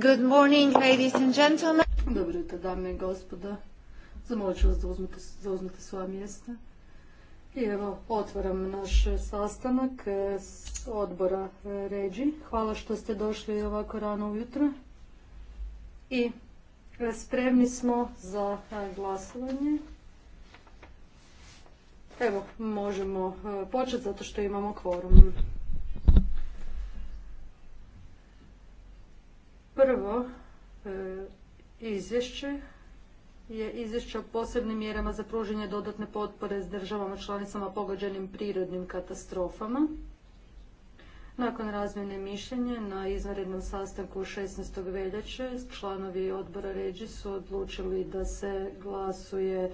Good morning, ladies and gentlemen. Dobro jutro, dame i gospodo. Zamolit ću vas da uzmete, svoja mjesta. I evo, otvaram naš sastanak e, s odbora e, Ređi. Hvala što ste došli ovako rano ujutro. I e, spremni smo za glasovanje. Evo, možemo početi zato što imamo kvorum. Prvo e, izvješće je izvješće o posebnim mjerama za pruženje dodatne potpore s državama članicama pogođenim prirodnim katastrofama. Nakon razmjene mišljenja na izvanrednom sastanku 16. veljače članovi odbora Ređi su odlučili da se glasuje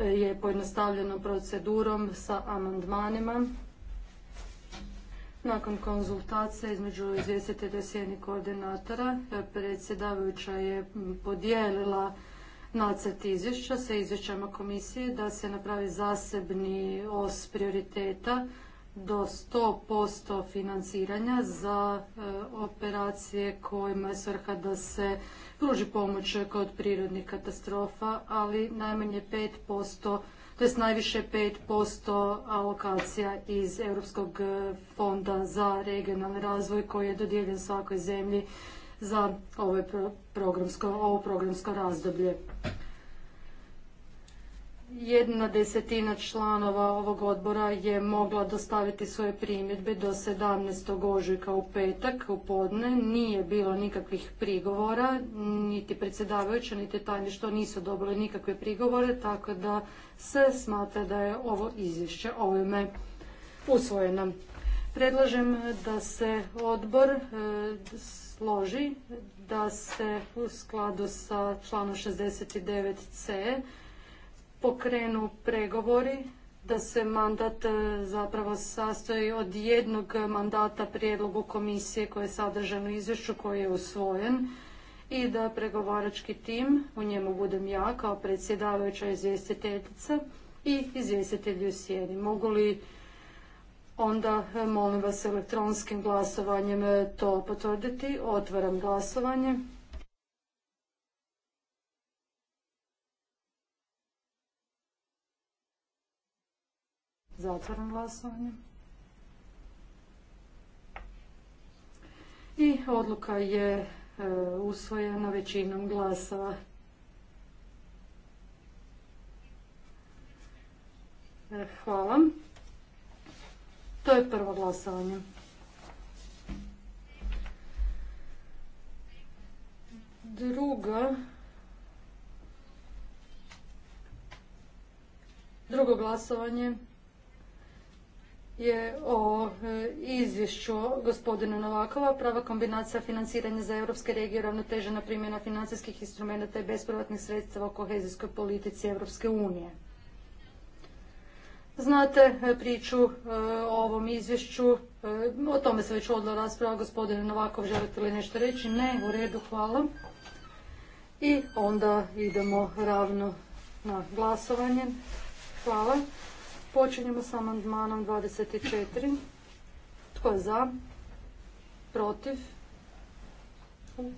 e, je pojednostavljeno procedurom sa amandmanima nakon konzultacije između izvjestitelja sjednih koordinatora, e, predsjedavajuća je podijelila nacrt izvješća sa izvješćama komisije da se napravi zasebni os prioriteta do 100% financiranja za e, operacije kojima je svrha da se pruži pomoć kod prirodnih katastrofa, ali najmanje 5% to je najviše 5% alokacija iz Europskog e, fonda za regionalni razvoj koji je dodijeljen svakoj zemlji za ovo programsko, ovo programsko razdoblje jedna desetina članova ovog odbora je mogla dostaviti svoje primjedbe do 17. ožujka u petak u podne. Nije bilo nikakvih prigovora, niti predsjedavajuća, niti tajništvo nisu dobili nikakve prigovore, tako da se smatra da je ovo izvješće ovime usvojeno. Predlažem da se odbor e, složi da se u skladu sa članom 69c pokrenu pregovori, da se mandat e, zapravo sastoji od jednog mandata prijedlogu komisije koji je sadržan u izvješću koji je usvojen i da pregovarački tim, u njemu budem ja kao predsjedavajuća izvjestiteljica i izvjestitelji u sjeni. Mogu li onda e, molim vas elektronskim glasovanjem e, to potvrditi? Otvaram glasovanje. Zatvaram glasovanje. I odluka je e, usvojena većinom glasova. E, hvala. To je prvo glasovanje. Drugo, drugo glasovanje je o e, izvješću gospodina Novakova, prava kombinacija financiranja za europske regije, ravnotežena primjena financijskih instrumenata i bespovratnih sredstava o kohezijskoj politici Europske unije. Znate e, priču e, o ovom izvješću, o tome se već odla rasprava. Gospodine Novakov, želite li nešto reći? Ne, u redu, hvala. I onda idemo ravno na glasovanje. Hvala. Počinjemo s amandmanom 24. Tko je za? Protiv?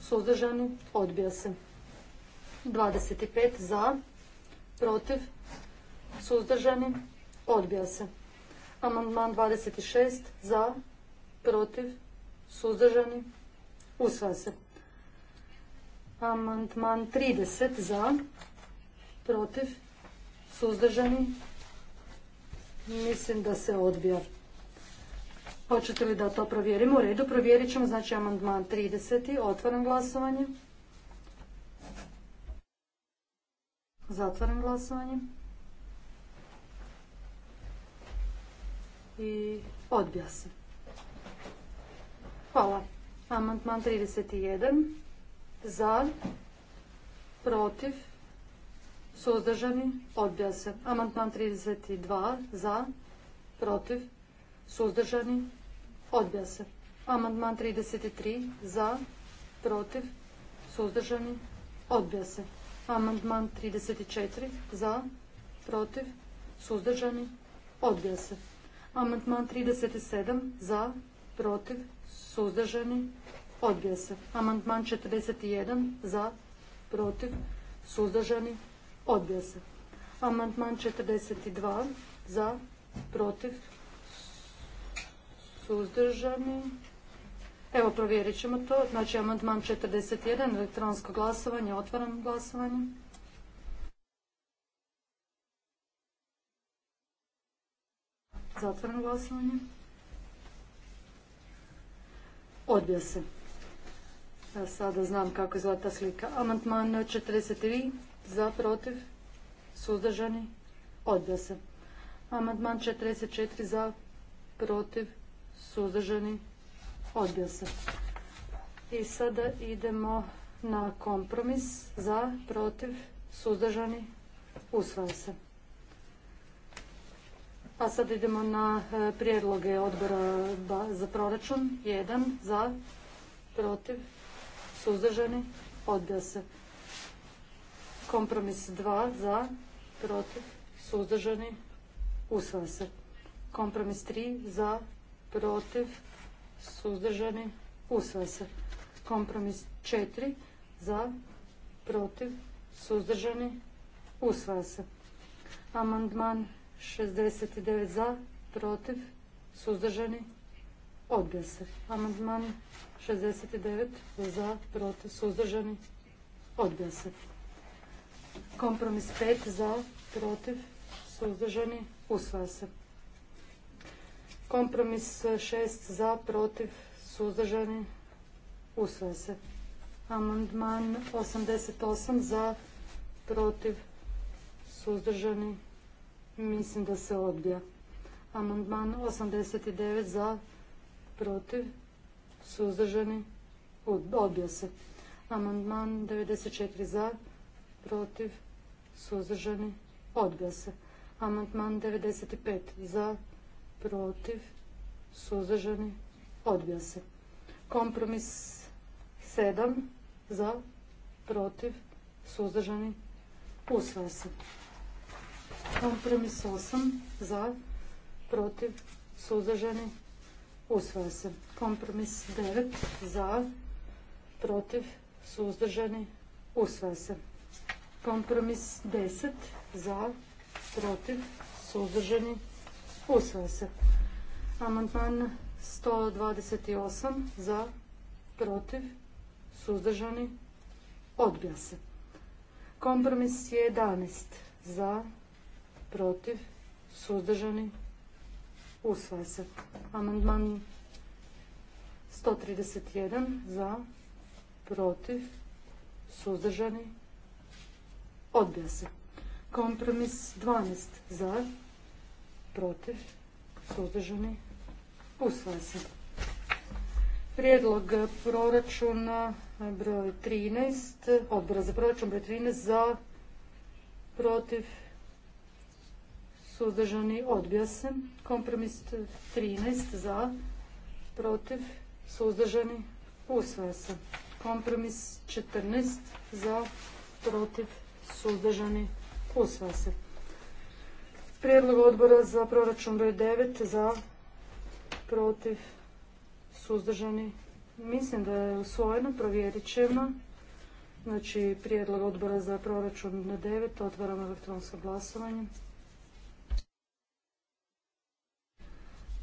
Suzdržani? Odbija se. 25 za, protiv, suzdržani, odbija se. Amandman 26 za, protiv, suzdržani, usvaja se. Amandman 30 za, protiv, suzdržani, Mislim da se odbija. Hoćete li da to provjerimo? U redu, provjerit ćemo, znači amandman 30. Otvaram glasovanje. Zatvaram glasovanje. I odbija se. Hvala. Amandman 31. Za. Protiv. Suzdržani? Odbija se. Amandman 32. Za? Protiv? Suzdržani? Odbija se. Amandman 33. Za? Protiv? Suzdržani? Odbija se. Amandman 34. Za? Protiv? Suzdržani? Odbija se. Amandman 37. Za? Protiv? Suzdržani? Odbija se. Amandman 41. Za? Protiv? Suzdržani? Odbija se. Amandman 42 za, protiv, suzdržani. Evo, provjerit ćemo to. Znači, amandman 41, elektronsko glasovanje, otvaram glasovanje. Zatvaram glasovanje. Odbija se. Ja sada znam kako je ta slika. Amantman 43 za, protiv, suzdržani, odbio se. Amandman 44 za, protiv, suzdržani, odbija se. I sada idemo na kompromis za, protiv, suzdržani, usvaja se. A sad idemo na e, prijedloge odbora za proračun. Jedan, za, protiv, suzdržani, odbija se. Kompromis 2 za, protiv, suzdržani, usvaja se. Kompromis 3 za, protiv, suzdržani, usvaja se. Kompromis 4 za, protiv, suzdržani, usvaja se. Amandman 69 za, protiv, suzdržani, odbija se. Amandman 69 za, protiv, suzdržani, odbija se. Kompromis 5 za, protiv, suzdržani, usvaja se. Kompromis 6 za, protiv, suzdržani, usvaja se. Amandman 88 za, protiv, suzdržani, mislim da se odbija. Amandman 89 za, protiv, suzdržani, odbija se. Amandman 94 za, protiv, suzdržani, odglasa. se. Amandman 95 za, protiv, suzdržani, odbio se. Kompromis 7 za, protiv, suzdržani, usvaja se. Kompromis 8 za, protiv, suzdržani, usvaja se. Kompromis 9 za, protiv, suzdržani, usvaja se. Kompromis 10 za, protiv, suzdržani, usvoja se. Amandman 128 za, protiv, suzdržani, odbija se. Kompromis 11 za, protiv, suzdržani, usvoja se. Amandman 131 za, protiv, suzdržani, Odbija se. Kompromis 12 za, protiv, suzdržani, usvaja se. Prijedlog proračuna broj 13, odbora za proračun broj 13 za, protiv, suzdržani, odbija se. Kompromis 13 za, protiv, suzdržani, usvaja se. Kompromis 14 za, protiv, suzdržani, Usva se. Prijedlog odbora za proračun broj 9 za, protiv, suzdržani. Mislim da je usvojeno, provjerit ćemo. Znači, prijedlog odbora za proračun na 9, otvaram elektronsko glasovanje.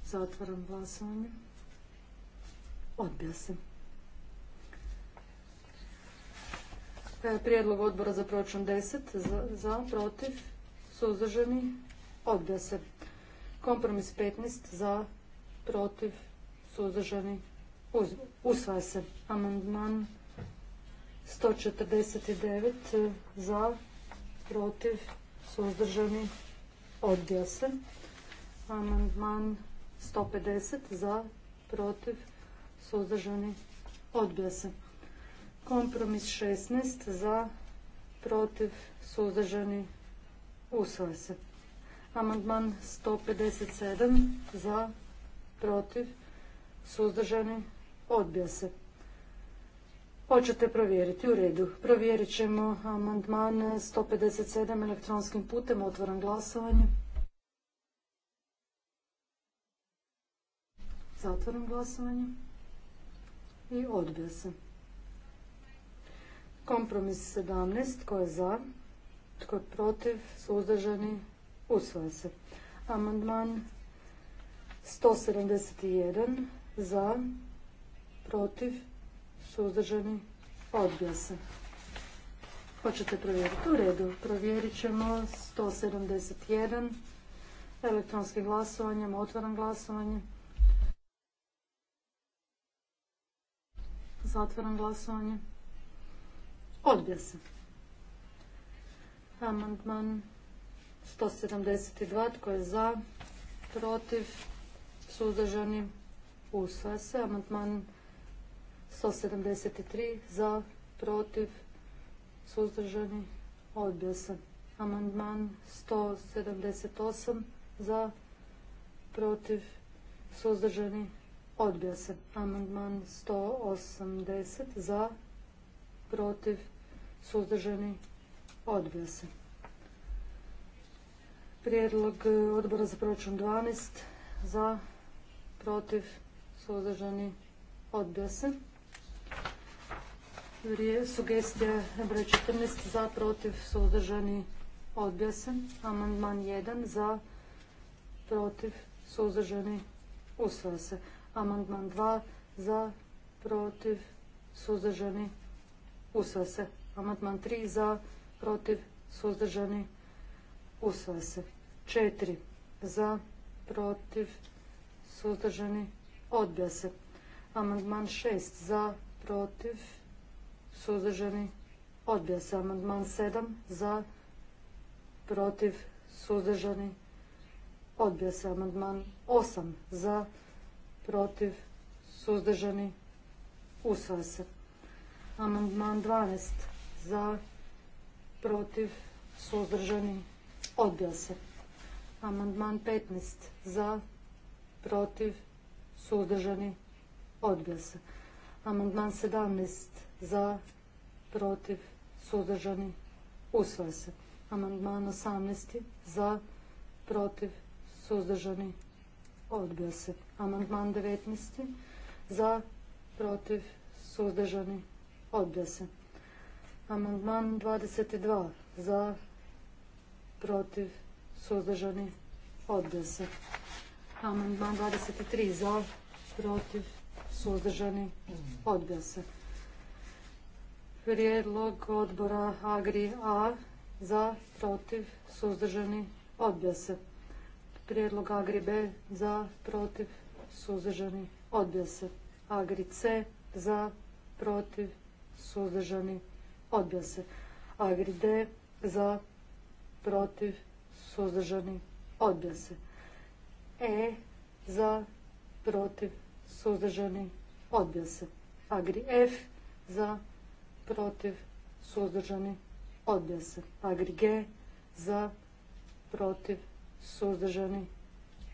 Zatvaram glasovanje. Odbija se. E, prijedlog odbora za proračun 10 za, protiv, suzdržani, odbija se. Kompromis 15 za protiv, suzdržani, usvaja se. Amandman 149 za protiv, suzdržani, odbija se. Amandman 150 za protiv, suzdržani, odbija se. Kompromis 16 za, protiv, suzdržani, usvaja se. Amandman 157 za, protiv, suzdržani, odbija se. Hoćete provjeriti u redu. Provjerit ćemo amandman 157 elektronskim putem. Otvoram glasovanje. Zatvoram glasovanje. I odbija se. Kompromis 17. Tko je za? Tko je protiv? Suzdržani? Usvaja se. Amandman 171. Za? Protiv? Suzdržani? Odbija se. Hoćete provjeriti? U redu. Provjerit ćemo 171. Elektronskim glasovanjem. Otvaram glasovanje. zatvoran glasovanje. Odbija se. Amandman 172. Tko je za? Protiv? Suzdržani? Usvaja se. Amandman 173. Za? Protiv? Suzdržani? Odbija se. Amandman 178. Za? Protiv? Suzdržani? Odbija se. Amandman 180. Za? protiv, suzdržani, odbija se. Prijedlog e, odbora za proračun 12 za, protiv, suzdržani, odbija se. Sugestija broj 14 za, protiv, suzdržani, odbija se. Amandman 1 za, protiv, suzdržani, usvaja se. Amandman 2 za, protiv, suzdržani, usva se. Amandman 3 za, protiv, suzdržani, usva se. 4 za, protiv, suzdržani, odbija se. Amandman 6 za, protiv, suzdržani, odbija se. Amandman 7 za, protiv, suzdržani, odbija se. Amandman 8 za, protiv, suzdržani, usva se. Amandman 12 za, protiv, suzdržani, odbija se. Amandman 15 za, protiv, suzdržani, odbija se. Amandman 17 za, protiv, suzdržani, usvaja se. Amandman 18 za, protiv, suzdržani, odbija se. Amandman 19 za, protiv, suzdržani, Odbija se. Amandman 22. Za, protiv, suzdržani. Odbija se. Amandman 23. Za, protiv, suzdržani. Odbija se. Prijedlog odbora Agri A. Za, protiv, suzdržani. Odbija se. Prijedlog Agri B. Za, protiv, suzdržani. Odbija se. Agri C. Za, protiv, suzdržani, odbija se. Agri D za, protiv, suzdržani, odbija se. E za, protiv, suzdržani, odbija se. Agri F za, protiv, suzdržani, odbija se. Agri G za, protiv, suzdržani,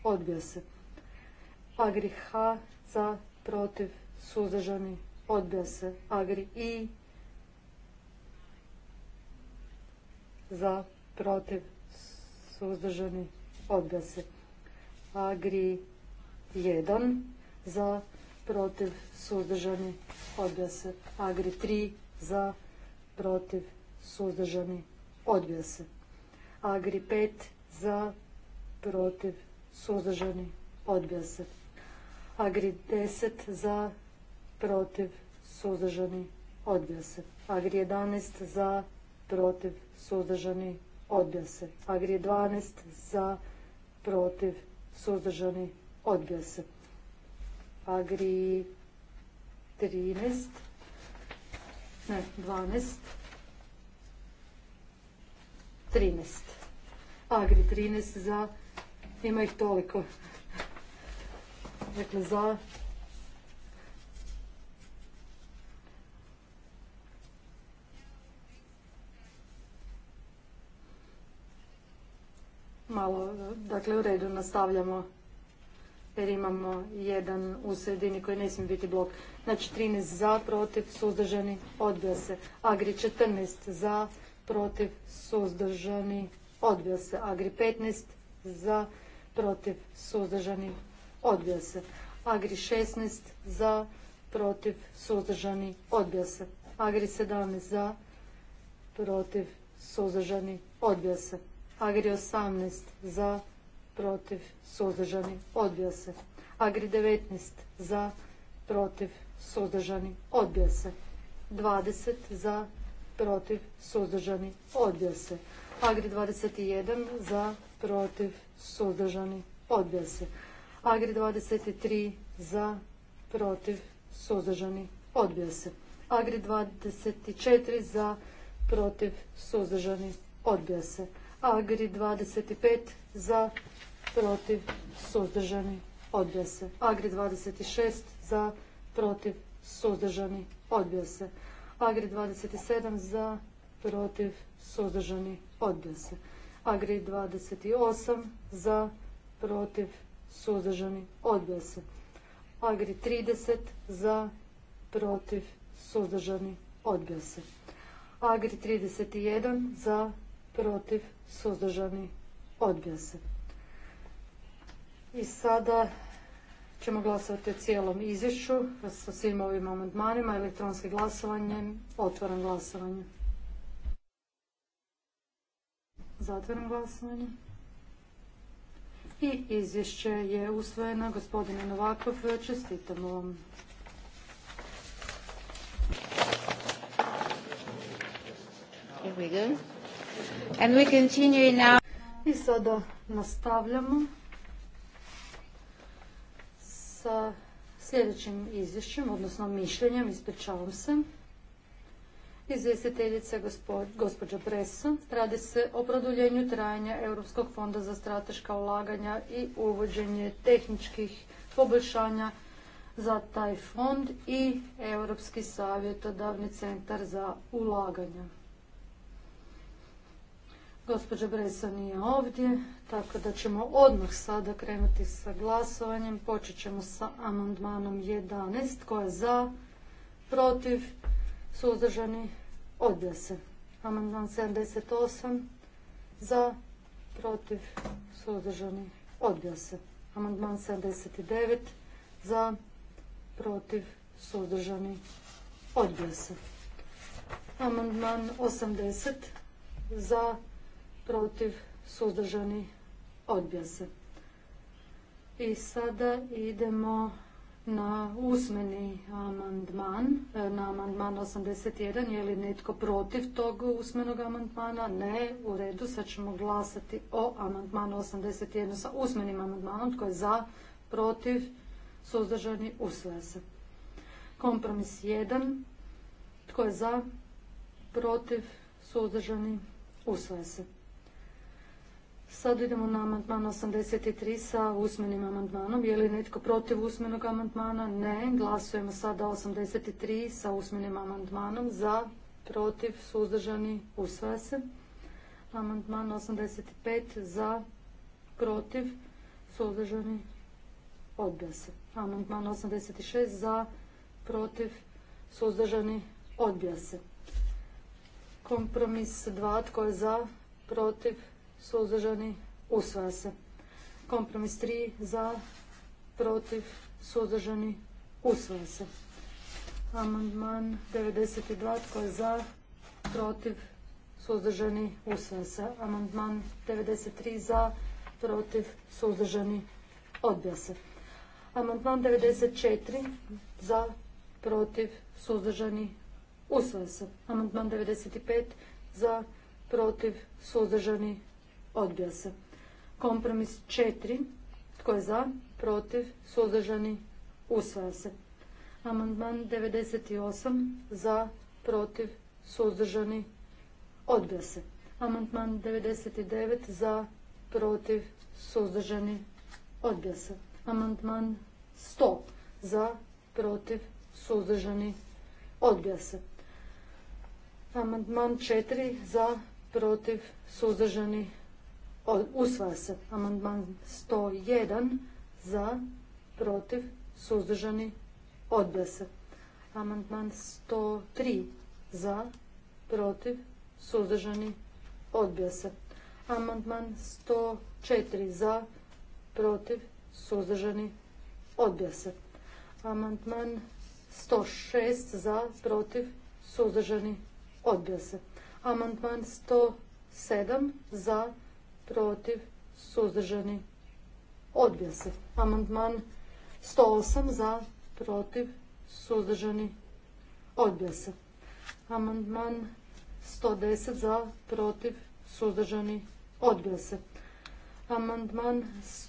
odbija se. Agri H za, protiv, suzdržani, odbija se agri i za protiv suzdržani odbija se agri 1 za protiv suzdržani odbija agri 3 za protiv suzdržani odbija se agri 5 za protiv suzdržani odbija se agri 10 za protiv, suzdržani, odbija se. Agri 11 za, protiv, suzdržani, odbija se. Agri 12 za, protiv, suzdržani, odbija se. Agri 13, ne, 12, 13. Agri 13 za, ima ih toliko. Dakle, za, Dakle, u redu nastavljamo jer imamo jedan u sredini koji ne smije biti blok. Znači 13 za, protiv, suzdržani, odbija se. Agri 14 za, protiv, suzdržani, odbija se. Agri 15 za, protiv, suzdržani, odbija se. Agri 16 za, protiv, suzdržani, odbija se. Agri 17 za, protiv, suzdržani, odbija se. Agri 18 za, protiv, suzdržani, odbija se. Agri 19 za, protiv, suzdržani, odbija se. 20 za, protiv, suzdržani, odbija se. Agri 21 za, protiv, suzdržani, odbija se. Agri 23 za, protiv, suzdržani, odbija se. Agri 24 za, protiv, suzdržani, odbija se. Agri 25 za, protiv, suzdržani, odbija se. Agri 26 za, protiv, suzdržani, odbija se. Agri 27 za, protiv, suzdržani, odbija se. Agri 28 za, protiv, suzdržani, odbija se. Agri 30 za, protiv, suzdržani, odbija se. Agri 31 za, protiv, suzdržani, Odbio se. I sada ćemo glasovati o cijelom izvješću sa svim ovim amandmanima, elektronskim glasovanjem, otvoren glasovanje. Zatvoren glasovanje. I izvješće je usvojeno. Gospodine Novakov, čestitam vam. Here we go. And we continue now. I sada nastavljamo sa sljedećim izvješćem, odnosno mišljenjem, ispričavam se. Izvjestiteljica gospođa Presa radi se o produljenju trajanja Europskog fonda za strateška ulaganja i uvođenje tehničkih poboljšanja za taj fond i Europski savjetodavni centar za ulaganja. Gospođa Bresa nije ovdje, tako da ćemo odmah sada krenuti sa glasovanjem. Počet ćemo sa amandmanom 11. tko je za? Protiv? Suzdržani? Odbija se. Amandman 78. Za? Protiv? Suzdržani? Odbija se. Amandman 79. Za? Protiv? Suzdržani? Odbija se. Amandman 80. Za? protiv, suzdržani, odbija se. I sada idemo na usmeni amandman, e, na amandman 81. Je li netko protiv tog usmenog amandmana? Ne, u redu. Sad ćemo glasati o amandmanu 81 sa usmenim amandmanom. Tko je za, protiv, suzdržani, usvaja se. Kompromis 1. Tko je za, protiv, suzdržani, usvaja se. Sad idemo na amandman 83 sa usmenim amandmanom. Je li netko protiv usmenog amandmana? Ne. Glasujemo sada 83 sa usmenim amandmanom. Za, protiv, suzdržani, usvaja se. Amandman 85 za, protiv, suzdržani, odbija se. Amandman 86 za, protiv, suzdržani, odbija se. Kompromis 2, tko je za, protiv, suzdržani, usvaja se. Kompromis 3 za, protiv, suzdržani, usvaja se. Amandman 92 tko je za, protiv, suzdržani, usvaja se. Amandman 93 za, protiv, suzdržani, odbija se. Amandman 94 za, protiv, suzdržani, usvaja se. Amandman 95 za, protiv, suzdržani, Odbija se. Kompromis 4. Tko je za? Protiv? Suzdržani? Usvaja se. Amandman 98. Za? Protiv? Suzdržani? Odbija se. Amandman 99. Za? Protiv? Suzdržani? Odbija se. Amandman 100. Za? Protiv? Suzdržani? Odbija se. Amandman 4. Za? Protiv? Suzdržani? usvaja se. Amandman 101 za, protiv, suzdržani, odbija se. Amandman 103 za, protiv, suzdržani, odbija se. Amandman 104 za, protiv, suzdržani, odbija se. Amandman 106 za, protiv, suzdržani, odbija se. Amandman 107 za, protiv, suzdržani, odbija se. Amandman 108 za, protiv, suzdržani, odbija se. Amandman 110 za, protiv, suzdržani, odbija se. Amandman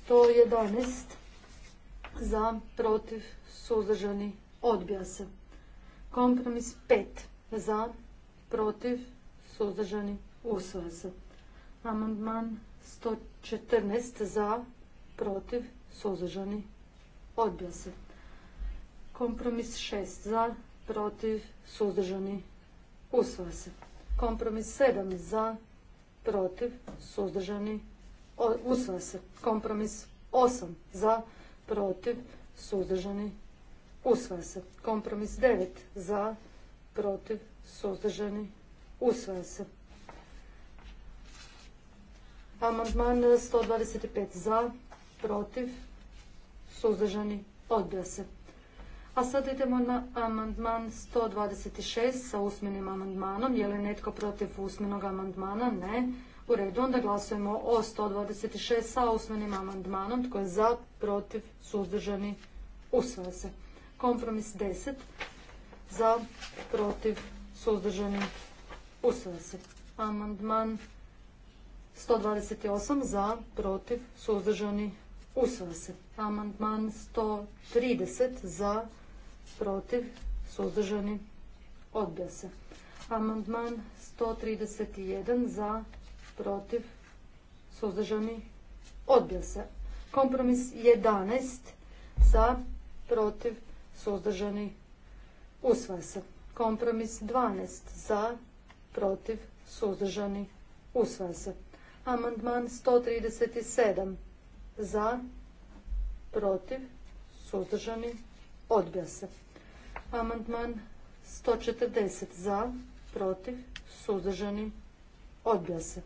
111 za, protiv, suzdržani, odbija se. Kompromis 5 za, protiv, suzdržani, usvoja se. Amandman 114 za, protiv, suzdržani, odbija se. Kompromis 6 za, protiv, suzdržani, usvaja se. Kompromis 7 za, protiv, suzdržani, usvaja se. Kompromis 8 za, protiv, suzdržani, usvaja se. Kompromis 9 za, protiv, suzdržani, usvaja se. Amandman 125 za, protiv, suzdržani, odbija se. A sad idemo na amandman 126 sa usmenim amandmanom. Je li netko protiv usmenog amandmana? Ne. U redu, onda glasujemo o 126 sa usmenim amandmanom. Tko je za, protiv, suzdržani, usvaja se. Kompromis 10. Za, protiv, suzdržani, usvaja se. Amandman 128 za, protiv, suzdržani, usvoja se. Amandman 130 za, protiv, suzdržani, odbija se. Amandman 131 za, protiv, suzdržani, odbija se. Kompromis 11 za, protiv, suzdržani, usvaja se. Kompromis 12 za, protiv, suzdržani, usvaja se. Amandman 137. Za, protiv, suzdržani, odbija se. Amandman 140. Za, protiv, suzdržani, odbija se.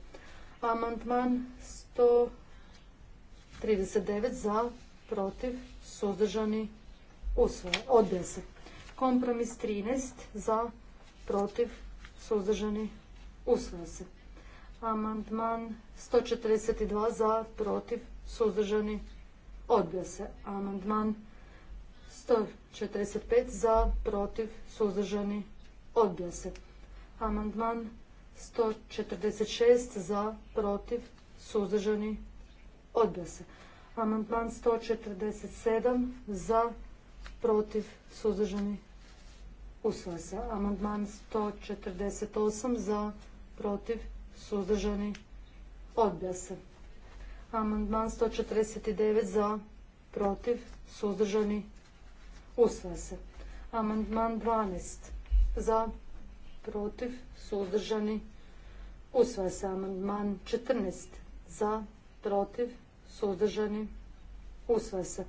Amandman 139. Za, protiv, suzdržani, odbija se. Kompromis 13. Za, protiv, suzdržani, usvoje se. Amandman 142 za, protiv, suzdržani, odbija se. Amandman 145 za, protiv, suzdržani, odbija se. Amandman 146 za, protiv, suzdržani, odbija se. Amandman 147 za, protiv, suzdržani, usvaja se. Amandman 148 za, protiv, suzdržani, odbija se. Amandman 149 za, protiv, suzdržani, usvaja se. Amandman 12 za, protiv, suzdržani, usvaja se. Amandman 14 za, protiv, suzdržani, usvaja se.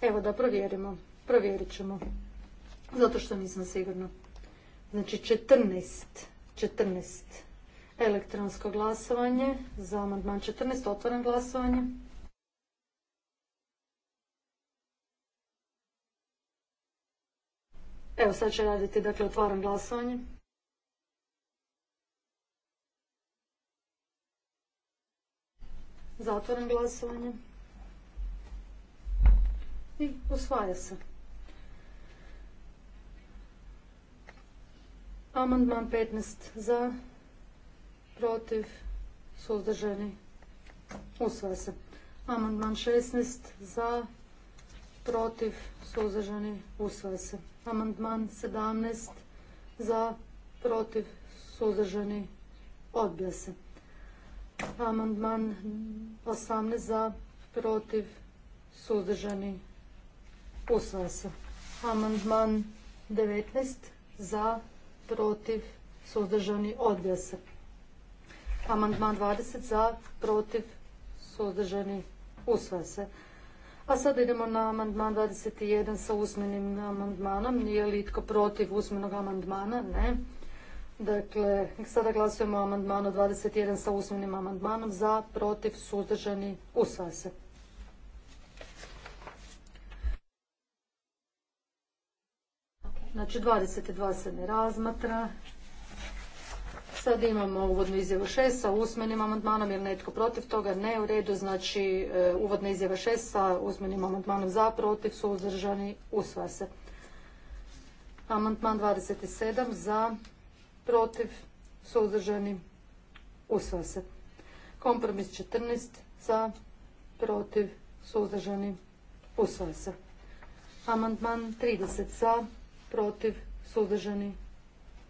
Evo da provjerimo. Provjerit ćemo. Zato što nisam sigurna. Znači 14. 14. Elektronsko glasovanje za amandman 14. Otvoren glasovanje. Evo sad će raditi, dakle otvaram glasovanje. Zatvoram glasovanje. I usvaja se. Amandman 15 za, protiv, suzdržani, usvaja se. Amandman 16 za, protiv, suzdržani, usvaja se. Amandman 17 za, protiv, suzdržani, odbija se. Amandman 18 za, protiv, suzdržani, usvaja se. Amandman 19 za, protiv, suzdržani, odbija se. Amandman 20 za, protiv, suzdržani, usvaja se. A sad idemo na amandman 21 sa usmenim amandmanom. Nije li itko protiv usmenog amandmana? Ne. Dakle, sada glasujemo o amandmanu 21 sa usmenim amandmanom za, protiv, suzdržani, usvaja se. Znači 22 se ne razmatra. Sad imamo uvodnu izjavu 6 sa usmenim amandmanom, jer netko protiv toga ne u redu, znači e, uvodna izjava 6 sa usmenim amandmanom za, protiv, suzdržani, usva se. Amandman 27 za, protiv, suzdržani, usva se. Kompromis 14 za, protiv, suzdržani, usva se. Amandman 30 za, protiv, suzdržani,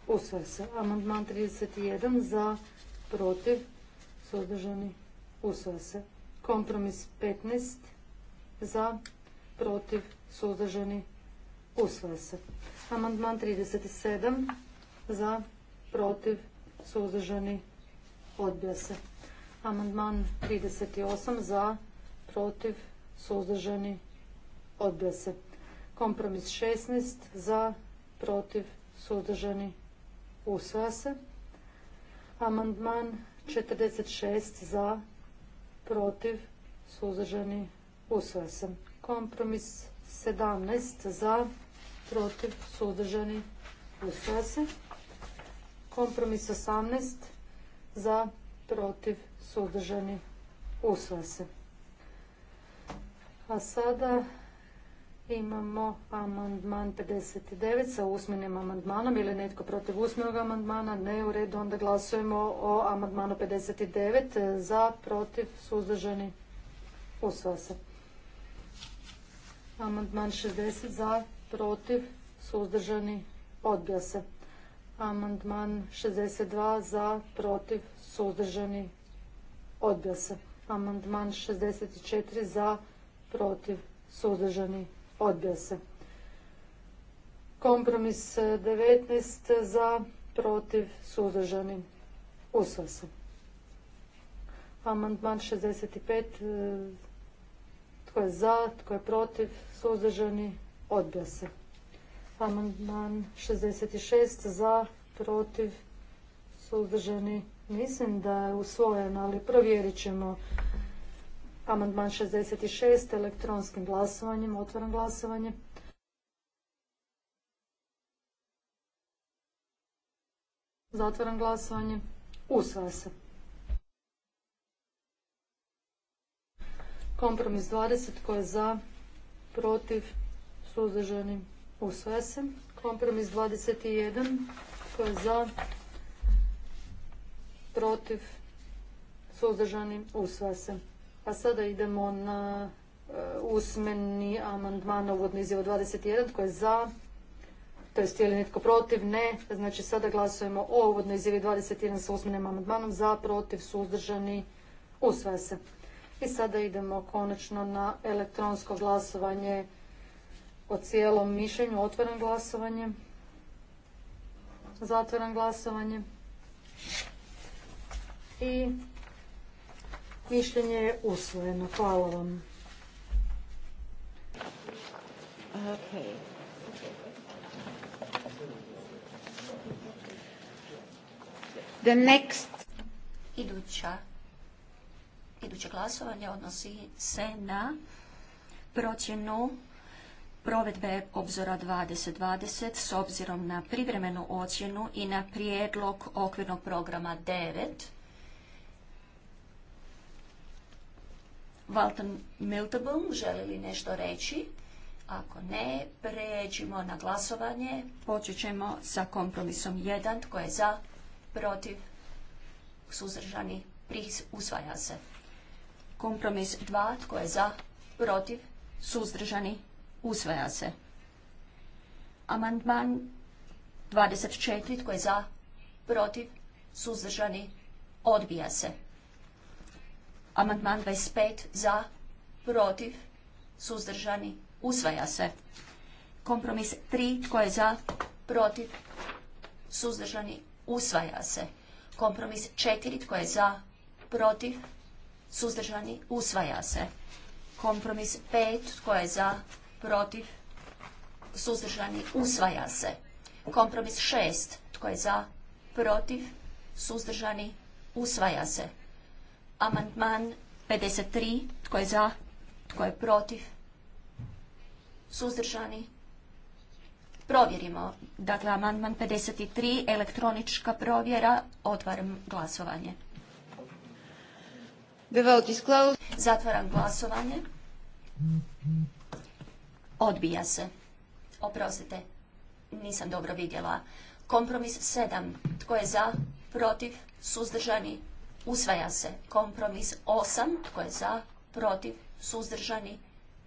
usvaja se. Amandman 31 za, protiv, suzdržani, usvaja se. Kompromis 15 za, protiv, suzdržani, usvaja se. Amandman 37 za, protiv, suzdržani, odbija se. Amandman 38 za, protiv, suzdržani, odbija se. Kompromis 16 za, protiv, suzdržani, usvaja se. Amandman 46 za, protiv, suzdržani, usvaja se. Kompromis 17 za, protiv, suzdržani, usvaja se. Kompromis 18 za, protiv, suzdržani, usvaja se. A sada Imamo amandman 59 sa usmenim amandmanom ili netko protiv usmenog amandmana? Ne, u redu. Onda glasujemo o amandmanu 59 za, protiv, suzdržani, usvaja se. Amandman 60 za, protiv, suzdržani, odbija se. Amandman 62 za, protiv, suzdržani, odbija se. Amandman 64 za, protiv, suzdržani, odbija se. Kompromis 19 e, za, protiv, suzdržani, usva se. Amandman 65, e, tko je za, tko je protiv, suzdržani, odbija se. Amandman 66 za, protiv, suzdržani, mislim da je usvojen, ali provjerit ćemo Amandman 66 elektronskim glasovanjem. Otvaram glasovanje. Zatvaram glasovanje. Usvaja se. Kompromis 20 tko je za, protiv, suzdržani, usvaja se. Kompromis 21 tko je za, protiv, suzdržani, usvaja se. A sada idemo na e, usmeni amandman uvodno izjavu 21. Tko je za? To je li netko protiv? Ne. Znači sada glasujemo o uvodnoj izjavi 21 sa usmenim amandmanom. Za, protiv, suzdržani, usvaja se. I sada idemo konačno na elektronsko glasovanje o cijelom mišljenju. Otvoren glasovanje. Zatvoren glasovanje. I Mišljenje je usvojeno. Hvala vam. Okay. The next. Iduća, iduće glasovanje odnosi se na procjenu provedbe obzora 2020 s obzirom na privremenu ocjenu i na prijedlog okvirnog programa 9 Walton Miltebum želi li nešto reći? Ako ne, pređimo na glasovanje. Počet ćemo sa kompromisom 1. Tko je za, protiv, suzdržani, usvaja se. Kompromis 2. Tko je za, protiv, suzdržani, usvaja se. Amandman 24. Tko je za, protiv, suzdržani, odbija se. Amandman 25 za, protiv, suzdržani, usvaja se. Kompromis 3 tko je za, protiv, suzdržani, usvaja se. Kompromis 4 tko je za, protiv, suzdržani, usvaja se. Kompromis 5 tko je za, protiv, suzdržani, usvaja se. Kompromis 6 tko je za, protiv, suzdržani, usvaja se. Amandman 53. Tko je za? Tko je protiv? Suzdržani? Provjerimo. Dakle, amandman 53. Elektronička provjera. Otvaram glasovanje. Zatvaram glasovanje. Odbija se. Oprostite, nisam dobro vidjela. Kompromis 7. Tko je za? Protiv? Suzdržani? Usvaja se kompromis 8. Tko je za? Protiv? Suzdržani?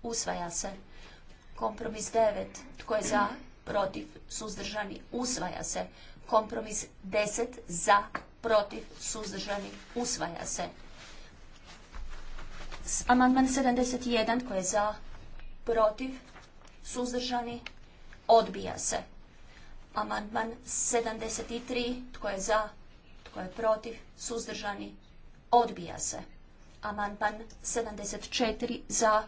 Usvaja se. Kompromis 9. Tko je za? Protiv? Suzdržani? Usvaja se. Kompromis 10. Za? Protiv? Suzdržani? Usvaja se. Amandman 71. Tko je za? Protiv? Suzdržani? Odbija se. Amandman 73. Tko je za? Tko je protiv? Suzdržani? Odbija se. Amandman 74 za,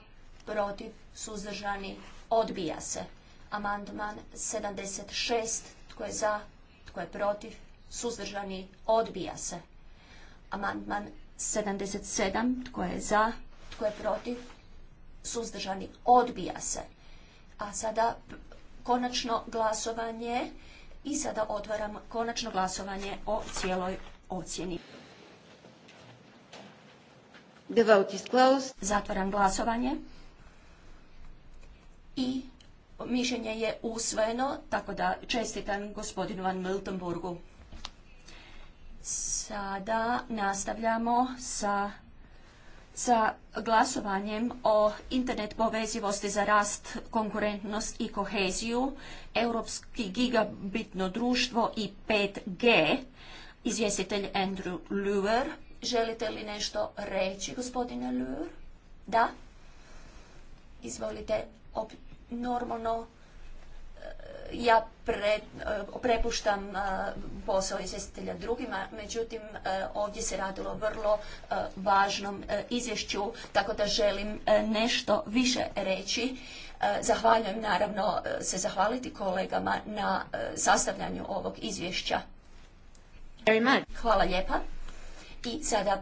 protiv, suzdržani, odbija se. Amandman 76, tko je za, tko je protiv, suzdržani, odbija se. Amandman 77, tko je za, tko je protiv, suzdržani, odbija se. A sada konačno glasovanje i sada otvaram konačno glasovanje o cijeloj ocjeni. The vote Zatvaram glasovanje. I mišljenje je usvojeno, tako da čestitam gospodinu Van Miltenburgu. Sada nastavljamo sa sa glasovanjem o internet povezivosti za rast, konkurentnost i koheziju, Europski gigabitno društvo i 5G, izvjestitelj Andrew Luer. Želite li nešto reći, gospodine Luer? Da? Izvolite, normalno ja pre, prepuštam posao izvjestitelja drugima, međutim ovdje se radilo vrlo važnom izvješću, tako da želim nešto više reći. Zahvaljujem naravno se zahvaliti kolegama na sastavljanju ovog izvješća. Hvala lijepa. I sada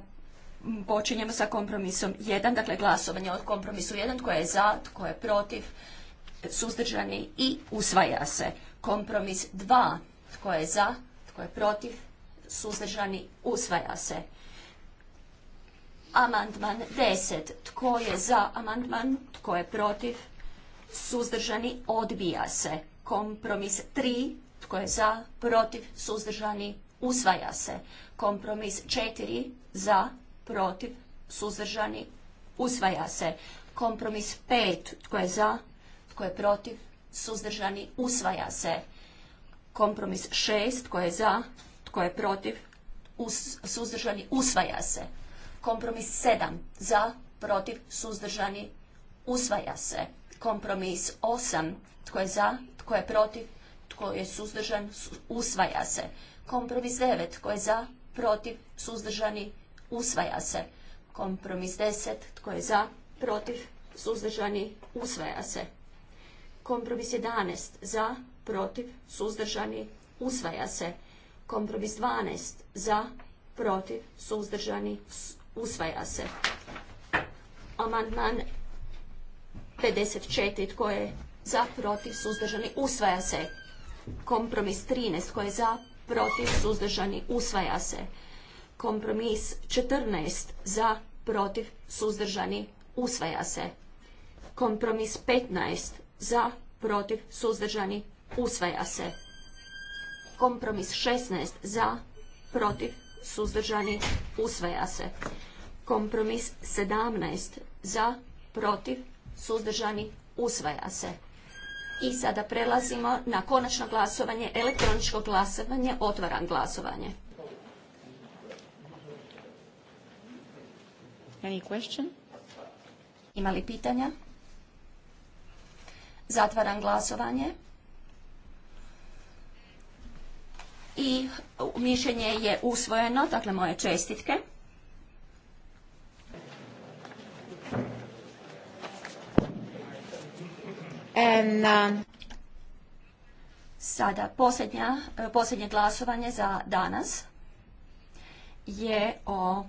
počinjemo sa kompromisom 1, dakle glasovanje o kompromisu 1, tko je za, tko je protiv, suzdržani i usvaja se. Kompromis 2. Tko je za? Tko je protiv? Suzdržani usvaja se. Amandman 10. Tko je za amandman? Tko je protiv? Suzdržani odbija se. Kompromis 3. Tko je za? Protiv? Suzdržani usvaja se. Kompromis 4. Za? Protiv? Suzdržani usvaja se. Kompromis pet Tko je za? Tko je protiv? Suzdržani? Usvaja se. Kompromis šest Tko je za? Tko je protiv? suzdržani? Usvaja se. Kompromis sedam Za? Protiv? Suzdržani? Usvaja se. Kompromis osam Tko je za? Tko je protiv? Tko je suzdržan? Usvaja se. Kompromis devet Tko je za? Protiv? Suzdržani? Usvaja se. Kompromis deset Tko je za? Protiv? Suzdržani? Usvaja se. Kompromis 11 za, protiv, suzdržani, usvaja se. Kompromis 12 za, protiv, suzdržani, usvaja se. Amandman 54 tko je za, protiv, suzdržani, usvaja se. Kompromis 13 tko je za, protiv, suzdržani, usvaja se. Kompromis 14 za, protiv, suzdržani, usvaja se. Kompromis 15 za, protiv, suzdržani, usvaja se. Kompromis 16 za, protiv, suzdržani, usvaja se. Kompromis sedamnaest za, protiv, suzdržani, usvaja se. I sada prelazimo na konačno glasovanje, elektroničko glasovanje, otvaram glasovanje. Any Ima li pitanja? Zatvaram glasovanje. I mišljenje je usvojeno, dakle moje čestitke. Uh, Sada eh, posljednje glasovanje za danas je o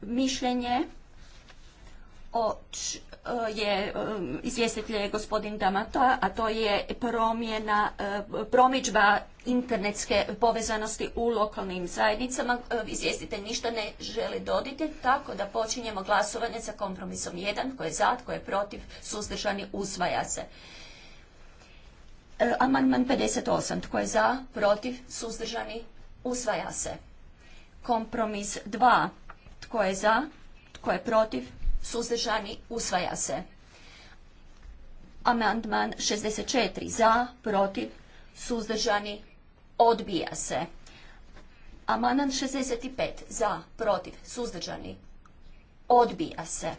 mišljenje o Eh, je eh, izvjestitelj gospodin Damata, a to je promjena, eh, promičba internetske povezanosti u lokalnim zajednicama. Izvjestitelj ništa ne želi doditi, tako da počinjemo glasovanje sa kompromisom 1, koji je za, koji je protiv, suzdržani, usvaja se. Amandman 58, tko je za, protiv, suzdržani, usvaja se. Kompromis 2, tko je za, tko je protiv, suzdržani, usvaja se. Amandman 64 za, protiv, suzdržani, odbija se. Amandman 65 za, protiv, suzdržani, odbija se.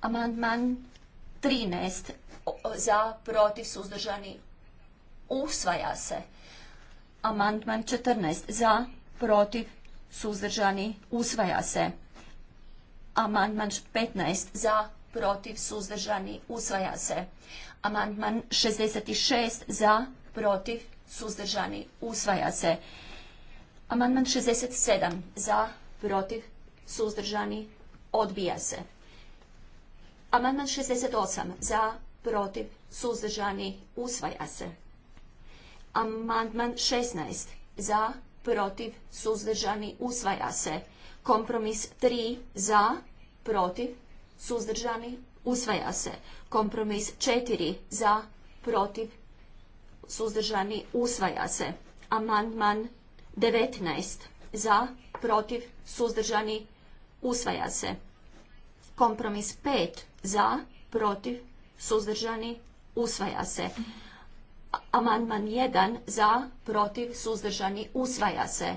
Amandman 13 za, protiv, suzdržani, usvaja se. Amandman 14 za, protiv, suzdržani, usvaja se. Amandman 15 za, protiv, suzdržani, usvaja se. Amandman 66 za, protiv, suzdržani, usvaja se. Amandman 67 za, protiv, suzdržani, odbija se. Amandman 68 za, protiv, suzdržani, usvaja se. Amandman 16 za, protiv, suzdržani, usvaja se. Kompromis 3 za, protiv, suzdržani, usvaja se. Kompromis 4 za, protiv, suzdržani, usvaja se. Amandman 19 za, protiv, suzdržani, usvaja se. Kompromis 5 za, protiv, suzdržani, usvaja se. Amandman 1 za, protiv, suzdržani, usvaja se.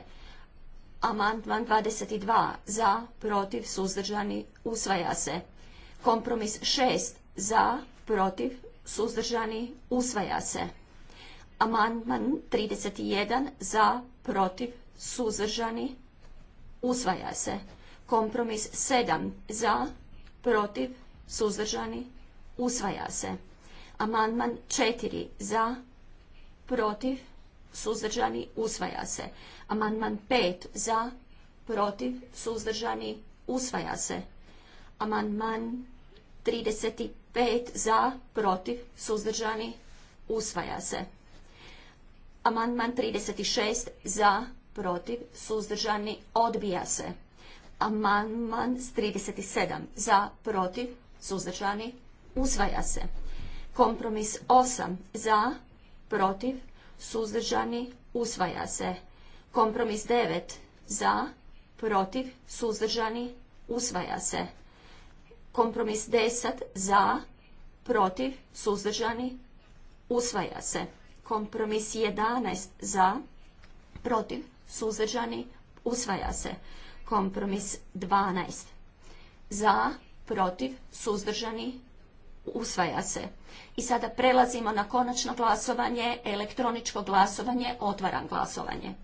Amandman 22 za, protiv, suzdržani, usvaja se. Kompromis 6 za, protiv, suzdržani, usvaja se. Amandman 31 za, protiv, suzdržani, usvaja se. Kompromis 7 za, protiv, suzdržani, usvaja se. Amandman 4 za, protiv, suzdržani, usvaja se. Amandman pet za, protiv, suzdržani, usvaja se. Amandman 35 za, protiv, suzdržani, usvaja se. Amandman 36 za, protiv, suzdržani, odbija se. Amandman 37 za, protiv, suzdržani, usvaja se. Kompromis 8 za, protiv, suzdržani, usvaja se. Kompromis 9 za, protiv, suzdržani, usvaja se. Kompromis 10 za, protiv, suzdržani, usvaja se. Kompromis 11 za, protiv, suzdržani, usvaja se. Kompromis 12 za, protiv, suzdržani, usvaja se. I sada prelazimo na konačno glasovanje, elektroničko glasovanje, otvaram glasovanje.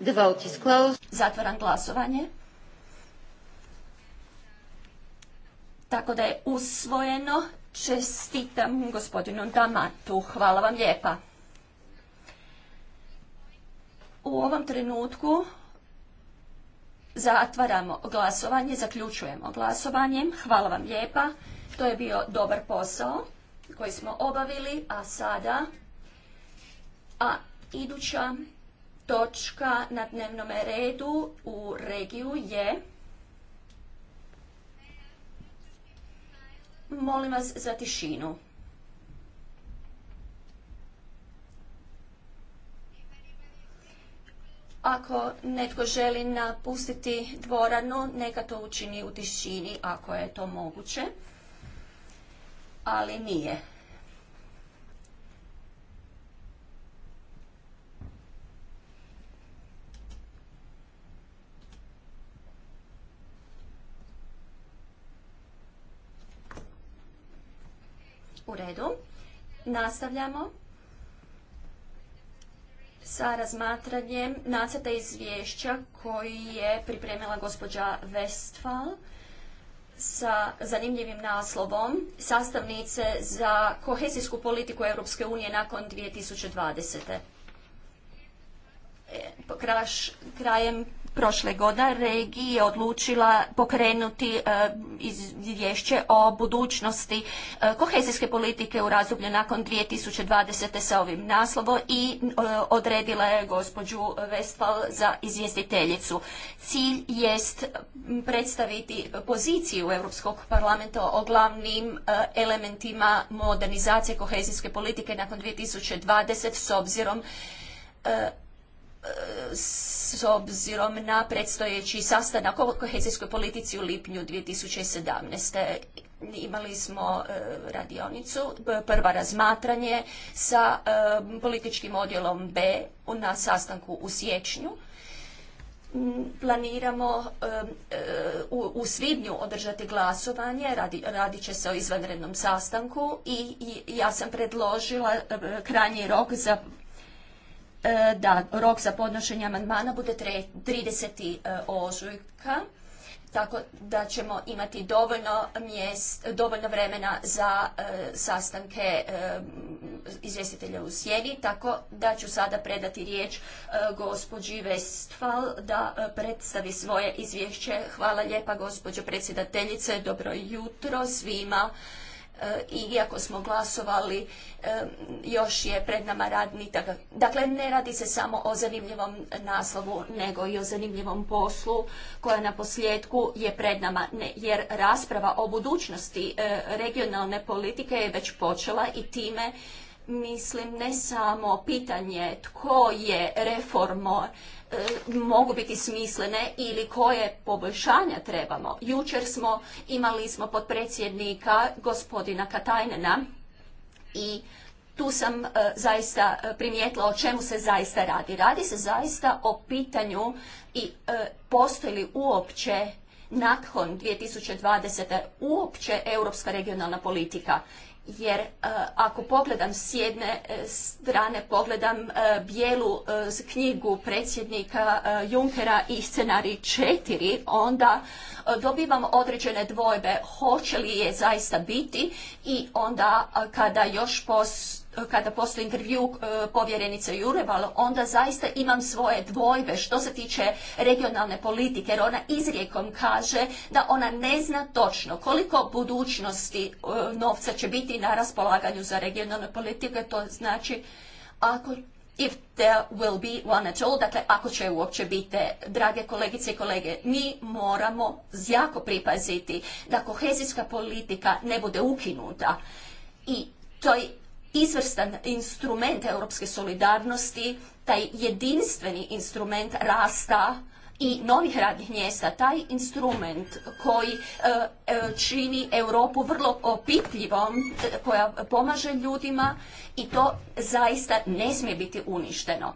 The vote is closed. Zatvaram glasovanje. Tako da je usvojeno. Čestitam gospodinu Damatu. Hvala vam lijepa. U ovom trenutku zatvaramo glasovanje, zaključujemo glasovanjem. Hvala vam lijepa. To je bio dobar posao koji smo obavili, a sada, a iduća točka na dnevnom redu u regiju je Molim vas za tišinu. Ako netko želi napustiti dvoranu, neka to učini u tišini ako je to moguće, ali nije. U redu. Nastavljamo sa razmatranjem nacrta izvješća koji je pripremila gospođa Westphal sa zanimljivim naslovom sastavnice za kohezijsku politiku Europske unije nakon 2020. E, kraš, krajem prošle godine regiji je odlučila pokrenuti e, izvješće o budućnosti e, kohezijske politike u razdoblju nakon 2020. sa ovim naslovom i e, odredila je gospođu Westphal za izvjestiteljicu. Cilj jest predstaviti poziciju Europskog parlamenta o glavnim elementima modernizacije kohezijske politike nakon 2020 s obzirom s obzirom na predstojeći sastanak o kohezijskoj politici u lipnju 2017. Imali smo e, radionicu, prva razmatranje sa e, političkim odjelom B na sastanku u siječnju mm, planiramo e, u, svibnju održati glasovanje, radi, radit će se o izvanrednom sastanku i ja sam predložila krajnji rok za E, da rok za podnošenje amandmana bude 30. E, ožujka, tako da ćemo imati dovoljno, dovoljno vremena za e, sastanke izvjestitelja u sjeni, tako da ću sada predati riječ gospođi Westfal da predstavi svoje izvješće. Hvala lijepa gospođo predsjedateljice, dobro jutro svima i e, iako smo glasovali e, još je pred nama rad Dakle, ne radi se samo o zanimljivom naslovu, nego i o zanimljivom poslu koja na posljedku je pred nama, jer rasprava o budućnosti e, regionalne politike je već počela i time mislim ne samo pitanje tko je reformo e, mogu biti smislene ili koje poboljšanja trebamo. Jučer smo imali smo potpredsjednika gospodina Katajnena i tu sam e, zaista e, primijetila o čemu se zaista radi. Radi se zaista o pitanju i postoji li uopće nakon 2020. uopće europska regionalna politika jer e, ako pogledam s jedne e, strane, pogledam e, bijelu knjigu predsjednika Junkera i scenarij četiri, onda dobivam određene dvojbe hoće li je zaista biti i onda kada još postoji kada postoji intervju e, povjerenice Jurevalo, onda zaista imam svoje dvojbe što se tiče regionalne politike, jer ona izrijekom kaže da ona ne zna točno koliko budućnosti e, novca će biti na raspolaganju za regionalne politike, to znači ako if there will be one at all, dakle ako će uopće biti, drage kolegice i kolege, mi moramo jako pripaziti da kohezijska politika ne bude ukinuta i to je izvrstan instrument europske solidarnosti, taj jedinstveni instrument rasta i novih radnih mjesta, taj instrument koji e, e, čini Europu vrlo opitljivom, e, koja pomaže ljudima i to zaista ne smije biti uništeno.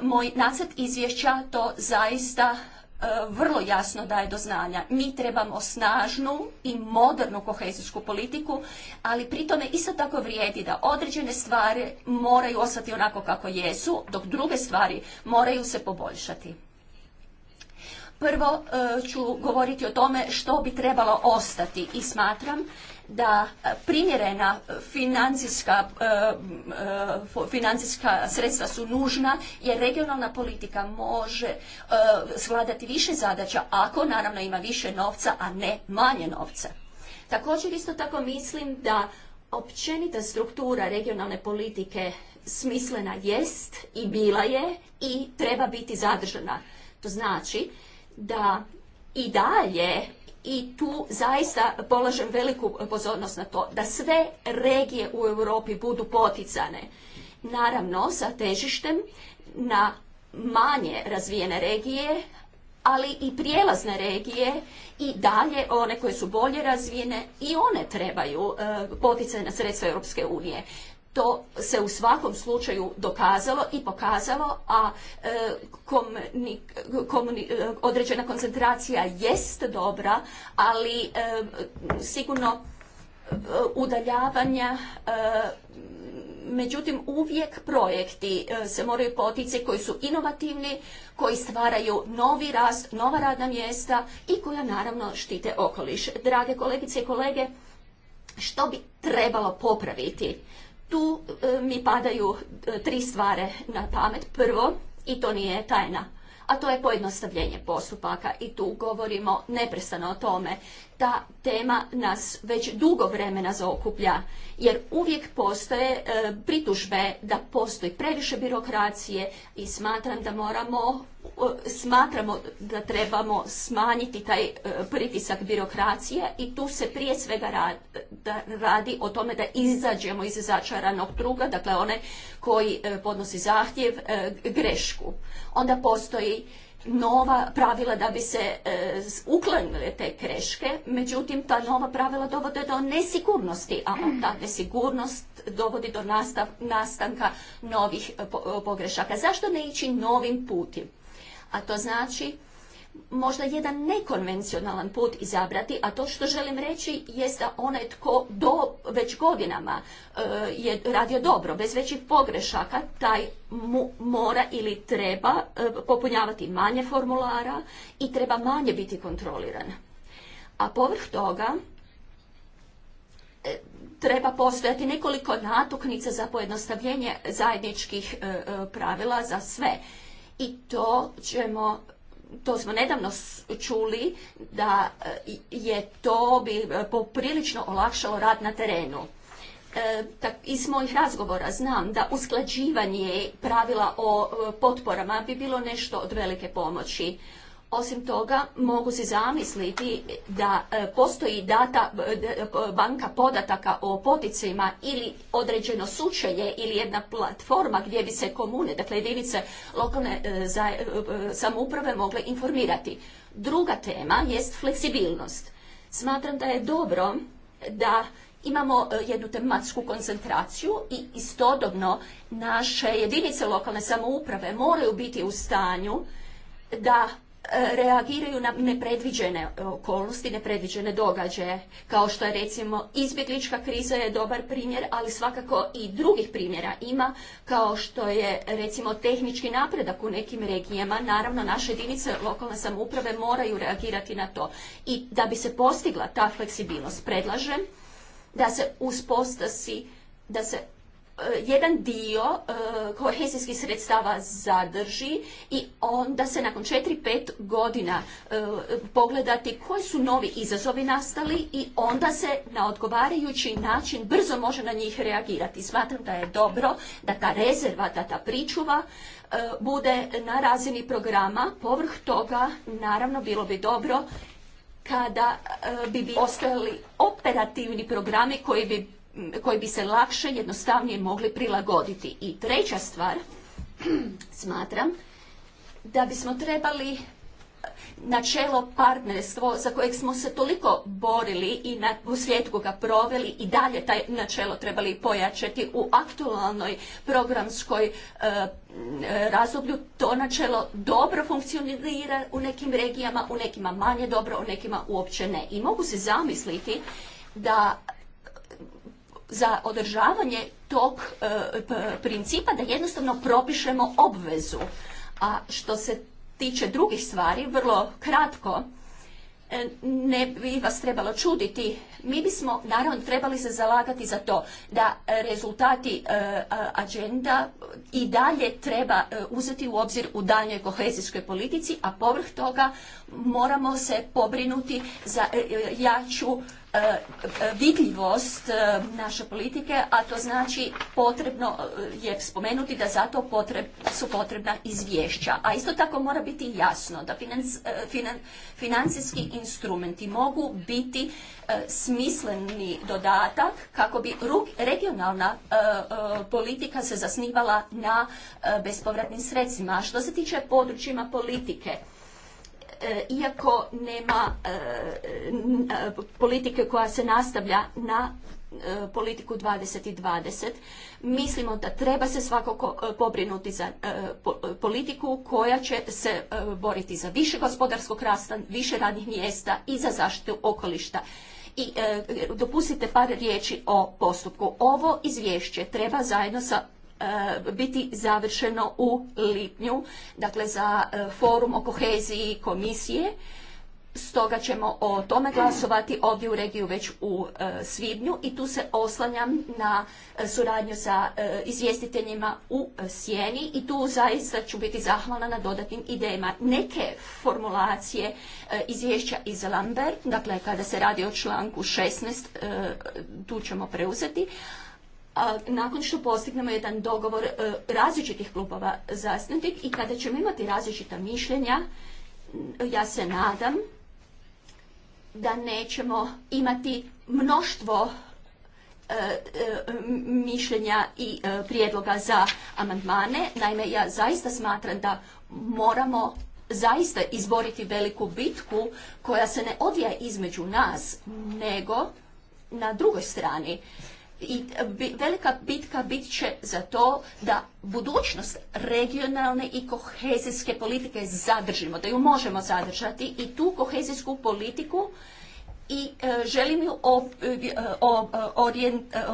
moj nacrt izvješća to zaista E, vrlo jasno daje do znanja. Mi trebamo snažnu i modernu kohezijsku politiku, ali pri tome isto tako vrijedi da određene stvari moraju ostati onako kako jesu, dok druge stvari moraju se poboljšati. Prvo e, ću govoriti o tome što bi trebalo ostati i smatram da e, primjerena financijska, e, e, financijska sredstva su nužna jer regionalna politika može svladati više zadaća ako naravno ima više novca, a ne manje novca. Također isto tako mislim da općenita struktura regionalne politike smislena jest i bila je i treba biti zadržana. To znači da i dalje i tu zaista polažem veliku pozornost na to da sve regije u Europi budu poticane. Naravno sa težištem na manje razvijene regije, ali i prijelazne regije i dalje one koje su bolje razvijene i one trebaju eh, poticajna sredstva Europske unije to se u svakom slučaju dokazalo i pokazalo, a e, e, određena koncentracija jest dobra, ali e, sigurno udaljavanja međutim uvijek projekti se moraju potici koji su inovativni, koji stvaraju novi rast, nova radna mjesta i koja naravno štite okoliš. Drage kolegice i kolege, što bi trebalo popraviti? Tu e, mi padaju e, tri stvari na pamet. Prvo, i to nije tajna, a to je pojednostavljenje postupaka i tu govorimo neprestano o tome ta tema nas već dugo vremena zaokuplja, jer uvijek postoje e, pritužbe da postoji previše birokracije i smatram da moramo, smatramo da trebamo smanjiti taj e, pritisak birokracije i tu se prije svega radi o tome da izađemo iz začaranog kruga, dakle one koji e, podnosi zahtjev grešku. Onda postoji nova pravila da bi se e, te kreške, međutim ta nova pravila dovode do nesigurnosti, a ta nesigurnost dovodi do nastanka novih e, e, pogrešaka. Zašto ne ići novim putim? A to znači možda jedan nekonvencionalan put izabrati, a to što želim reći jest da onaj tko do, već godinama e, je radio dobro, bez većih pogrešaka, taj mora ili treba e, popunjavati manje formulara i treba manje biti kontroliran. A povrh toga e, treba postojati nekoliko natuknica za pojednostavljenje zajedničkih pravila za sve i to ćemo to smo nedavno čuli da e, je to bi e, poprilično olakšalo rad na terenu. E, iz mojih razgovora znam da usklađivanje pravila o potporama bi bilo nešto od velike pomoći. Osim toga, mogu se zamisliti da e, postoji data, e, e, banka podataka o poticima ili određeno sučelje ili jedna platforma gdje bi se komune, dakle jedinice lokalne samouprave mogle informirati. Druga tema jest fleksibilnost. Smatram da je dobro da imamo jednu tematsku koncentraciju i istodobno naše jedinice lokalne samouprave moraju biti u stanju da E, reagiraju na nepredviđene okolnosti, nepredviđene događaje, kao što je recimo izbjeglička kriza je dobar primjer, ali svakako i drugih primjera ima, kao što je recimo tehnički napredak u nekim regijama. Naravno, naše jedinice lokalne samouprave moraju reagirati na to. I da bi se postigla ta fleksibilnost, predlažem da se uspostavi da se Eh, jedan dio eh, kohezijskih sredstava zadrži i onda se nakon 4-5 godina eh, pogledati koji su novi izazovi nastali i onda se na odgovarajući način brzo može na njih reagirati. Smatram da je dobro da ta rezerva, da ta pričuva bude na razini programa. Povrh toga, naravno, bilo bi dobro kada bi ostali operativni programi koji bi koji bi se lakše, jednostavnije mogli prilagoditi. I treća stvar, smatram, da bismo trebali eh, načelo partnerstvo za kojeg smo se toliko borili i na, u svijetku ga proveli i dalje taj načelo trebali pojačati u aktualnoj programskoj eh, razdoblju. To načelo dobro funkcionira u nekim regijama, u nekima manje dobro, u nekima uopće ne. I mogu se zamisliti da za održavanje tog e, principa da jednostavno propišemo obvezu. A što se tiče drugih stvari, vrlo kratko, e, ne bi vas trebalo čuditi mi bismo naravno trebali se zalagati za to da e, rezultati e, agenda e, i dalje treba uzeti u obzir u daljnjoj kohezijskoj politici, a povrh toga moramo se pobrinuti za jaču vidljivost naše politike, a to znači potrebno je spomenuti da zato to su potrebna izvješća. A isto tako mora biti jasno da financijski instrumenti mogu biti E, smisleni dodatak kako bi regionalna e, e, politika se zasnivala na bespovratnim sredstvima. A što se tiče područjima politike, iako nema politike koja se nastavlja na E, politiku 20 i 20. Mislimo da treba se svakako e, pobrinuti za e, politiku koja će se boriti za više gospodarskog rasta, više radnih mjesta i za zaštitu okolišta. I dopustite par riječi o postupku. Ovo izvješće treba zajedno sa biti završeno u lipnju, dakle za forum o koheziji komisije Stoga ćemo o tome glasovati ovdje u regiju već u e, svibnju i tu se oslanjam na e, suradnju sa e, izvjestiteljima u sjeni i tu zaista ću biti zahvalna na dodatnim idejama. Neke formulacije izvješća iz Lambert, dakle kada se radi o članku 16, tu ćemo preuzeti, a nakon što postignemo jedan dogovor različitih klubova zastupnika i kada ćemo imati različita mišljenja, ja se nadam da nećemo imati mnoštvo e, e, mišljenja i e, prijedloga za amandmane. Naime, ja zaista smatram da moramo zaista izboriti veliku bitku koja se ne odvija između nas, nego na drugoj strani i e, velika bitka bit će za to da budućnost regionalne i kohezijske politike zadržimo, da ju možemo zadržati i tu kohezijsku politiku i e, želim ju e,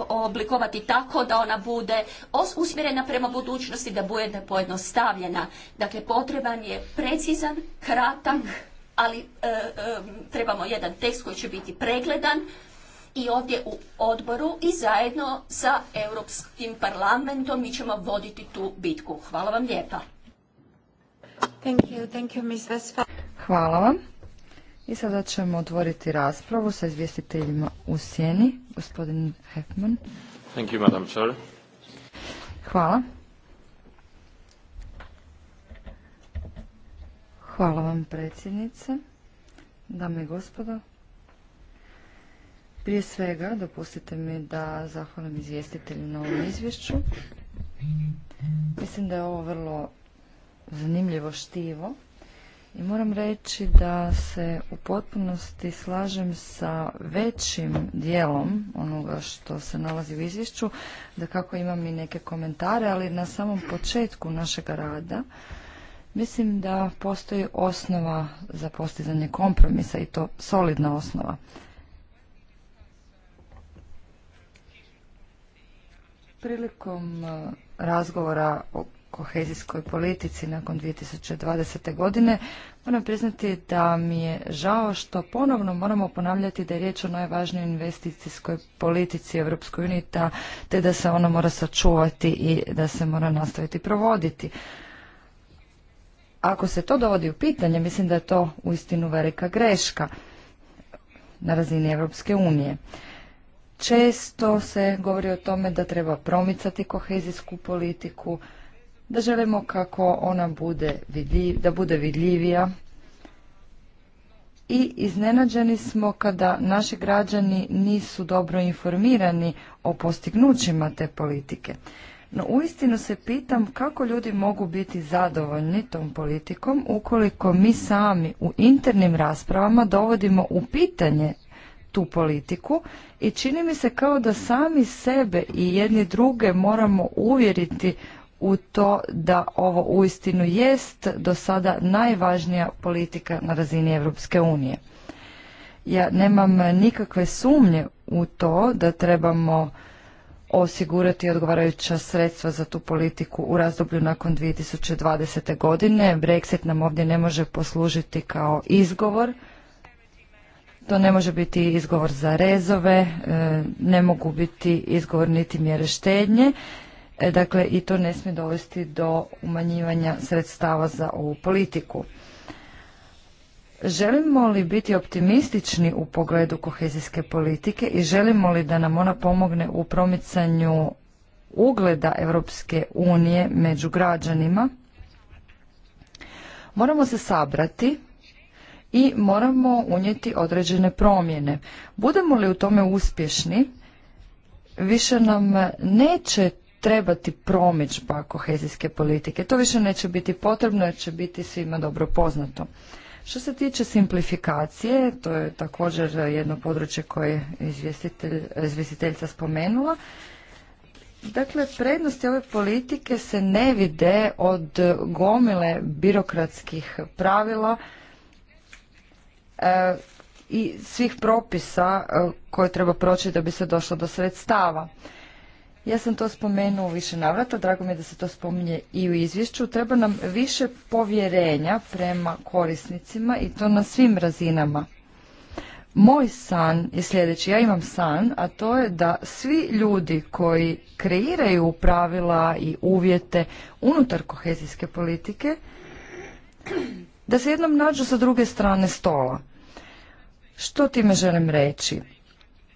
oblikovati tako da ona bude usmjerena prema budućnosti, da bude pojednostavljena. Dakle, potreban je precizan, kratak, ali trebamo jedan tekst koji će biti pregledan, i ovdje u odboru i zajedno sa Europskim parlamentom mi ćemo voditi tu bitku. Hvala vam lijepa. Thank you, thank you, Hvala vam. I sada ćemo otvoriti raspravu sa izvjestiteljima u sjeni. Gospodin Hefman. Thank you, Madam Chair. Hvala. Hvala vam predsjednice, dame i gospodo. Prije svega, dopustite mi da zahvalim izvjestitelju na ovom izvješću. Mislim da je ovo vrlo zanimljivo štivo i moram reći da se u potpunosti slažem sa većim dijelom onoga što se nalazi u izvješću, da kako imam i neke komentare, ali na samom početku našega rada mislim da postoji osnova za postizanje kompromisa i to solidna osnova. Prilikom e, razgovora o kohezijskoj politici nakon 2020. godine moram priznati da mi je žao što ponovno moramo ponavljati da je riječ o najvažnijoj investicijskoj politici Europskoj uniji te da se ona mora sačuvati i da se mora nastaviti provoditi. Ako se to dovodi u pitanje, mislim da je to uistinu velika greška na razini Europske unije. Često se govori o tome da treba promicati kohezijsku politiku, da želimo kako ona bude da bude vidljivija. I iznenađeni smo kada naši građani nisu dobro informirani o postignućima te politike. No uistinu se pitam kako ljudi mogu biti zadovoljni tom politikom ukoliko mi sami u internim raspravama dovodimo u pitanje tu politiku i čini mi se kao da sami sebe i jedni druge moramo uvjeriti u to da ovo uistinu jest do sada najvažnija politika na razini Europske unije. Ja nemam nikakve sumnje u to da trebamo osigurati odgovarajuća sredstva za tu politiku u razdoblju nakon 2020. godine. Brexit nam ovdje ne može poslužiti kao izgovor to ne može biti izgovor za rezove, e, ne mogu biti izgovor niti mjere štednje. E, dakle, i to ne smije dovesti do umanjivanja sredstava za ovu politiku. Želimo li biti optimistični u pogledu kohezijske politike i želimo li da nam ona pomogne u promicanju ugleda Europske unije među građanima? Moramo se sabrati i moramo unijeti određene promjene. Budemo li u tome uspješni, više nam neće trebati promičba kohezijske politike. To više neće biti potrebno jer će biti svima dobro poznato. Što se tiče simplifikacije, to je također jedno područje koje je izvjestiteljica spomenula. Dakle, prednosti ove politike se ne vide od gomile birokratskih pravila E, i svih propisa e, koje treba proći da bi se došlo do sredstava. Ja sam to spomenuo u više navrata, drago mi je da se to spominje i u izvješću. Treba nam više povjerenja prema korisnicima i to na svim razinama. Moj san je sljedeći, ja imam san, a to je da svi ljudi koji kreiraju pravila i uvjete unutar kohezijske politike da se jednom nađu sa druge strane stola. Što time želim reći?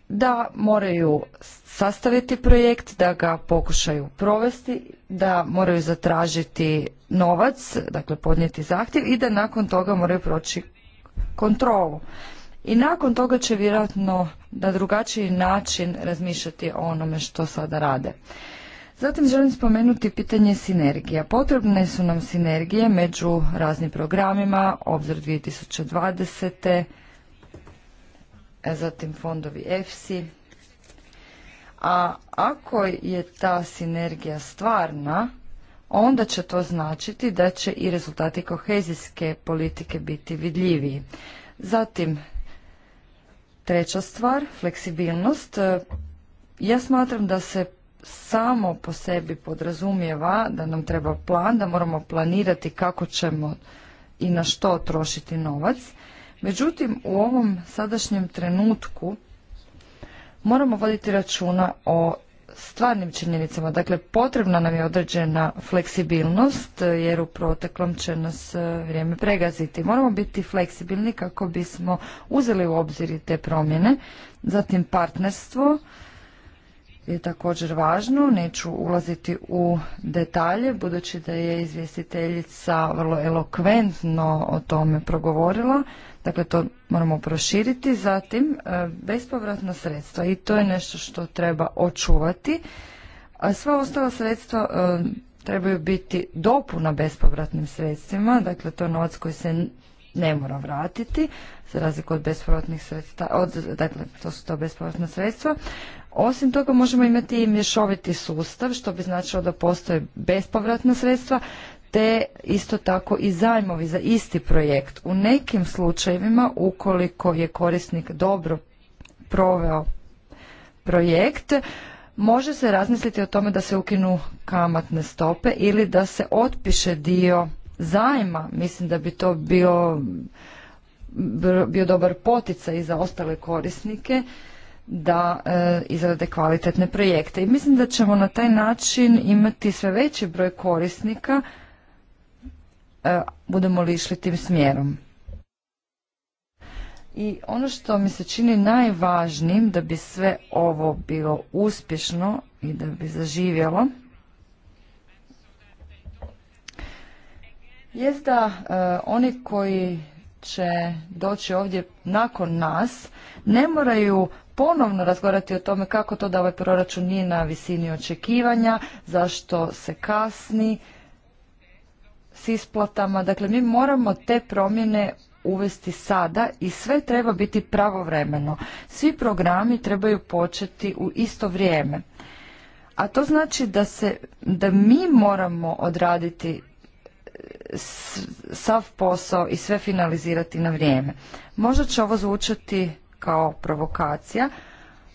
Da moraju sastaviti projekt, da ga pokušaju provesti, da moraju zatražiti novac, dakle podnijeti zahtjev i da nakon toga moraju proći kontrolu. I nakon toga će vjerojatno na drugačiji način razmišljati o onome što sada rade. Zatim želim spomenuti pitanje sinergija. Potrebne su nam sinergije među raznim programima, obzor 2020. Zatim fondovi EFSI. A ako je ta sinergija stvarna, onda će to značiti da će i rezultati kohezijske politike biti vidljiviji. Zatim, treća stvar, fleksibilnost. Ja smatram da se samo po sebi podrazumijeva da nam treba plan, da moramo planirati kako ćemo i na što trošiti novac. Međutim, u ovom sadašnjem trenutku moramo voditi računa o stvarnim činjenicama. Dakle, potrebna nam je određena fleksibilnost, jer u proteklom će nas e, vrijeme pregaziti. Moramo biti fleksibilni kako bismo uzeli u obzir te promjene. Zatim partnerstvo, je također važno. Neću ulaziti u detalje, budući da je izvjestiteljica vrlo elokventno o tome progovorila. Dakle, to moramo proširiti. Zatim, e, bespovratna sredstva i to je nešto što treba očuvati. sva ostala sredstva e, trebaju biti dopuna bespovratnim sredstvima, dakle to je novac koji se ne mora vratiti, za razliku od bespovratnih sredstva, od, dakle to su to bespovratna sredstva. Osim toga možemo imati i mješoviti sustav, što bi značilo da postoje bespovratna sredstva, te isto tako i zajmovi za isti projekt. U nekim slučajevima, ukoliko je korisnik dobro proveo projekt, može se razmisliti o tome da se ukinu kamatne stope ili da se otpiše dio zajma. Mislim da bi to bio, bio dobar poticaj za ostale korisnike da e, izrade kvalitetne projekte. I mislim da ćemo na taj način imati sve veći broj korisnika e, budemo li išli tim smjerom. I ono što mi se čini najvažnijim da bi sve ovo bilo uspješno i da bi zaživjelo, je da e, oni koji će doći ovdje nakon nas ne moraju ponovno razgovarati o tome kako to da ovaj proračun nije na visini očekivanja, zašto se kasni s isplatama. Dakle, mi moramo te promjene uvesti sada i sve treba biti pravovremeno. Svi programi trebaju početi u isto vrijeme. A to znači da, se, da mi moramo odraditi e, sav posao i sve finalizirati na vrijeme. Možda će ovo zvučati kao provokacija,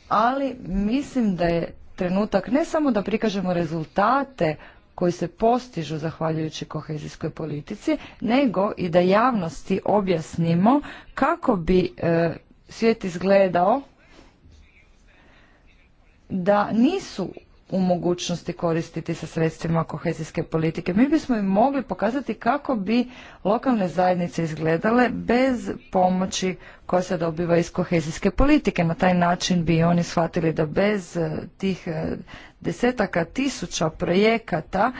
ali mislim da je trenutak ne samo da prikažemo rezultate koji se postižu zahvaljujući kohezijskoj politici, nego i da javnosti objasnimo kako bi e, svijet izgledao da nisu u mogućnosti koristiti sa sredstvima kohezijske politike. Mi bismo im mogli pokazati kako bi lokalne zajednice izgledale bez pomoći koja se dobiva iz kohezijske politike. Na taj način bi oni shvatili da bez e, tih e, desetaka tisuća projekata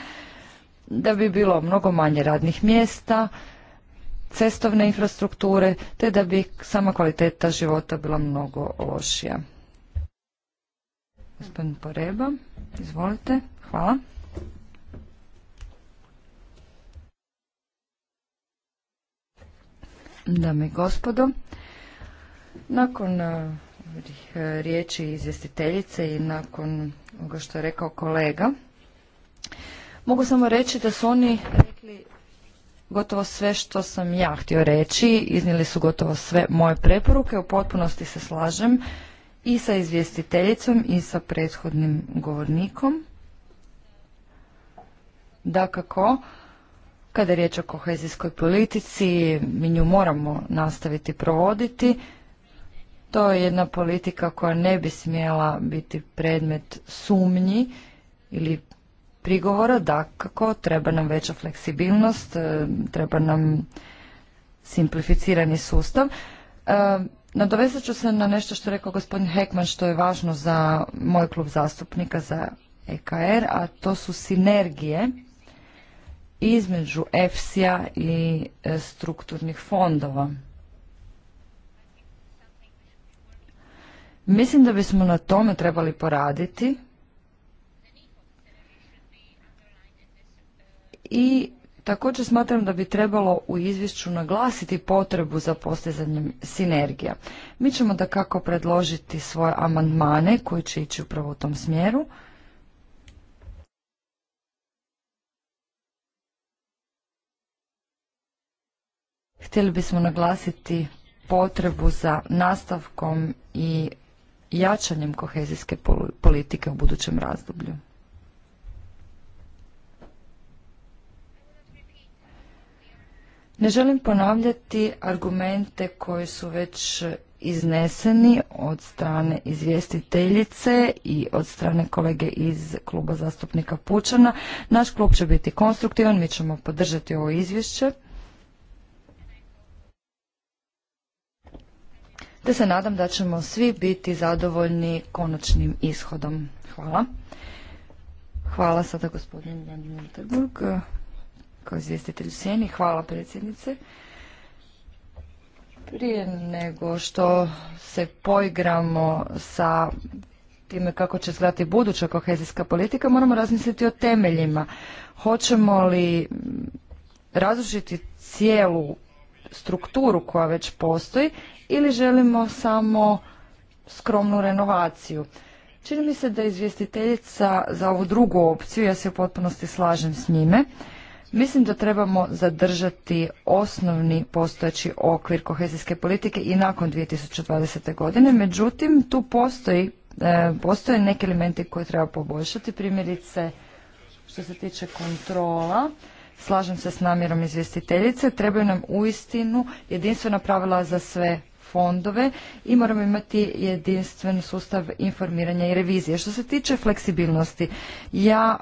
da bi bilo mnogo manje radnih mjesta, cestovne infrastrukture, te da bi sama kvaliteta života bila mnogo lošija. Gospodin Poreba, izvolite. Hvala. Dame i gospodo, nakon eh, eh, riječi izvjestiteljice i nakon ovoga što je rekao kolega, mogu samo reći da su oni rekli gotovo sve što sam ja htio reći, iznijeli su gotovo sve moje preporuke, u potpunosti se slažem i sa izvjestiteljicom i sa prethodnim govornikom. kako kada je riječ o kohezijskoj politici, mi nju moramo nastaviti provoditi. To je jedna politika koja ne bi smjela biti predmet sumnji ili prigovora, kako treba nam veća fleksibilnost, e, treba nam simplificirani sustav. E, Nadovezat ću se na nešto što je rekao gospodin Hekman što je važno za moj klub zastupnika za EKR, er, a to su sinergije između EFSI-a i e, strukturnih fondova. Mislim da bismo na tome trebali poraditi i Također smatram da bi trebalo u izvješću naglasiti potrebu za postizanjem sinergija. Mi ćemo da kako predložiti svoje amandmane koji će ići upravo u tom smjeru. Htjeli bismo naglasiti potrebu za nastavkom i jačanjem kohezijske politike u budućem razdoblju. Ne želim ponavljati argumente koji su već izneseni od strane izvjestiteljice i od strane kolege iz kluba zastupnika Pučana. Naš klub će biti konstruktivan, mi ćemo podržati ovo izvješće. Te se nadam da ćemo svi biti zadovoljni konačnim ishodom. Hvala. Hvala sada gospodin Jan Milterburg kao izvjestitelj u sjeni. Hvala predsjednice. Prije nego što se poigramo sa time kako će izgledati buduća kohezijska politika, moramo razmisliti o temeljima. Hoćemo li razrušiti cijelu strukturu koja već postoji ili želimo samo skromnu renovaciju. Čini mi se da je izvjestiteljica za ovu drugu opciju, ja se u potpunosti slažem s njime, Mislim da trebamo zadržati osnovni postojeći okvir kohezijske politike i nakon 2020. godine, međutim tu postoji, e, postoje neki elementi koje treba poboljšati, primjerice što se tiče kontrola, slažem se s namjerom izvjestiteljice, trebaju nam uistinu jedinstvena pravila za sve fondove i moramo imati jedinstven sustav informiranja i revizije. Što se tiče fleksibilnosti, ja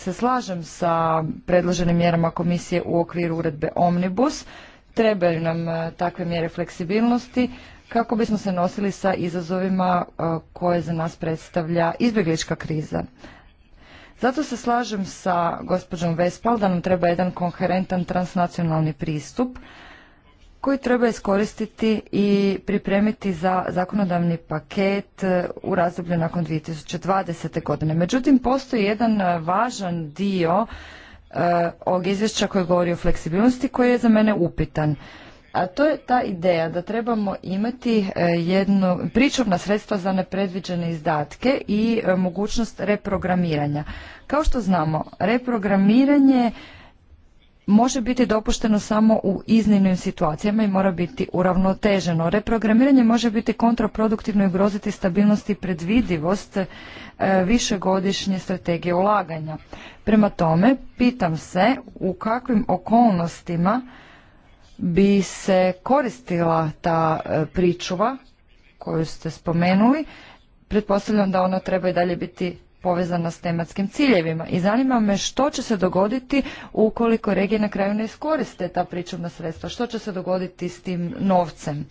se slažem sa predloženim mjerama komisije u okviru uredbe Omnibus. Trebaju nam e, takve mjere fleksibilnosti kako bismo se nosili sa izazovima e, koje za nas predstavlja izbjeglička kriza. Zato se slažem sa gospođom Vespal da nam treba jedan koherentan transnacionalni pristup koji treba iskoristiti i pripremiti za zakonodavni paket e, u razdoblju nakon 2020. godine. Međutim, postoji jedan e, važan dio e, ovog izvješća koji govori o fleksibilnosti koji je za mene upitan. A to je ta ideja da trebamo imati jedno pričovna sredstva za nepredviđene izdatke i mogućnost reprogramiranja. Kao što znamo, reprogramiranje može biti dopušteno samo u iznimnim situacijama i mora biti uravnoteženo. Reprogramiranje može biti kontraproduktivno i ugroziti stabilnost i predvidivost e, višegodišnje strategije ulaganja. Prema tome, pitam se u kakvim okolnostima bi se koristila ta e, pričuva koju ste spomenuli. Pretpostavljam da ona treba i dalje biti povezana s tematskim ciljevima. I zanima me što će se dogoditi ukoliko regije na kraju ne iskoriste ta pričuvna sredstva, što će se dogoditi s tim novcem.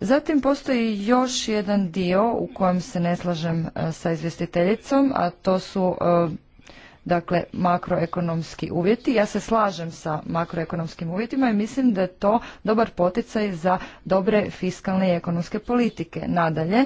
Zatim postoji još jedan dio u kojem se ne slažem e, sa izvjestiteljicom, a to su e, dakle makroekonomski uvjeti. Ja se slažem sa makroekonomskim uvjetima i mislim da je to dobar poticaj za dobre fiskalne i ekonomske politike. Nadalje,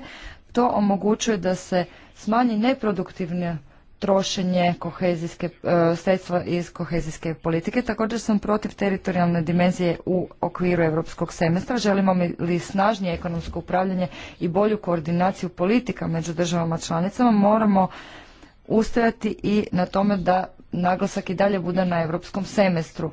to omogućuje da se smanji neproduktivne trošenje kohezijske e, sredstva iz kohezijske politike. Također sam protiv teritorijalne dimenzije u okviru europskog semestra. Želimo li snažnije ekonomsko upravljanje i bolju koordinaciju politika među državama članicama, moramo ustajati i na tome da naglasak i dalje bude na europskom semestru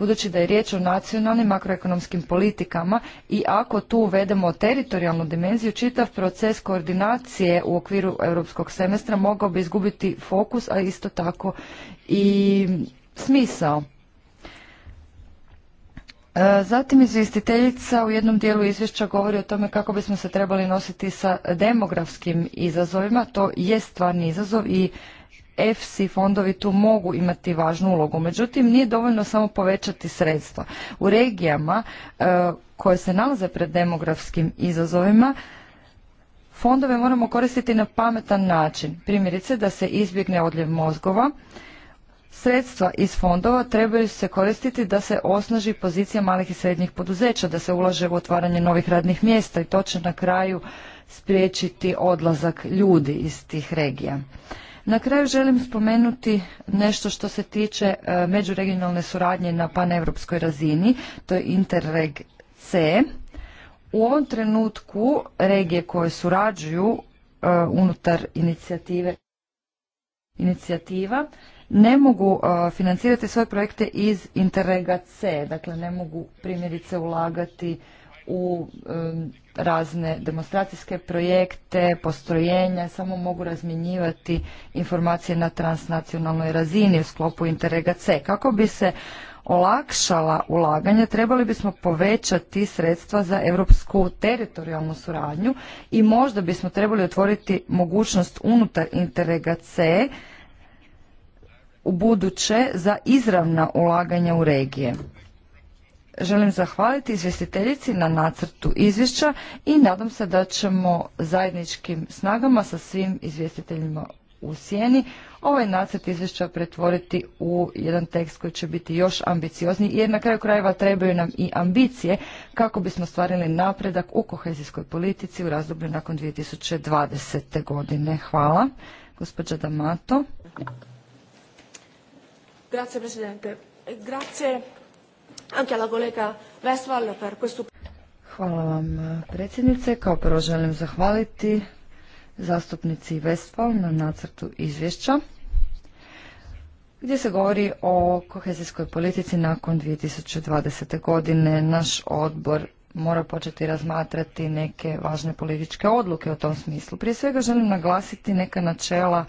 budući da je riječ o nacionalnim makroekonomskim politikama i ako tu uvedemo teritorijalnu dimenziju, čitav proces koordinacije u okviru europskog semestra mogao bi izgubiti fokus, a isto tako i smisao. E, zatim izvjestiteljica u jednom dijelu izvješća govori o tome kako bismo se trebali nositi sa demografskim izazovima. To je stvarni izazov i EFSI fondovi tu mogu imati važnu ulogu. Međutim, nije dovoljno samo povećati sredstva. U regijama e, koje se nalaze pred demografskim izazovima, fondove moramo koristiti na pametan način. Primjerice da se izbjegne odljev mozgova, Sredstva iz fondova trebaju se koristiti da se osnaži pozicija malih i srednjih poduzeća, da se ulaže u otvaranje novih radnih mjesta i to će na kraju spriječiti odlazak ljudi iz tih regija. Na kraju želim spomenuti nešto što se tiče e, međuregionalne suradnje na paneuropskoj razini, to je Interreg C. U ovom trenutku regije koje surađuju e, unutar inicijative inicijativa ne mogu e, financirati svoje projekte iz Interrega C, dakle ne mogu primjerice ulagati u razne demonstracijske projekte, postrojenja, samo mogu razmjenjivati informacije na transnacionalnoj razini u sklopu Interrega C. Kako bi se olakšala ulaganja, trebali bismo povećati sredstva za europsku teritorijalnu suradnju i možda bismo trebali otvoriti mogućnost unutar Interrega C u buduće za izravna ulaganja u regije. Želim zahvaliti izvjestiteljici na nacrtu izvješća i nadam se da ćemo zajedničkim snagama sa svim izvjestiteljima u sjeni ovaj nacrt izvješća pretvoriti u jedan tekst koji će biti još ambiciozniji jer na kraju krajeva trebaju nam i ambicije kako bismo stvarili napredak u kohezijskoj politici u razdoblju nakon 2020. godine. Hvala. Gospođa D'Amato. Grazie, Presidente. Grazie anche Westphal per questo Hvala vam predsjednice. Kao prvo želim zahvaliti zastupnici Westphal na nacrtu izvješća gdje se govori o kohezijskoj politici nakon 2020. godine. Naš odbor mora početi razmatrati neke važne političke odluke u tom smislu. Prije svega želim naglasiti neka načela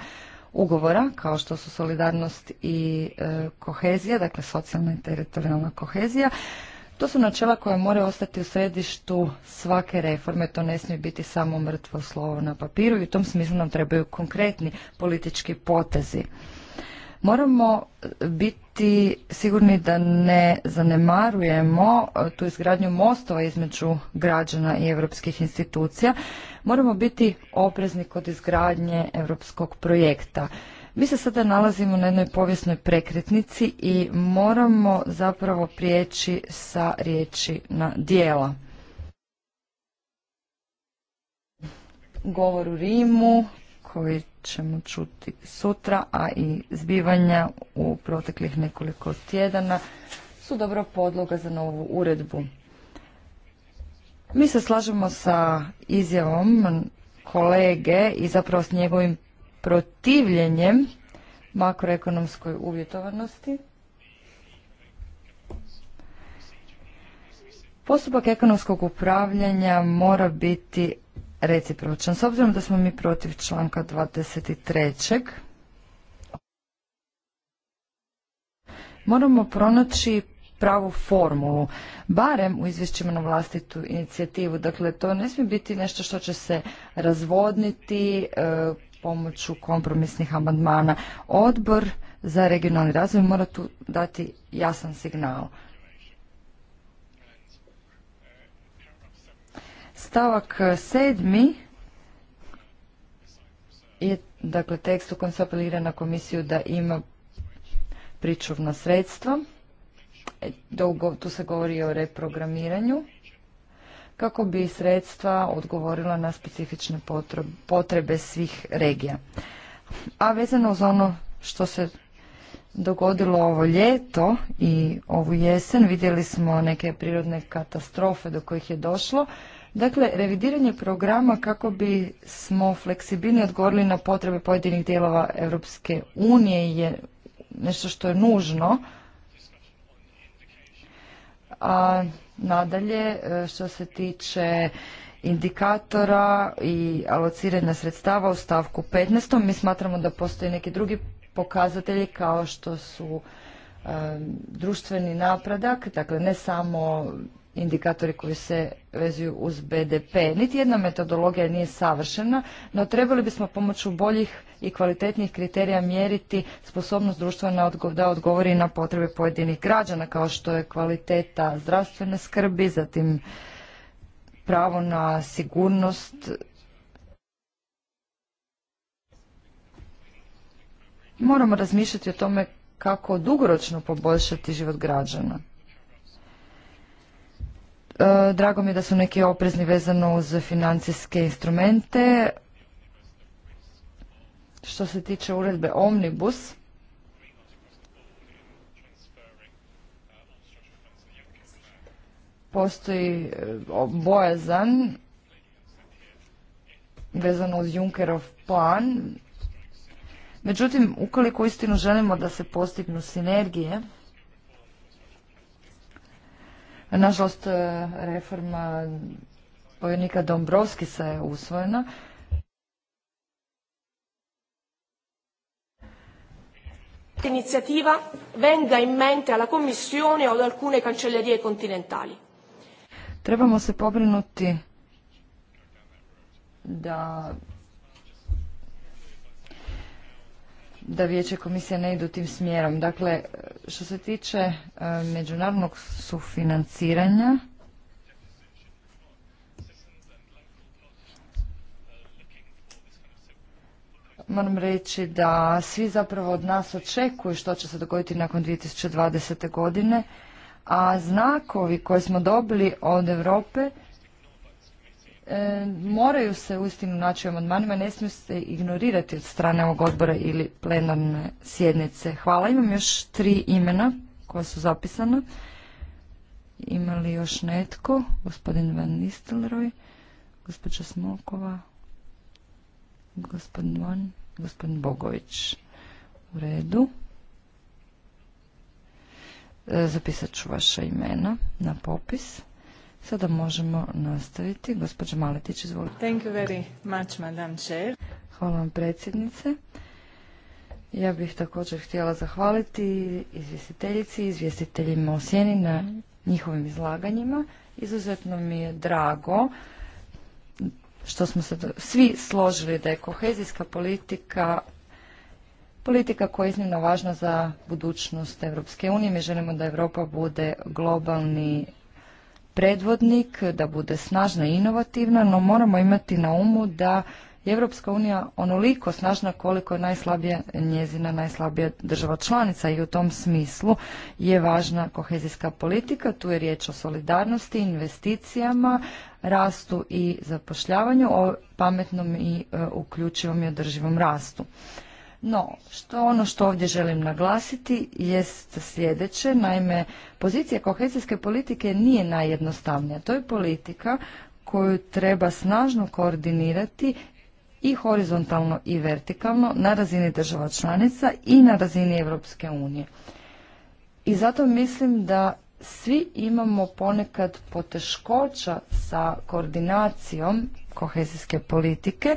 ugovora kao što su solidarnost i e, kohezija, dakle socijalna i teritorijalna kohezija. To su načela koja moraju ostati u središtu svake reforme, to ne smije biti samo mrtvo slovo na papiru i u tom smislu nam trebaju konkretni politički potezi. Moramo biti sigurni da ne zanemarujemo e, tu izgradnju mostova između građana i europskih institucija. Moramo biti oprezni kod izgradnje europskog projekta. Mi se sada nalazimo na jednoj povijesnoj prekretnici i moramo zapravo prijeći sa riječi na dijela. Govor u Rimu koji ćemo čuti sutra, a i zbivanja u proteklih nekoliko tjedana su dobra podloga za novu uredbu. Mi se slažemo sa izjavom kolege i zapravo s njegovim protivljenjem makroekonomskoj uvjetovanosti. Postupak ekonomskog upravljanja mora biti recipročan. S obzirom da smo mi protiv članka 23. Moramo pronaći pravu formulu, barem u izvješćima na vlastitu inicijativu. Dakle, to ne smije biti nešto što će se razvodniti e, pomoću kompromisnih amandmana. Odbor za regionalni razvoj mora tu dati jasan signal. Stavak e, sedmi je, dakle, tekst u kojem se apelira na komisiju da ima pričuvna sredstva. E, tu se govori o reprogramiranju kako bi sredstva odgovorila na specifične potrebe svih regija. A vezano uz ono što se dogodilo ovo ljeto i ovu jesen, vidjeli smo neke prirodne katastrofe do kojih je došlo Dakle, revidiranje programa kako bi smo fleksibilnije odgovorili na potrebe pojedinih dijelova Europske unije je nešto što je nužno. A nadalje, e, što se tiče indikatora i alociranja sredstava u stavku 15. Mi smatramo da postoje neki drugi pokazatelji kao što su e, društveni napredak, dakle ne samo indikatori koji se vezuju uz BDP. Niti jedna metodologija nije savršena, no trebali bismo pomoću boljih i kvalitetnijih kriterija mjeriti sposobnost društva da odgovori na potrebe pojedinih građana, kao što je kvaliteta zdravstvene skrbi, zatim pravo na sigurnost. Moramo razmišljati o tome kako dugoročno poboljšati život građana. E, drago mi je da su neki oprezni vezano uz financijske instrumente. Što se tiče uredbe Omnibus, postoji e, bojazan vezano uz Junkerov plan. Međutim, ukoliko istinu želimo da se postignu sinergije, Nažalost, e, reforma povjernika Dombrovskisa je usvojena. inicijativa venga in mente alla Commissione o ad alcune cancellerie continentali. Trebamo se pobrinuti da da vijeće komisije ne idu tim smjerom. Dakle, što se tiče e, međunarodnog sufinanciranja, moram reći da svi zapravo od nas očekuju što će se dogoditi nakon 2020. godine, a znakovi koje smo dobili od Europe E, moraju se uistinu naći u znači, amandmanima, ne smiju se ignorirati od strane ovog odbora ili plenarne sjednice. Hvala, imam još tri imena koja su zapisana. Ima li još netko? Gospodin Van Nistelroj, gospođa Smokova, gospodin Van, gospodin Bogović. U redu. E, zapisat ću vaša imena na popis. Sada možemo nastaviti. Gospođa Maletić, izvolite. Thank you very much, Madam Chair. Hvala vam predsjednice. Ja bih također htjela zahvaliti izvjestiteljici i izvjestiteljima o sjeni na njihovim izlaganjima. Izuzetno mi je drago što smo se svi složili da je kohezijska politika politika koja je iznimno važna za budućnost Europske unije. Mi želimo da Europa bude globalni predvodnik, da bude snažna i inovativna, no moramo imati na umu da je Europska unija onoliko snažna koliko je najslabija njezina najslabija država članica i u tom smislu je važna kohezijska politika. Tu je riječ o solidarnosti, investicijama, rastu i zapošljavanju, o pametnom i e, uključivom i održivom rastu. No, što ono što ovdje želim naglasiti jest sljedeće, naime, pozicija kohezijske politike nije najjednostavnija. To je politika koju treba snažno koordinirati i horizontalno i vertikalno na razini država članica i na razini Europske unije. I zato mislim da svi imamo ponekad poteškoća sa koordinacijom kohezijske politike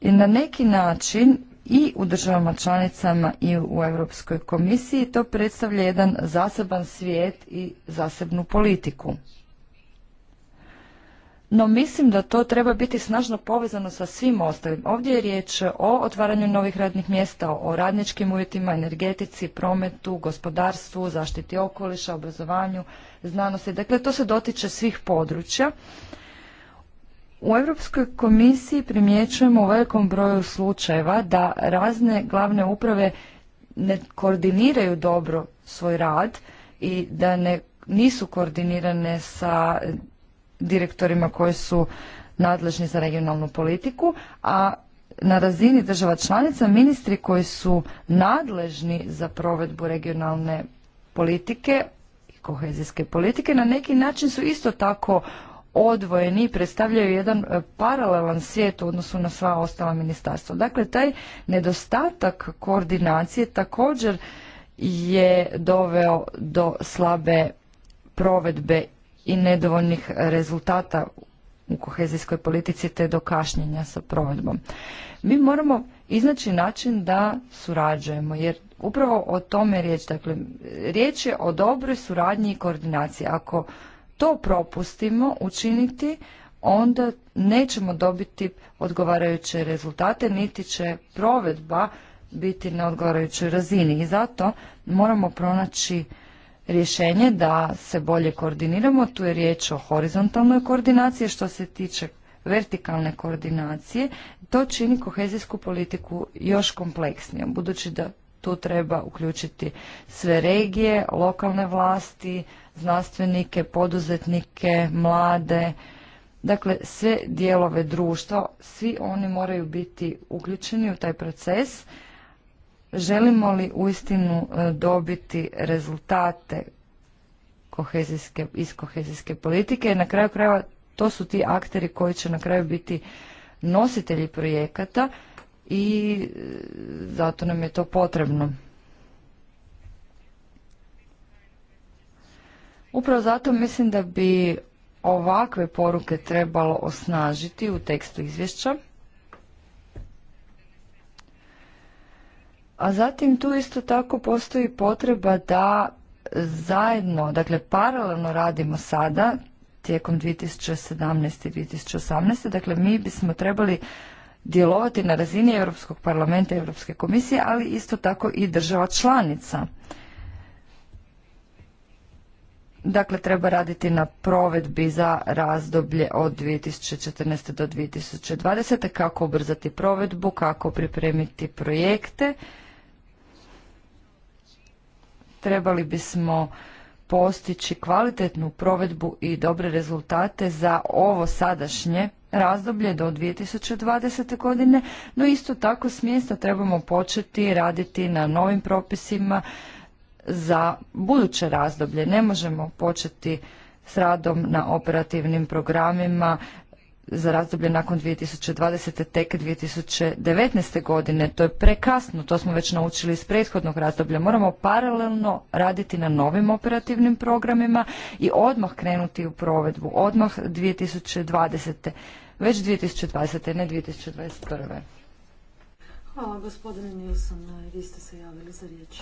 i na neki način i u državama članicama i u Europskoj komisiji. To predstavlja jedan zaseban svijet i zasebnu politiku. No mislim da to treba biti snažno povezano sa svim ostalim. Ovdje je riječ o otvaranju novih radnih mjesta, o radničkim uvjetima, energetici, prometu, gospodarstvu, zaštiti okoliša, obrazovanju, znanosti. Dakle, to se dotiče svih područja u Europskoj komisiji primjećujemo u velikom broju slučajeva da razne glavne uprave ne koordiniraju dobro svoj rad i da ne, nisu koordinirane sa direktorima koji su nadležni za regionalnu politiku, a na razini država članica ministri koji su nadležni za provedbu regionalne politike i kohezijske politike na neki način su isto tako odvojeni i predstavljaju jedan e, paralelan svijet u odnosu na sva ostala ministarstva. Dakle, taj nedostatak koordinacije također je doveo do slabe provedbe i nedovoljnih rezultata u kohezijskoj politici te do kašnjenja sa provedbom. Mi moramo iznaći način da surađujemo jer upravo o tome je riječ. Dakle, riječ je o dobroj suradnji i koordinaciji. Ako to propustimo učiniti, onda nećemo dobiti odgovarajuće rezultate, niti će provedba biti na odgovarajućoj razini. I zato moramo pronaći rješenje da se bolje koordiniramo. Tu je riječ o horizontalnoj koordinaciji što se tiče vertikalne koordinacije. To čini kohezijsku politiku još kompleksnijom, budući da tu treba uključiti sve regije, lokalne vlasti, znanstvenike, poduzetnike, mlade, dakle sve dijelove društva, svi oni moraju biti uključeni u taj proces. Želimo li uistinu e, dobiti rezultate kohezijske, iz kohezijske politike? Na kraju krajeva to su ti akteri koji će na kraju biti nositelji projekata i e, zato nam je to potrebno. Upravo zato mislim da bi ovakve poruke trebalo osnažiti u tekstu izvješća. A zatim tu isto tako postoji potreba da zajedno, dakle paralelno radimo sada tijekom 2017. i 2018. Dakle, mi bismo trebali djelovati na razini Europskog parlamenta i Europske komisije, ali isto tako i država članica. Dakle, treba raditi na provedbi za razdoblje od 2014. do 2020. Kako ubrzati provedbu, kako pripremiti projekte. Trebali bismo postići kvalitetnu provedbu i dobre rezultate za ovo sadašnje razdoblje do 2020. godine, no isto tako smjesta trebamo početi raditi na novim propisima za buduće razdoblje. Ne možemo početi s radom na operativnim programima za razdoblje nakon 2020. tek 2019. godine. To je prekasno, to smo već naučili iz prethodnog razdoblja. Moramo paralelno raditi na novim operativnim programima i odmah krenuti u provedbu, odmah 2020. Već 2020. ne 2021. Hvala gospodine Nilsson, vi ste se javili za riječ.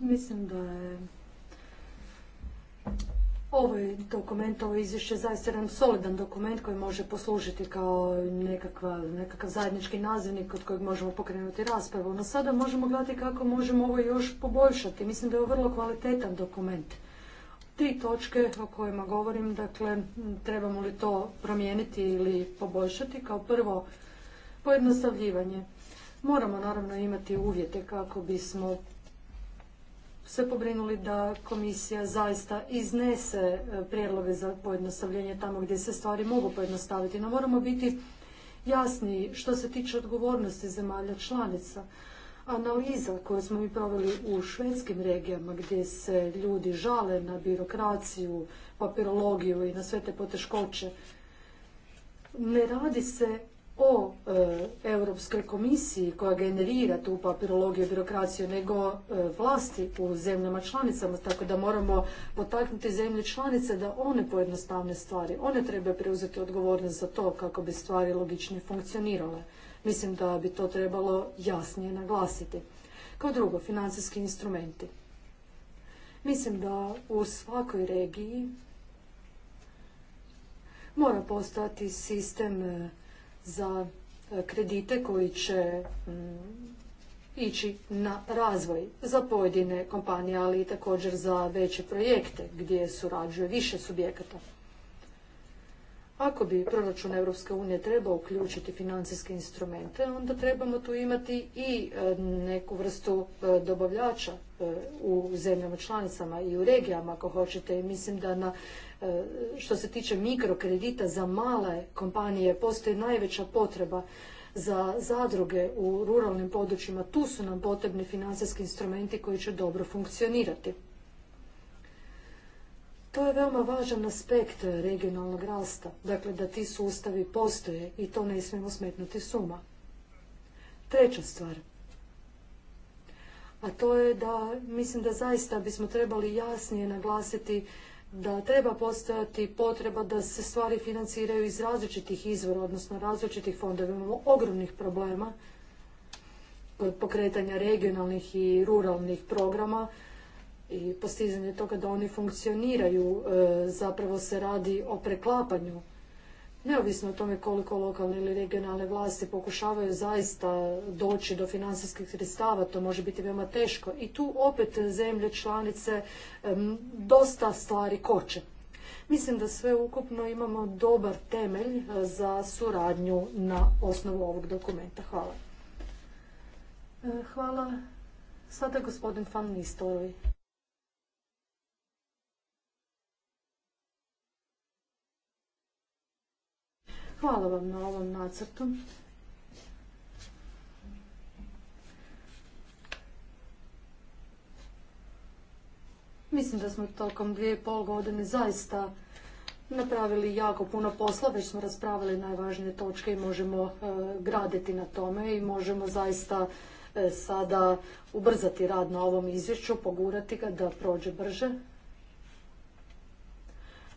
Mislim da je ovaj dokument, ovo izvješće zaista jedan solidan dokument koji može poslužiti kao nekakva, nekakav zajednički nazivnik od kojeg možemo pokrenuti raspravu. No sada možemo gledati kako možemo ovo još poboljšati. Mislim da je ovo vrlo kvalitetan dokument. Tri točke o kojima govorim, dakle, trebamo li to promijeniti ili poboljšati. Kao prvo, pojednostavljivanje. Moramo naravno imati uvjete kako bismo se pobrinuli da komisija zaista iznese e, prijedloge za pojednostavljenje tamo gdje se stvari mogu pojednostaviti. No moramo biti jasni što se tiče odgovornosti zemalja članica. Analiza koju smo mi proveli u švedskim regijama gdje se ljudi žale na birokraciju, papirologiju i na sve te poteškoće, ne radi se o e, Europskoj komisiji koja generira tu papirologiju i birokraciju, nego e, vlasti u zemljama članicama, tako da moramo potaknuti zemlje članice da one pojednostavne stvari, one treba preuzeti odgovornost za to kako bi stvari logičnije funkcionirale. Mislim da bi to trebalo jasnije naglasiti. Kao drugo, financijski instrumenti. Mislim da u svakoj regiji mora postojati sistem e, za e, kredite koji će mm, ići na razvoj za pojedine kompanije, ali i također za veće projekte gdje surađuje više subjekata. Ako bi proračun Europske unije trebao uključiti financijske instrumente, onda trebamo tu imati i e, neku vrstu e, dobavljača u zemljama članicama i u regijama, ako hoćete. mislim da na E, što se tiče mikrokredita za male kompanije, postoji najveća potreba za zadruge u ruralnim područjima. Tu su nam potrebni financijski instrumenti koji će dobro funkcionirati. To je veoma važan aspekt regionalnog rasta, dakle da ti sustavi postoje i to ne smijemo smetnuti suma. Treća stvar, a to je da mislim da zaista bismo trebali jasnije naglasiti da treba postojati potreba da se stvari financiraju iz različitih izvora, odnosno različitih fondova. Imamo ogromnih problema kod pokretanja regionalnih i ruralnih programa i postizanje toga da oni funkcioniraju. E, zapravo se radi o preklapanju neovisno o tome koliko lokalne ili regionalne vlasti pokušavaju zaista doći do financijskih sredstava, to može biti veoma teško. I tu opet zemlje članice dosta stvari koče. Mislim da sve ukupno imamo dobar temelj e, za suradnju na osnovu ovog dokumenta. Hvala. E, hvala. Sada gospodin Fan Nistelrooy. Hvala vam na ovom nacrtu. Mislim da smo tokom dvije i pol godine zaista napravili jako puno posla, već smo raspravili najvažnije točke i možemo e, graditi na tome i možemo zaista e, sada ubrzati rad na ovom izvješću, pogurati ga da prođe brže.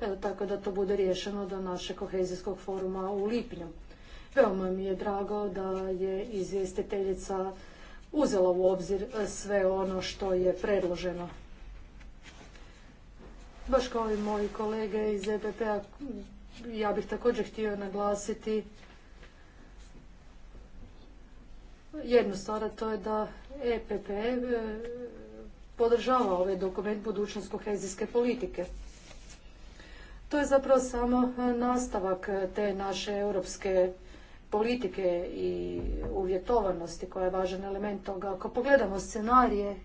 E, tako da to bude riješeno do našeg kohezijskog foruma u lipnju. Veoma mi je drago da je izvjestiteljica uzela u obzir e, sve ono što je predloženo. Baš kao i moji kolege iz EPP-a, ja bih također htio naglasiti jednu stvar, a to je da EPP e, podržava ovaj dokument budućnost kohezijske politike. To je zapravo samo e, nastavak e, te naše europske politike i uvjetovanosti koja je važan element toga. Ako pogledamo scenarije e,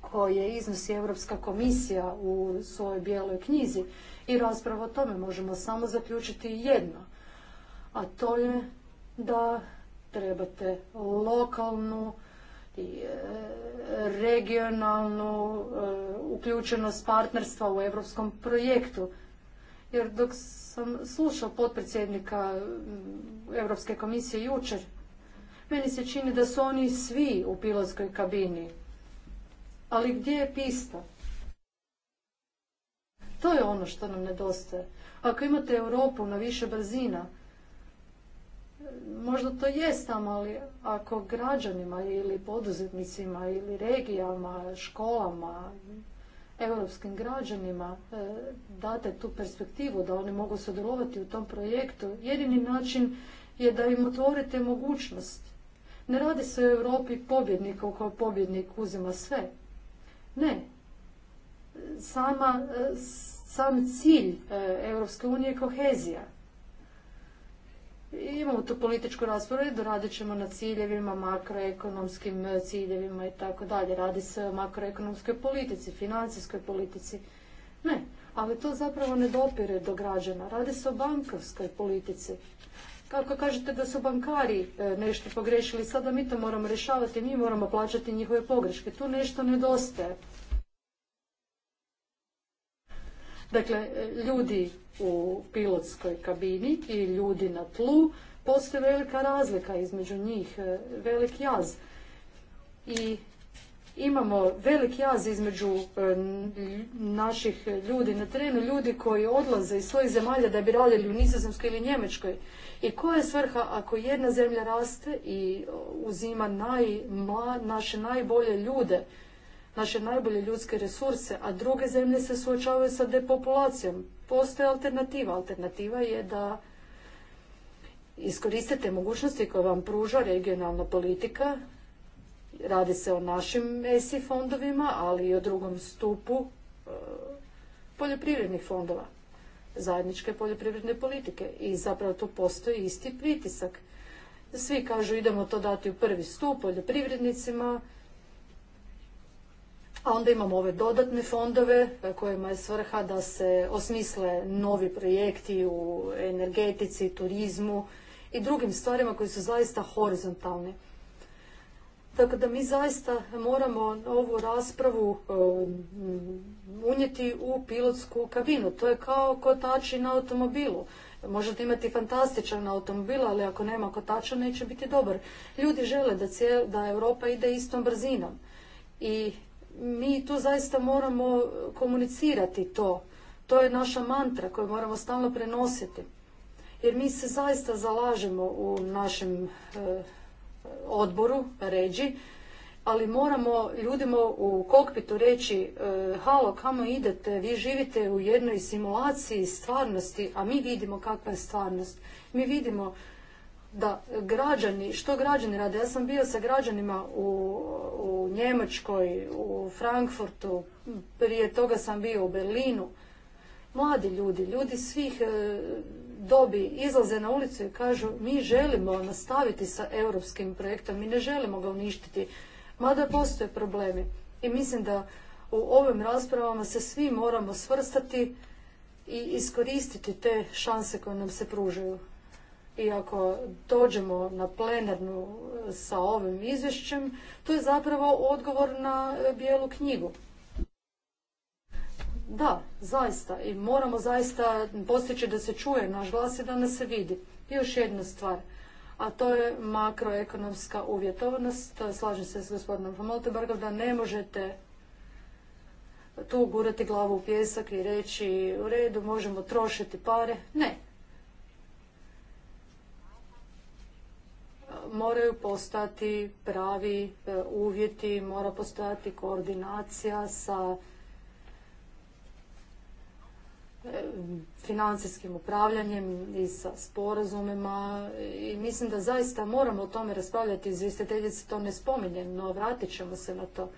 koje iznosi Europska komisija u svojoj bijeloj knjizi i raspravo o tome možemo samo zaključiti jedno, a to je da trebate lokalnu i regionalnu uključenost partnerstva u europskom projektu jer dok sam slušao potpredsjednika mm, Europske komisije jučer, meni se čini da su oni svi u pilotskoj kabini. Ali gdje je pista? To je ono što nam nedostaje. Ako imate Europu na više brzina, možda to jest tamo, ali ako građanima ili poduzetnicima ili regijama, školama, europskim građanima e, date tu perspektivu da oni mogu sudjelovati u tom projektu, jedini način je da im otvorite mogućnost. Ne radi se o Europi pobjednika kao pobjednik uzima sve. Ne. Sama, e, sam cilj e, Europske unije je kohezija. Imamo tu političku rasporedu, radit ćemo na ciljevima, makroekonomskim ciljevima i tako dalje. Radi se o makroekonomskoj politici, financijskoj politici. Ne, ali to zapravo ne dopire do građana. Radi se o bankarskoj politici. Kako kažete da su bankari e, nešto pogrešili, sada mi to moramo rješavati, mi moramo plaćati njihove pogreške. Tu nešto nedostaje. Dakle, ljudi u pilotskoj kabini i ljudi na tlu, postoji velika razlika između njih, e, velik jaz. I imamo velik jaz između e, naših ljudi na terenu, ljudi koji odlaze iz svojih zemalja da bi radili u Nizozemskoj ili Njemačkoj. I koja je svrha ako jedna zemlja raste i uzima naj, naše najbolje ljude naše najbolje ljudske resurse, a druge zemlje se suočavaju sa depopulacijom. Postoje alternativa. Alternativa je da iskoristite mogućnosti koje vam pruža regionalna politika. Radi se o našim ESI fondovima, ali i o drugom stupu e, poljoprivrednih fondova, zajedničke poljoprivredne politike. I zapravo tu postoji isti pritisak. Svi kažu idemo to dati u prvi stup poljoprivrednicima, a onda imamo ove dodatne fondove e, kojima je svrha da se osmisle novi projekti u energetici, turizmu i drugim stvarima koji su zaista horizontalni. Tako da mi zaista moramo ovu raspravu e, unijeti u pilotsku kabinu. To je kao kotači na automobilu. Možete imati fantastičan automobil, ali ako nema kotača neće biti dobar. Ljudi žele da, da Europa ide istom brzinom. I mi tu zaista moramo komunicirati to. To je naša mantra koju moramo stalno prenositi. Jer mi se zaista zalažemo u našem e, odboru, ređi, ali moramo ljudima u kokpitu reći e, halo, kamo idete, vi živite u jednoj simulaciji stvarnosti, a mi vidimo kakva je stvarnost. Mi vidimo da građani, što građani rade. Ja sam bio sa građanima u, Njemačkoj, u Frankfurtu, prije toga sam bio u Berlinu. Mladi ljudi, ljudi svih e, dobi izlaze na ulicu i kažu mi želimo nastaviti sa europskim projektom, mi ne želimo ga uništiti, mada postoje problemi. I mislim da u ovim raspravama se svi moramo svrstati i iskoristiti te šanse koje nam se pružaju i ako dođemo na plenarnu e, sa ovim izvješćem, to je zapravo odgovor na e, bijelu knjigu. Da, zaista. I moramo zaista postići da se čuje naš glas i da nas se vidi. I još jedna stvar, a to je makroekonomska uvjetovanost. E, slažem se s gospodinom Famoltebergom da ne možete tu gurati glavu u pjesak i reći u redu možemo trošiti pare. Ne, moraju postati pravi e, uvjeti, mora postojati koordinacija sa e, financijskim upravljanjem i sa sporazumima i mislim da zaista moramo o tome raspravljati, se to ne spominje, no vratit ćemo se na to.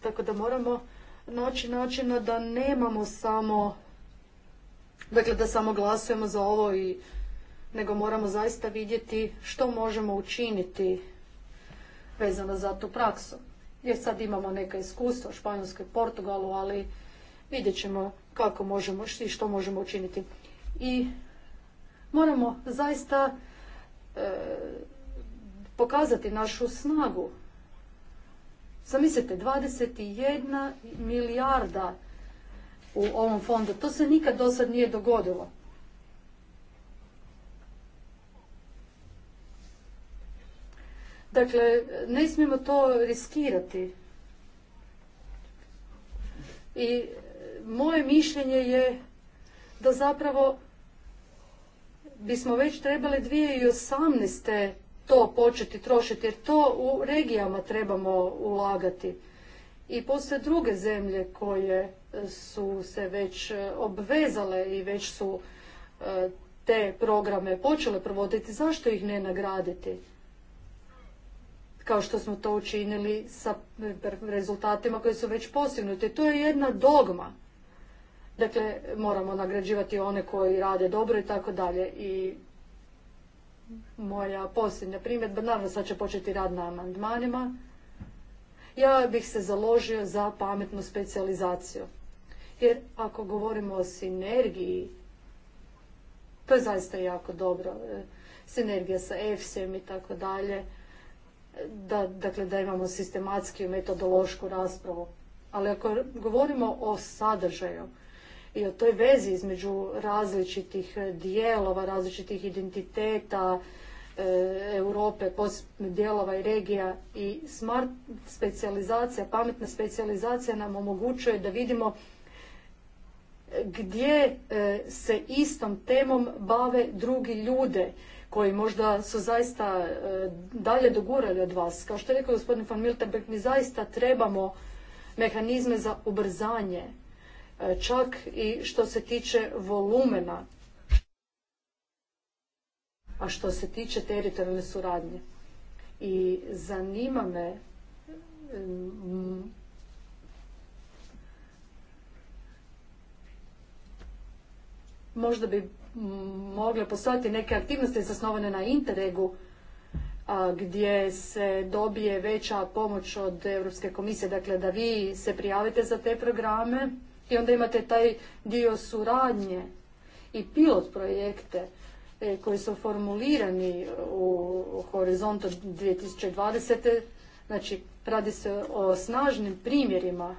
Tako da moramo naći načina da nemamo samo, dakle da samo glasujemo za ovo i nego moramo zaista vidjeti što možemo učiniti vezano za tu praksu. Jer sad imamo neka iskustva u Španjolskoj, Portugalu, ali vidjet ćemo kako možemo i što možemo učiniti. I moramo zaista e, pokazati našu snagu. Zamislite, 21 milijarda u ovom fondu. To se nikad do sad nije dogodilo. Dakle, ne smijemo to riskirati. I e, moje mišljenje je da zapravo bismo već trebali 2018. to početi trošiti, jer to u regijama trebamo ulagati. I postoje druge zemlje koje e, su se već e, obvezale i već su te programe počele provoditi. Zašto ih ne nagraditi? kao što smo to učinili sa e, rezultatima koji su već postignuti. To je jedna dogma. Dakle, moramo nagrađivati one koji rade dobro i tako dalje. I moja posljednja primjedba, naravno sad će početi rad na amandmanima. Ja bih se založio za pametnu specijalizaciju. Jer ako govorimo o sinergiji, to je zaista jako dobro. E, sinergija sa EFSEM i tako dalje da, dakle, da imamo sistematski metodološku raspravu. Ali ako govorimo o sadržaju i o toj vezi između različitih dijelova, različitih identiteta, e, Europe, dijelova i regija i smart specijalizacija, pametna specijalizacija nam omogućuje da vidimo gdje e, se istom temom bave drugi ljude koji možda su zaista e, dalje dogurali od vas. Kao što je rekao gospodin van Miltenberg, mi zaista trebamo mehanizme za ubrzanje, e, čak i što se tiče volumena, a što se tiče teritorijalne suradnje. I zanima me možda bi mogle postojati neke aktivnosti zasnovane na Interregu, gdje se dobije veća pomoć od Europske komisije, dakle da vi se prijavite za te programe i onda imate taj dio suradnje i pilot projekte e, koji su formulirani u, u horizontu 2020. Znači, radi se o snažnim primjerima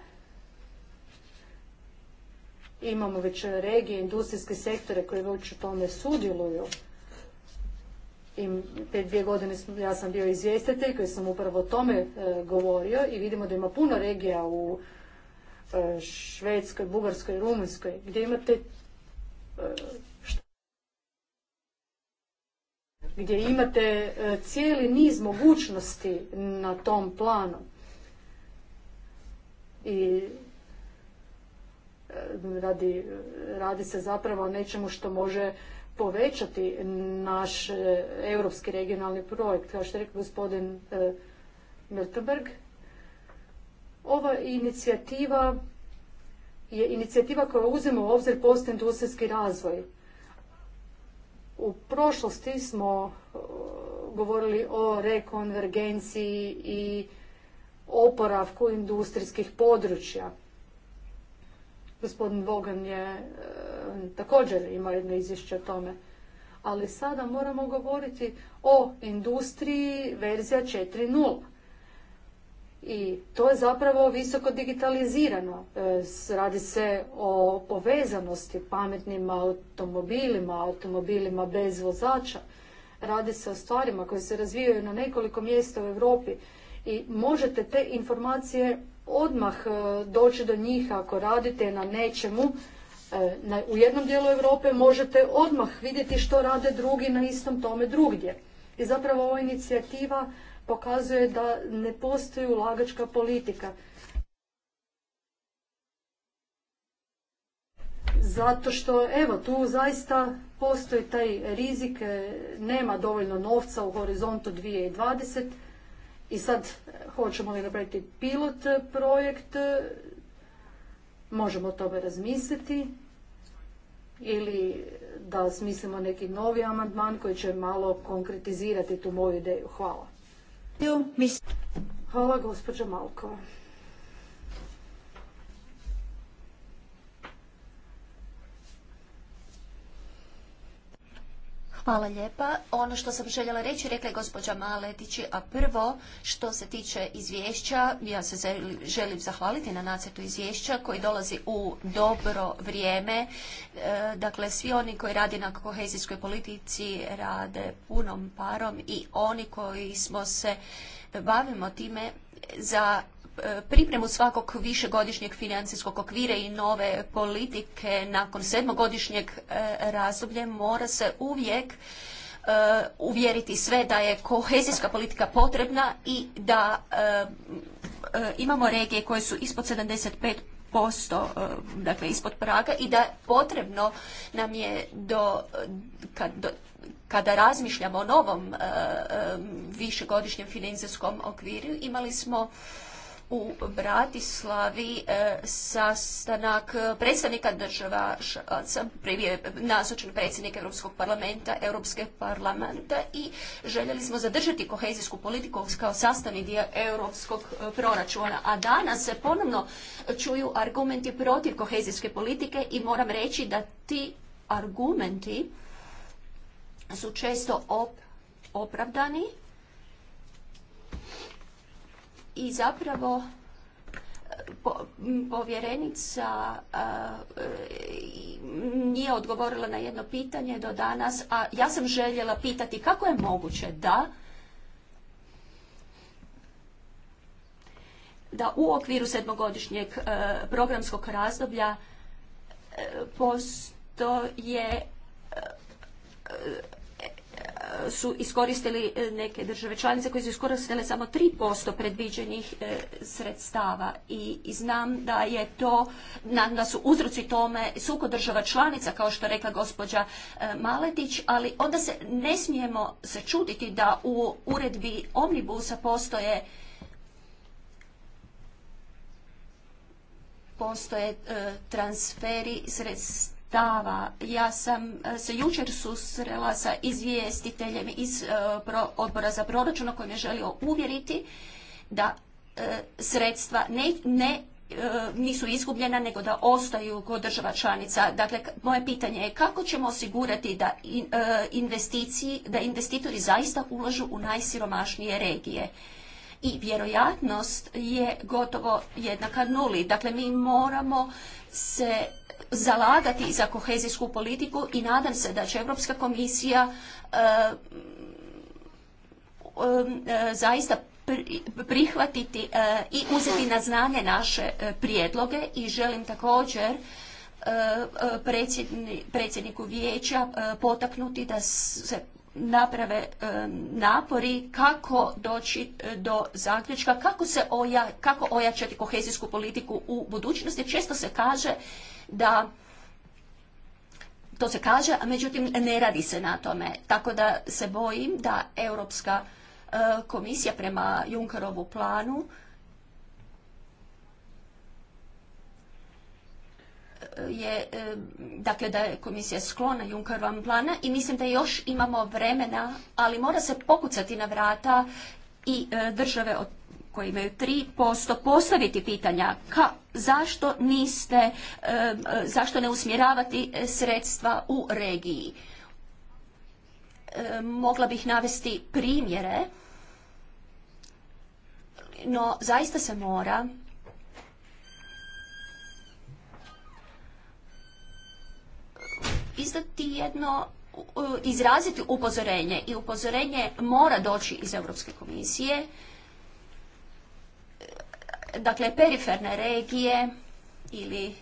Imamo već regije, industrijske sektore koji već u tome sudjeluju. I te dvije godine ja sam bio izvjestitelj koji sam upravo o tome e, govorio i vidimo da ima puno regija u e, Švedskoj, Bugarskoj, Rumunjskoj gdje imate e, gdje imate cijeli niz mogućnosti na tom planu. I radi, radi se zapravo o nečemu što može povećati naš e, europski regionalni projekt, kao što je rekao gospodin e, Miltenberg. Ova inicijativa je inicijativa koja uzima u obzir postindustrijski razvoj. U prošlosti smo e, govorili o rekonvergenciji i oporavku industrijskih područja. Gospodin Vogan je e, također imao jedno izvješće o tome. Ali sada moramo govoriti o industriji verzija 4.0. I to je zapravo visoko digitalizirano. E, radi se o povezanosti pametnim automobilima, automobilima bez vozača. Radi se o stvarima koje se razvijaju na nekoliko mjesta u Europi i možete te informacije odmah e, doći do njih ako radite na nečemu e, u jednom dijelu Europe možete odmah vidjeti što rade drugi na istom tome drugdje. I zapravo ova inicijativa pokazuje da ne postoji ulagačka politika. Zato što, evo, tu zaista postoji taj rizik, e, nema dovoljno novca u horizontu 2020 i sad, hoćemo li napraviti pilot projekt, možemo o tome razmisliti ili da smislimo neki novi amandman koji će malo konkretizirati tu moju ideju. Hvala. Hvala gospođa Malkova. Hvala lijepa. Ono što sam željela reći, rekla je gospođa Maletići, a prvo što se tiče izvješća, ja se želim zahvaliti na nacetu izvješća koji dolazi u dobro vrijeme. E, dakle, svi oni koji radi na kohezijskoj politici rade punom parom i oni koji smo se bavimo time za pripremu svakog višegodišnjeg financijskog okvira i nove politike nakon sedmogodišnjeg e, razdoblja mora se uvijek e, uvjeriti sve da je kohezijska politika potrebna i da e, imamo regije koje su ispod 75 posto, dakle ispod praga i da potrebno nam je do kada razmišljamo o novom višegodišnjem financijskom okviru imali smo u Bratislavi e, sastanak e, predstavnika država šaca, predsjednik Europskog parlamenta, Europske parlamenta i željeli smo zadržati kohezijsku politiku kao sastavni dio europskog e, proračuna. A danas se ponovno čuju argumenti protiv kohezijske politike i moram reći da ti argumenti su često opravdani i zapravo povjerenica e, nije odgovorila na jedno pitanje do danas, a ja sam željela pitati kako je moguće da da u okviru sedmogodišnjeg e, programskog razdoblja e, postoje su iskoristili e, neke države članice koje su iskoristile samo 3% predviđenih e, sredstava i, znam da je to, da su uzroci tome suko država članica kao što je rekla gospođa e, Maletić, ali onda se ne smijemo se čuditi da u uredbi Omnibusa postoje postoje transferi sredstava sredstava. Ja sam e, se jučer susrela sa izvjestiteljem iz e, odbora za proračun koji je želio uvjeriti da e, sredstva ne, ne nisu izgubljena nego da ostaju kod država članica. Dakle, moje pitanje je kako ćemo osigurati da, investiciji, da investitori zaista ulažu u najsiromašnije regije. I vjerojatnost je gotovo jednaka nuli. Dakle, mi moramo se zalagati za kohezijsku politiku i nadam se da će Europska komisija e, e, zaista prihvatiti e, i uzeti na znanje naše prijedloge i želim također predsjedniku vijeća potaknuti da se naprave napori kako doći do zaključka, kako, se kako ojačati kohezijsku politiku u budućnosti. Često se kaže da to se kaže, a međutim ne radi se na tome. Tako da se bojim da Europska e, komisija prema Junkerovu planu e, je, e, dakle da je komisija sklona Junkerovom plana i mislim da još imamo vremena, ali mora se pokucati na vrata i države od koji imaju 3% postaviti pitanja ka, zašto niste, zašto ne usmjeravati sredstva u regiji. mogla bih navesti primjere, no zaista se mora izdati jedno izraziti upozorenje i upozorenje mora doći iz Europske komisije dakle periferne regije ili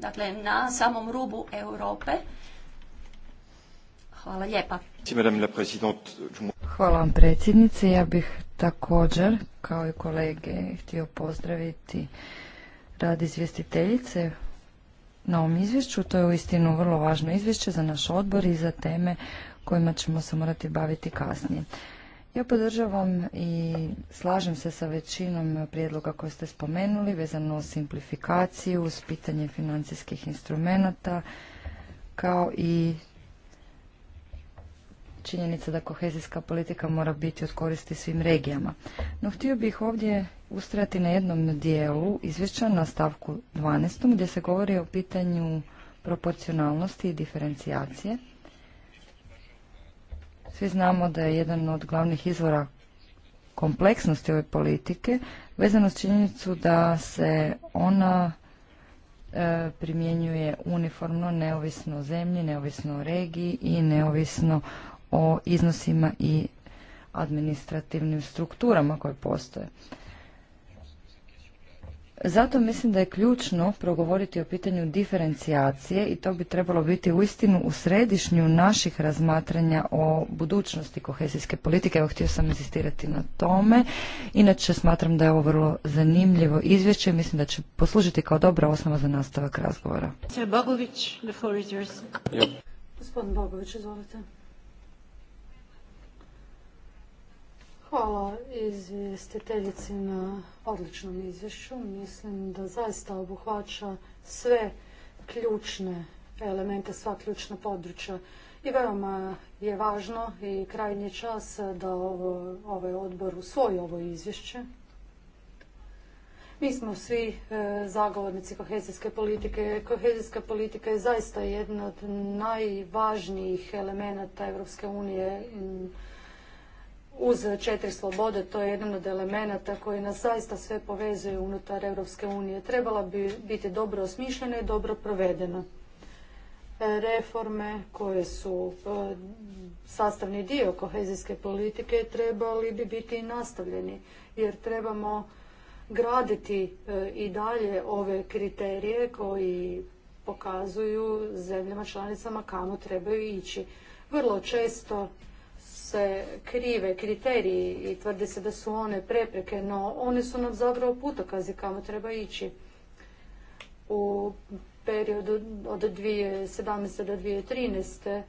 dakle na samom rubu Europe. Hvala lijepa. Hvala vam predsjednice. Ja bih također, kao i kolege, htio pozdraviti rad izvjestiteljice na ovom izvješću. To je uistinu vrlo važno izvješće za naš odbor i za teme kojima ćemo se morati baviti kasnije. Ja podržavam i slažem se sa većinom prijedloga koje ste spomenuli vezano o simplifikaciju, uz pitanje financijskih instrumenata, kao i činjenica da kohezijska politika mora biti od koristi svim regijama. No htio bih ovdje ustrati na jednom dijelu izvješća na stavku 12. gdje se govori o pitanju proporcionalnosti i diferencijacije. Svi znamo da je jedan od glavnih izvora kompleksnosti ove politike vezano s činjenicu da se ona e, primjenjuje uniformno, neovisno o zemlji, neovisno o regiji i neovisno o iznosima i administrativnim strukturama koje postoje. Zato mislim da je ključno progovoriti o pitanju diferencijacije i to bi trebalo biti uistinu u središnju naših razmatranja o budućnosti kohezijske politike. Evo, htio sam insistirati na tome. Inače, smatram da je ovo vrlo zanimljivo izvješće i mislim da će poslužiti kao dobra osnova za nastavak razgovora. Gospodin Bogović, izvolite. Hvala izvjestiteljici na odličnom izvješću. Mislim da zaista obuhvaća sve ključne elemente, sva ključna područja. I veoma je važno i krajnji čas da ovaj odbor usvoji ovo izvješće. Mi smo svi e, zagovornici kohezijske politike. Kohezijska politika je zaista jedna od najvažnijih elemenata Europske unije uz četiri slobode, to je jedan od elemenata koji nas zaista sve povezuje unutar Europske unije. Trebala bi biti dobro osmišljena i dobro provedena. E, reforme koje su e, sastavni dio kohezijske politike trebali bi biti nastavljeni, jer trebamo graditi e, i dalje ove kriterije koji pokazuju zemljama članicama kamo trebaju ići. Vrlo često se krive kriteriji i tvrdi se da su one prepreke, no one su nam zapravo putokazi kamo treba ići. U periodu od 2017. do 2013.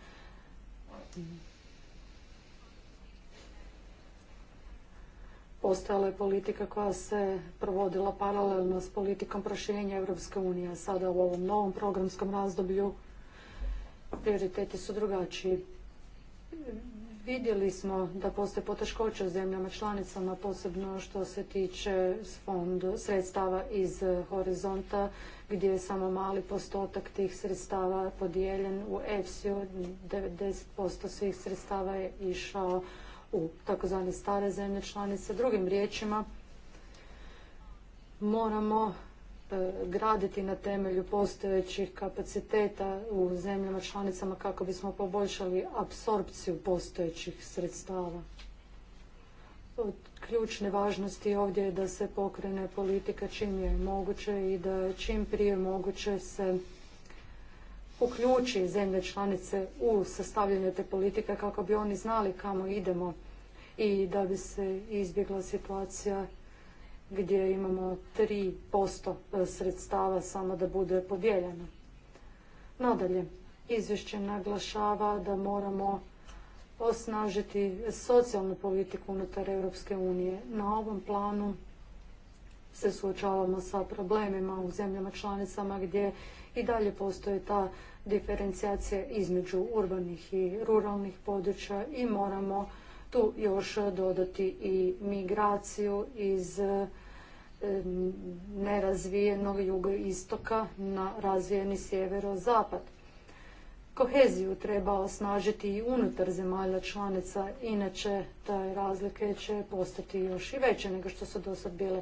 Postojala je politika koja se provodila paralelno s politikom proširenja Europske unije. Sada u ovom novom programskom razdoblju prioriteti su drugačiji. Vidjeli smo da postoje poteškoće u zemljama članicama, posebno što se tiče sredstava iz horizonta, gdje je samo mali postotak tih sredstava podijeljen u EFSI-u. 90% svih sredstava je išao u takozvane stare zemlje članice. Drugim riječima, moramo E, graditi na temelju postojećih kapaciteta u zemljama članicama kako bismo poboljšali apsorpciju postojećih sredstava. Od ključne važnosti ovdje je da se pokrene politika čim je moguće i da čim prije moguće se uključi zemlje članice u sastavljanje te politike kako bi oni znali kamo idemo i da bi se izbjegla situacija gdje imamo 3% e, sredstava samo da bude podijeljeno. Nadalje, izvješće naglašava da moramo osnažiti socijalnu politiku unutar Europske unije. Na ovom planu se suočavamo sa problemima u zemljama članicama gdje i dalje postoji ta diferencijacija između urbanih i ruralnih područja i moramo tu još dodati i migraciju iz E, nerazvijenog jugoistoka na razvijeni sjeverozapad. zapad Koheziju treba osnažiti i unutar zemalja članica, inače te razlike će postati još i veće nego što su do sad bile.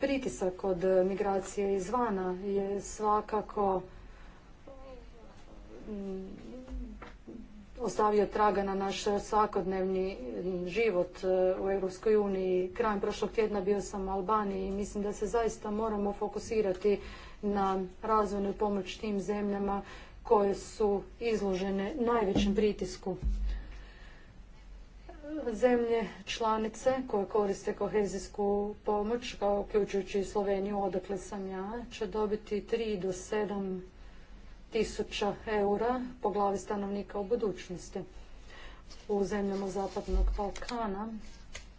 Pritisak od migracije izvana je svakako ostavio traga na naš svakodnevni život e, u Europskoj uniji. Krajem prošlog tjedna bio sam u Albaniji i mislim da se zaista moramo fokusirati na razvojnu pomoć tim zemljama koje su izložene najvećem pritisku. Zemlje članice koje koriste kohezijsku pomoć, kao uključujući i Sloveniju, odakle sam ja, će dobiti 3 do 7 tisuća eura po glavi stanovnika u budućnosti. U zemljama Zapadnog Balkana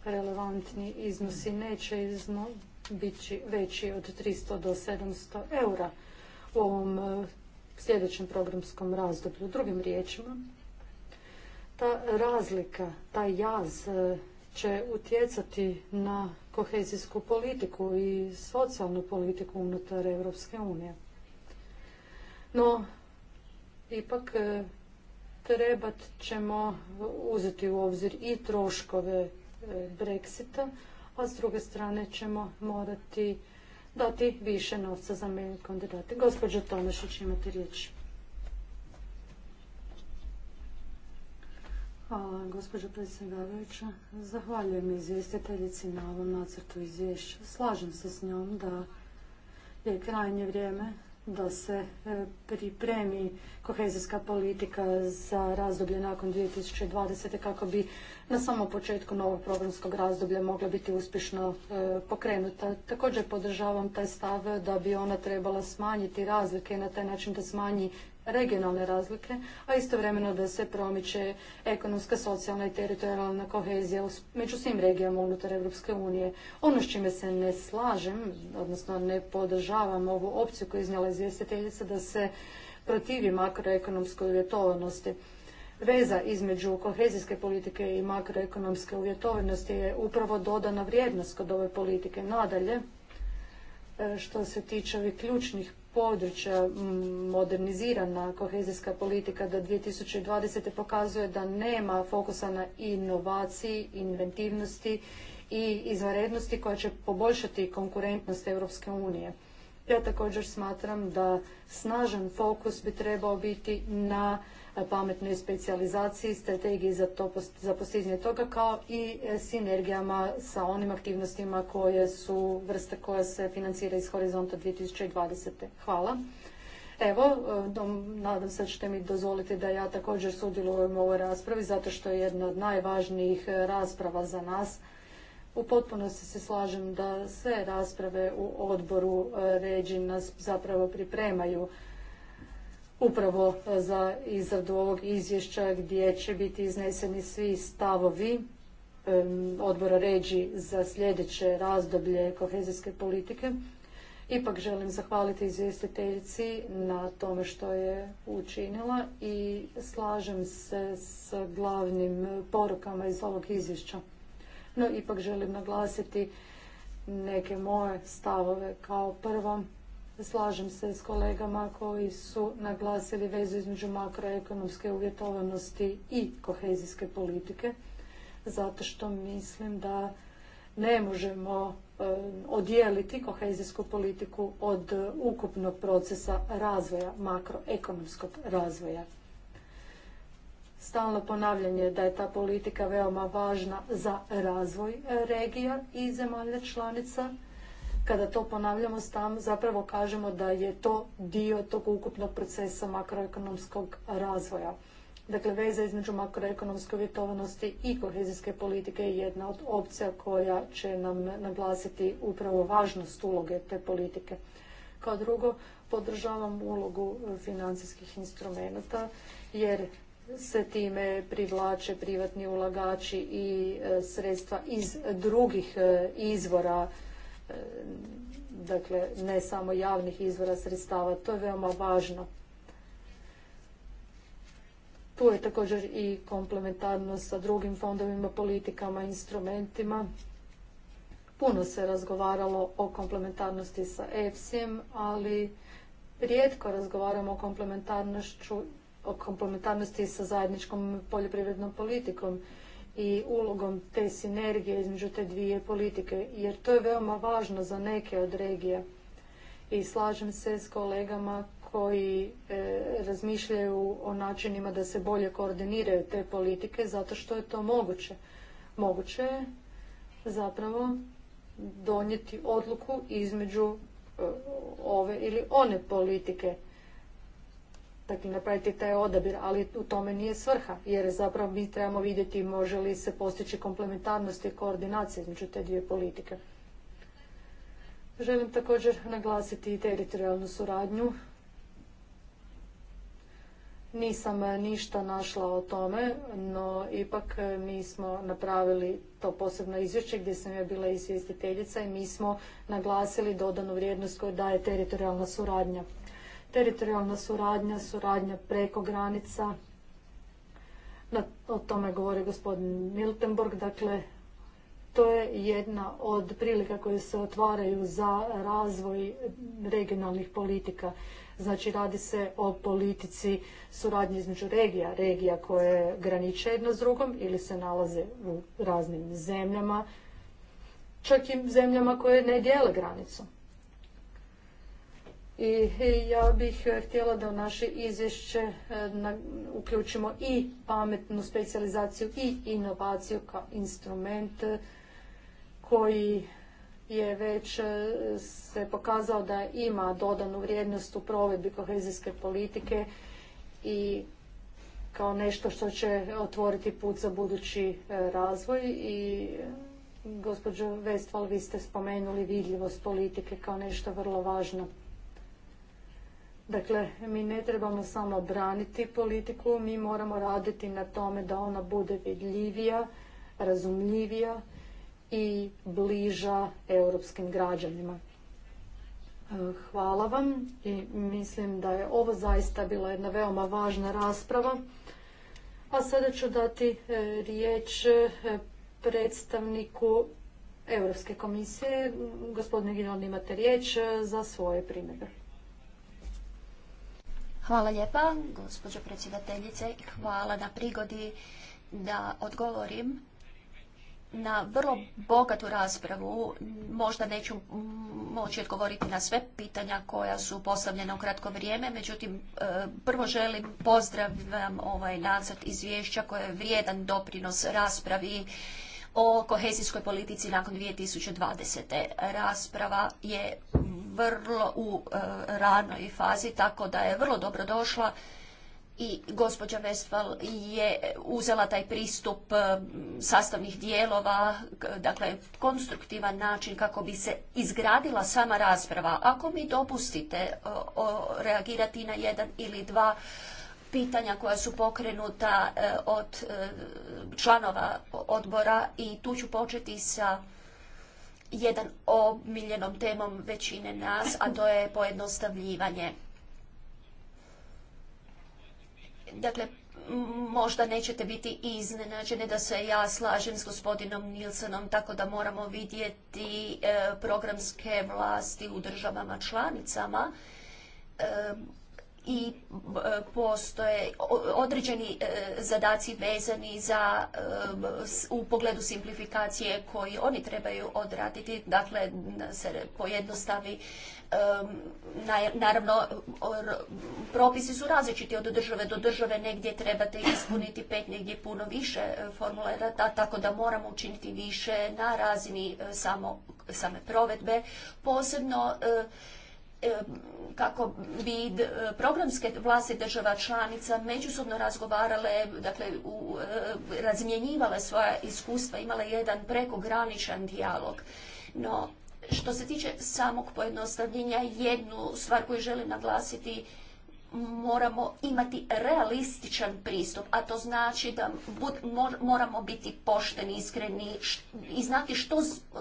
relevantni iznosi neće izno biti veći od 300 do 700 eura u ovom e, sljedećem programskom razdoblju. Drugim riječima, ta razlika, taj jaz e, će utjecati na kohezijsku politiku i socijalnu politiku unutar Europske unije. No, ipak e, trebat ćemo uzeti u obzir i troškove e, Brexita, a s druge strane ćemo morati dati više novca za meni kandidate. Gospođo Tomešić, imate riječ. Hvala, gospođo predsjedavajuća. Zahvaljujem izvjestiteljici na ovom nacrtu izvješća. Slažem se s njom da je krajnje vrijeme da se e, pripremi kohezijska politika za razdoblje nakon 2020. kako bi na samom početku novog programskog razdoblja mogla biti uspješno e, pokrenuta. Također podržavam taj stav da bi ona trebala smanjiti razlike na taj način da smanji regionalne razlike, a istovremeno da se promiče ekonomska, socijalna i teritorijalna kohezija među svim regijama unutar Europske unije. Ono s čime se ne slažem, odnosno ne podržavam ovu opciju koju je iznijela izvjestiteljica da se protivi makroekonomskoj uvjetovanosti. Veza između kohezijske politike i makroekonomske uvjetovanosti je upravo dodana vrijednost kod ove politike. Nadalje, e, što se tiče ovih ključnih područja modernizirana kohezijska politika do 2020. pokazuje da nema fokusa na inovaciji, inventivnosti i izvanrednosti koja će poboljšati konkurentnost Europske unije. Ja također smatram da snažan fokus bi trebao biti na pametnoj specijalizaciji, strategiji za, to, postizanje toga, kao i e, sinergijama sa onim aktivnostima koje su vrste koja se financira iz horizonta 2020. Hvala. Evo, e, nadam se da ćete mi dozvoliti da ja također sudjelujem u ovoj raspravi, zato što je jedna od najvažnijih e, rasprava za nas. U potpunosti se slažem da sve rasprave u odboru ređi nas zapravo pripremaju upravo e, za izradu ovog izvješća gdje će biti izneseni svi stavovi odbora ređi za sljedeće razdoblje kohezijske politike. Ipak želim zahvaliti izvjestiteljici na tome što je učinila i slažem se s glavnim porukama iz ovog izvješća. No, ipak želim naglasiti neke moje stavove kao prvo Slažem se s kolegama koji su naglasili vezu između makroekonomske uvjetovanosti i kohezijske politike, zato što mislim da ne možemo e, odijeliti kohezijsku politiku od ukupnog procesa razvoja, makroekonomskog razvoja. Stalno ponavljanje da je ta politika veoma važna za razvoj regija i zemalja članica, kada to ponavljamo stam, zapravo kažemo da je to dio tog ukupnog procesa makroekonomskog razvoja. Dakle, veza između makroekonomske uvjetovanosti i kohezijske politike je jedna od opcija koja će nam naglasiti upravo važnost uloge te politike. Kao drugo, podržavam ulogu financijskih instrumenata jer se time privlače privatni ulagači i e, sredstva iz drugih e, izvora dakle ne samo javnih izvora sredstava, to je veoma važno. Tu je također i komplementarnost sa drugim fondovima, politikama, instrumentima. Puno se razgovaralo o komplementarnosti sa EFSI-em, ali rijetko razgovaramo o o komplementarnosti sa zajedničkom poljoprivrednom politikom i ulogom te sinergije između te dvije politike, jer to je veoma važno za neke od regija. I slažem se s kolegama koji e, razmišljaju o načinima da se bolje koordiniraju te politike, zato što je to moguće. Moguće je zapravo donijeti odluku između e, ove ili one politike dakle, napraviti taj odabir, ali u tome nije svrha, jer zapravo mi trebamo vidjeti može li se postići komplementarnost i koordinacija između te dvije politike. Želim također naglasiti i teritorijalnu suradnju. Nisam ništa našla o tome, no ipak mi smo napravili to posebno izvješće gdje sam ja bila izvjestiteljica i mi smo naglasili dodanu vrijednost koju daje teritorijalna suradnja teritorijalna suradnja, suradnja preko granica. o tome govori gospodin Miltenborg, dakle to je jedna od prilika koje se otvaraju za razvoj regionalnih politika. Znači radi se o politici suradnje između regija, regija koje graniče jedno s drugom ili se nalaze u raznim zemljama, čak i zemljama koje ne dijele granicu. I ja bih e, htjela da u naše izvješće e, uključimo i pametnu specijalizaciju i inovaciju kao instrument e, koji je već se pokazao da ima dodanu vrijednost u provedbi kohezijske politike i kao nešto što će otvoriti put za budući razvoj i gospođo Westphal, vi ste spomenuli vidljivost politike kao nešto vrlo važno. Dakle, mi ne trebamo samo braniti politiku, mi moramo raditi na tome da ona bude vidljivija, razumljivija i bliža europskim građanima. E, hvala vam i mislim da je ovo zaista bila jedna veoma važna rasprava. A sada ću dati e, riječ e, predstavniku Europske komisije. Gospodine Gino, imate riječ za svoje primjedbe. Hvala lijepa, gospođo predsjedateljice. Hvala na prigodi da odgovorim na vrlo bogatu raspravu. Možda neću moći odgovoriti na sve pitanja koja su postavljena u kratko vrijeme, međutim e, prvo želim pozdravljam ovaj nacrt izvješća koji je vrijedan doprinos raspravi o kohezijskoj politici nakon 2020. Rasprava je vrlo u e, ranoj fazi, tako da je vrlo dobro došla i gospođa Westphal je uzela taj pristup e, sastavnih dijelova, dakle konstruktivan način kako bi se izgradila sama rasprava. Ako mi dopustite e, reagirati na jedan ili dva pitanja koja su pokrenuta e, od e, članova odbora i tu ću početi sa jedan omiljenom temom većine nas, a to je pojednostavljivanje. Dakle, možda nećete biti iznenađeni da se ja slažem s gospodinom Nilsenom, tako da moramo vidjeti e, programske vlasti u državama članicama i e, postoje određeni e, zadaci vezani za e, u pogledu simplifikacije koji oni trebaju odraditi, dakle se pojednostavi naravno propisi su različiti od države do države, negdje trebate ispuniti pet, negdje puno više formulera, tako da moramo učiniti više na razini samo, same provedbe, posebno E, kako bi e, programske vlasti država članica međusobno razgovarale, dakle u, e, razmjenjivale svoja iskustva, imale jedan prekograničan dijalog. No, što se tiče samog pojednostavljenja, jednu stvar koju želim naglasiti moramo imati realističan pristup, a to znači da bud, moramo biti pošteni, iskreni i znati što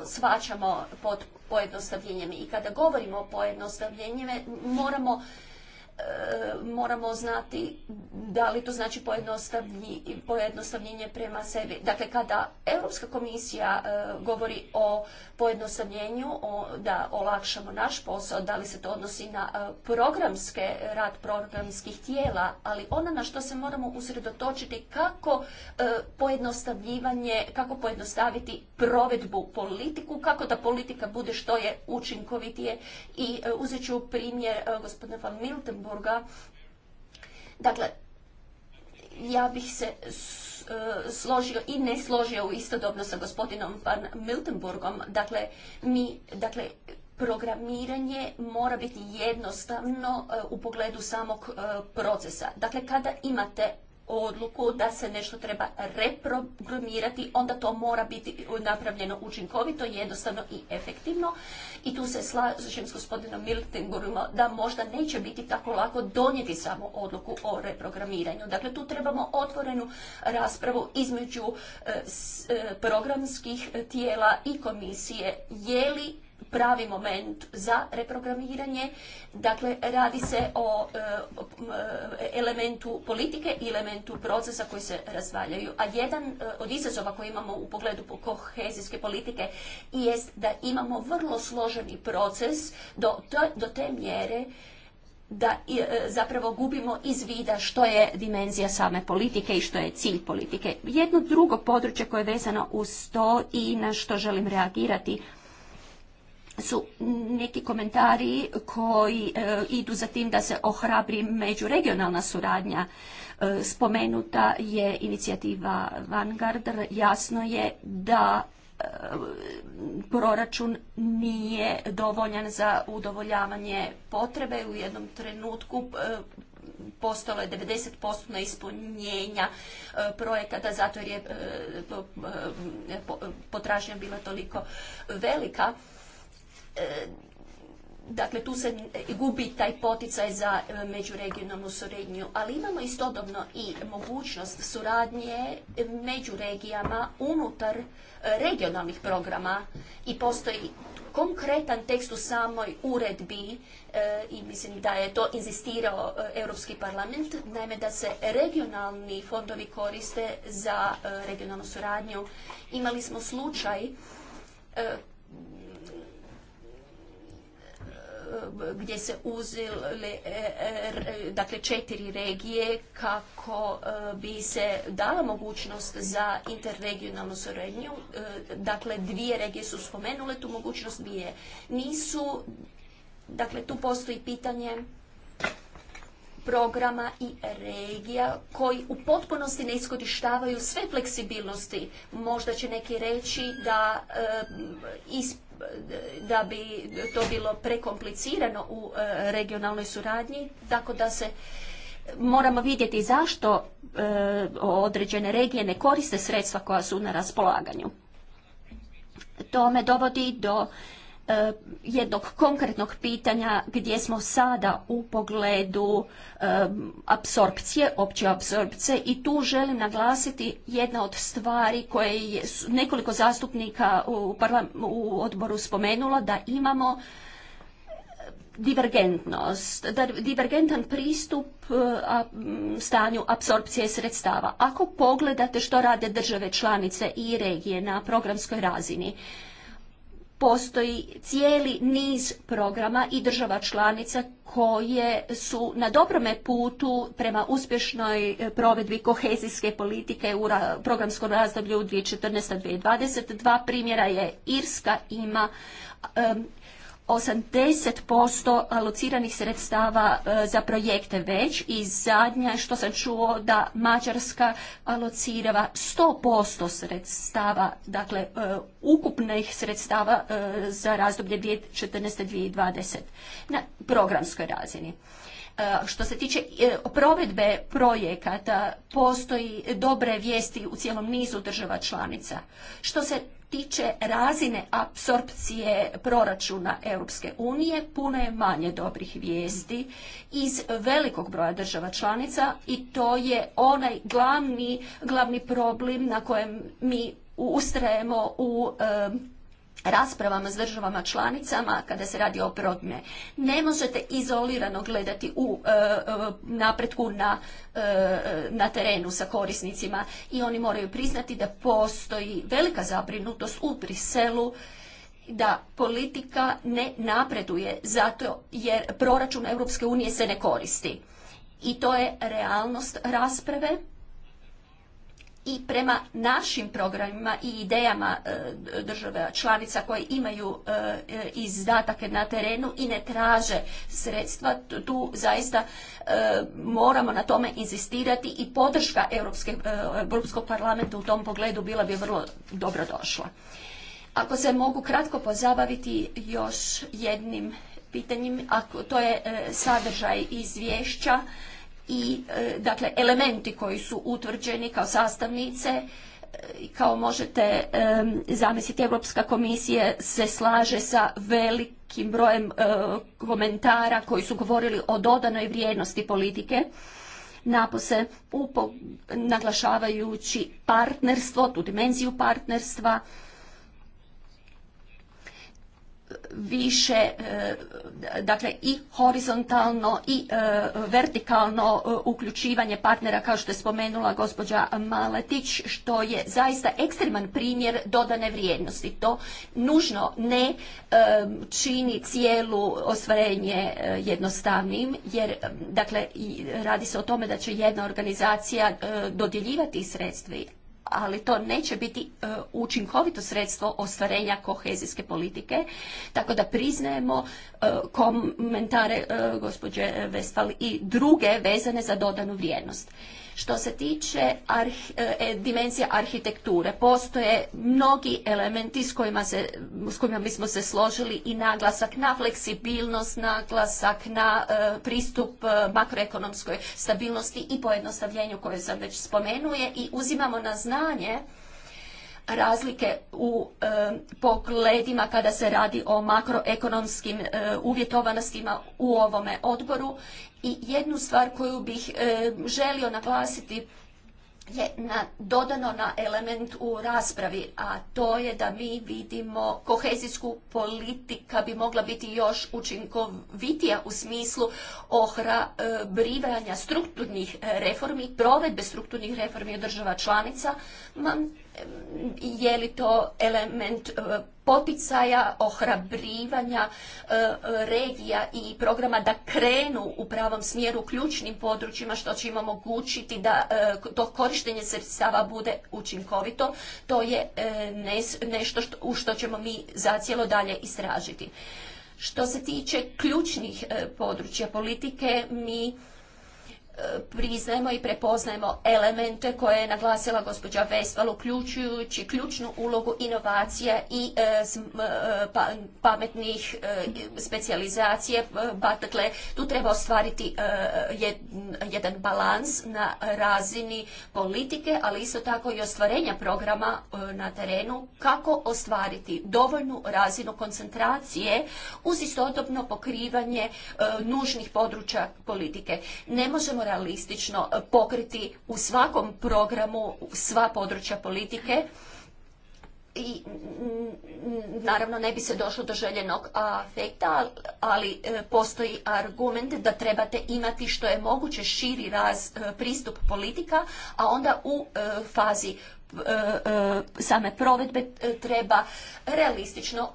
shvaćamo pod pojednostavljenjem. I kada govorimo o pojednostavljenjima, moramo E, moramo znati da li to znači pojednostavljenje prema sebi. Dakle, kada Europska komisija e, govori o pojednostavljenju, da olakšamo naš posao, da li se to odnosi na e, programske, rad programskih tijela, ali ono na što se moramo usredotočiti kako pojednostavljivanje, kako pojednostaviti provedbu politiku, kako da politika bude što je učinkovitije. I uzet ću primjer gospodina van Miltenburg, Luksemburga. Dakle, ja bih se e, složio i ne složio u istodobno sa gospodinom Van Miltenburgom. Dakle, mi, dakle, programiranje mora biti jednostavno e, u pogledu samog e, procesa. Dakle, kada imate odluku da se nešto treba reprogramirati, onda to mora biti napravljeno učinkovito, jednostavno i efektivno. I tu se slažem s gospodinom Miltenburgom da možda neće biti tako lako donijeti samo odluku o reprogramiranju. Dakle, tu trebamo otvorenu raspravu između e, e, programskih tijela i komisije. Je li pravi moment za reprogramiranje. Dakle, radi se o e, e, elementu politike i elementu procesa koji se razvaljaju. A jedan e, od izazova koji imamo u pogledu kohezijske politike jest da imamo vrlo složeni proces do, do te mjere da zapravo gubimo iz vida što je dimenzija same politike i što je cilj politike. Jedno drugo područje koje je vezano uz to i na što želim reagirati su neki komentari koji e, idu za tim da se ohrabri međuregionalna suradnja. E, spomenuta je inicijativa Vanguard. Jasno je da e, proračun nije dovoljan za udovoljavanje potrebe. U jednom trenutku postalo je 90% ispunjenja projekata zato jer je potražnja bila toliko velika E, dakle tu se gubi taj poticaj za e, međuregionalnu suradnju, ali imamo istodobno i mogućnost suradnje među regijama unutar e, regionalnih programa i postoji konkretan tekst u samoj uredbi i mislim da je to inzistirao Europski parlament, naime da se regionalni fondovi koriste za regionalnu suradnju. Imali smo slučaj gdje se uzeli e, e, dakle, četiri regije kako e, bi se dala mogućnost za interregionalnu suradnju. Dakle, dvije regije su spomenule tu mogućnost, dvije nisu. Dakle, tu postoji pitanje programa i regija koji u potpunosti ne iskorištavaju sve fleksibilnosti. Možda će neki reći da da bi to bilo prekomplicirano u e, regionalnoj suradnji, tako da se moramo vidjeti zašto e, određene regije ne koriste sredstva koja su na raspolaganju. To me dovodi do E, jednog konkretnog pitanja gdje smo sada u pogledu e, apsorpcije, opće apsorpcije i tu želim naglasiti jedna od stvari koje je nekoliko zastupnika u, odboru spomenulo da imamo e, divergentnost, divergentan pristup stanju apsorpcije sredstava. Ako pogledate što rade države članice i regije na programskoj razini, postoji cijeli niz programa i država članica koje su na dobrome putu prema uspješnoj e, provedbi kohezijske politike u programskom razdoblju 2014-2020. Dva primjera je Irska ima 80% alociranih sredstava e, za projekte već i zadnja što sam čuo da Mađarska alocirava 100% sredstava, dakle e, ukupnih sredstava e, za razdoblje 2014-2020 na programskoj razini. E, što se tiče e, provedbe projekata, postoji dobre vijesti u cijelom nizu država članica. Što se tiče razine apsorpcije proračuna Europske unije, puno je manje dobrih vijesti iz velikog broja država članica i to je onaj glavni, glavni problem na kojem mi ustrajemo u e, raspravama s državama članicama kada se radi o promjene. Ne možete izolirano gledati u e, e, napretku na, e, na terenu sa korisnicima i oni moraju priznati da postoji velika zabrinutost u Briselu da politika ne napreduje zato jer proračun Europske unije se ne koristi. I to je realnost rasprave i prema našim programima i idejama e, država članica koje imaju e, e, izdatake na terenu i ne traže sredstva, tu zaista moramo na tome inzistirati i podrška Europskog parlamenta u tom pogledu bila bi vrlo dobro došla. Ako se mogu kratko pozabaviti još jednim pitanjem, a to je sadržaj izvješća, i e, dakle elementi koji su utvrđeni kao sastavnice e, kao možete e, zamisliti, Europska komisija se slaže sa velikim brojem komentara koji su govorili o dodanoj vrijednosti politike, napose upo, naglašavajući partnerstvo, tu dimenziju partnerstva, više, e, dakle i horizontalno i e, vertikalno e, uključivanje partnera kao što je spomenula gospođa Maletić, što je zaista ekstreman primjer dodane vrijednosti. To nužno ne čini cijelu ostvarenje jednostavnim, jer dakle radi se o tome da će jedna organizacija dodjeljivati sredstvi, ali to neće biti e, učinkovito sredstvo ostvarenja kohezijske politike. Tako da priznajemo e, komentare e, gospođe Vestal i druge vezane za dodanu vrijednost. Što se tiče e, e, dimenzija arhitekture, postoje mnogi elementi s kojima, bismo se složili i naglasak na fleksibilnost, naglasak na e, pristup makroekonomskoj stabilnosti i pojednostavljenju koje sam već spomenuje i uzimamo na znanje razlike u pogledima kada se radi o makroekonomskim uvjetovanostima u ovome odboru i jednu stvar koju bih e, želio naglasiti je dodano na element u raspravi, a to je da mi vidimo kohezijsku politika bi mogla biti još učinkovitija u smislu ohrabrivanja e, strukturnih reformi, provedbe strukturnih reformi od država članica je li to element e, poticaja, ohrabrivanja e, regija i programa da krenu u pravom smjeru ključnim područjima što će im omogućiti da e, to korištenje sredstava bude učinkovito. To je nešto u što ćemo mi zacijelo dalje istražiti. Što se tiče ključnih područja politike, mi priznajemo i prepoznajemo elemente koje je naglasila gospođa Vesval, uključujući ključnu ulogu inovacija i e, e, pa, pametnih e, e Dakle, tu treba ostvariti jedan balans na razini politike, ali isto tako i ostvarenja programa na terenu, kako ostvariti dovoljnu razinu koncentracije uz istodobno pokrivanje nužnih područja politike. Ne možemo realistično e, pokriti u svakom programu sva područja politike i naravno ne bi se došlo do željenog afekta, ali e, postoji argument da trebate imati što je moguće širi raz e, pristup politika, a onda u fazi E, e, same provedbe e, treba realistično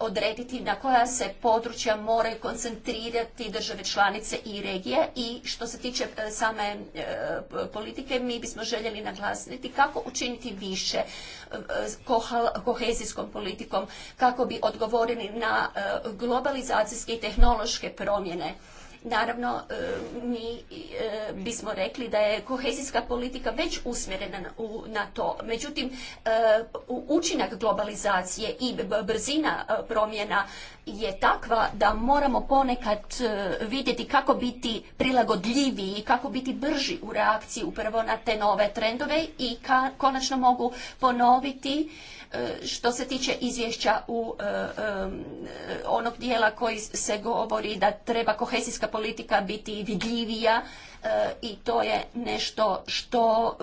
odrediti na koja se područja moraju koncentrirati države članice i regije i što se tiče same politike mi bismo željeli naglasiti kako učiniti više kohezijskom politikom kako bi odgovorili na globalizacijske i tehnološke promjene Naravno, e, mi e, bismo rekli da je kohezijska politika već usmjerena na to. Međutim, e, učinak globalizacije i brzina promjena je takva da moramo ponekad vidjeti kako biti prilagodljiviji i kako biti brži u reakciji upravo na te nove trendove i konačno mogu ponoviti E, što se tiče izvješća u e, e, onog dijela koji se govori da treba kohezijska politika biti vidljivija E, i to je nešto što,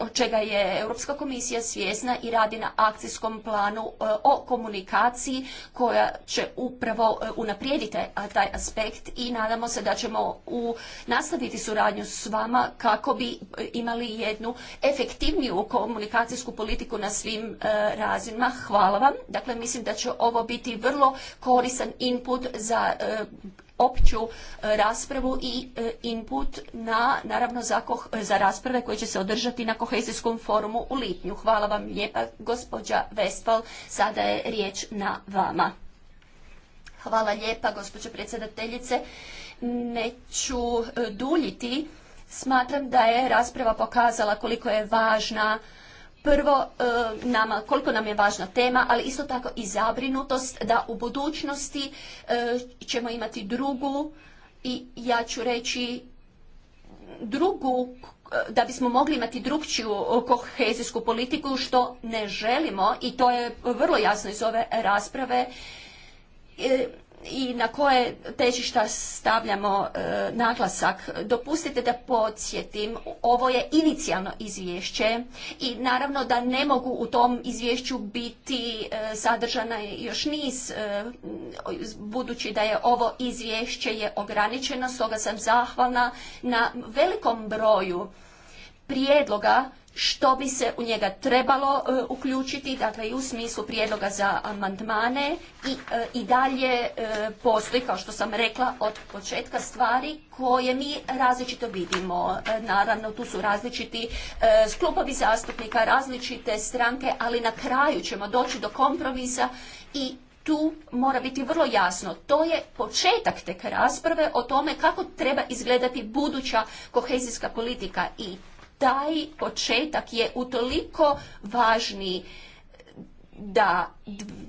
od čega je Europska komisija svjesna i radi na akcijskom planu e, o komunikaciji koja će upravo e, unaprijediti taj aspekt i nadamo se da ćemo u, nastaviti suradnju s vama kako bi imali jednu efektivniju komunikacijsku politiku na svim razinama. Hvala vam. Dakle, mislim da će ovo biti vrlo korisan input za opću e, raspravu i e, input na, naravno, za, rasprave koje će se održati na kohezijskom forumu u lipnju. Hvala vam lijepa, gospođa Vestval. Sada je riječ na vama. Hvala lijepa, gospođo predsjedateljice. Neću e, duljiti. Smatram da je rasprava pokazala koliko je važna prvo e, nama, koliko nam je važna tema, ali isto tako i zabrinutost da u budućnosti e, ćemo imati drugu i ja ću reći drugu e, da bismo mogli imati drugčiju kohezijsku politiku što ne želimo i to je vrlo jasno iz ove rasprave i na koje težišta stavljamo e, naglasak. Dopustite da podsjetim, ovo je inicijalno izvješće i naravno da ne mogu u tom izvješću biti e, sadržana još niz, e, budući da je ovo izvješće je ograničeno, stoga sam zahvalna na velikom broju prijedloga što bi se u njega trebalo e, uključiti, dakle i u smislu prijedloga za amandmane i, e, i dalje e, postoji, kao što sam rekla, od početka stvari koje mi različito vidimo. Naravno, tu su različiti sklopovi zastupnika, različite stranke, ali na kraju ćemo doći do kompromisa i tu mora biti vrlo jasno. To je početak tek rasprave o tome kako treba izgledati buduća kohezijska politika i taj početak je utoliko važniji da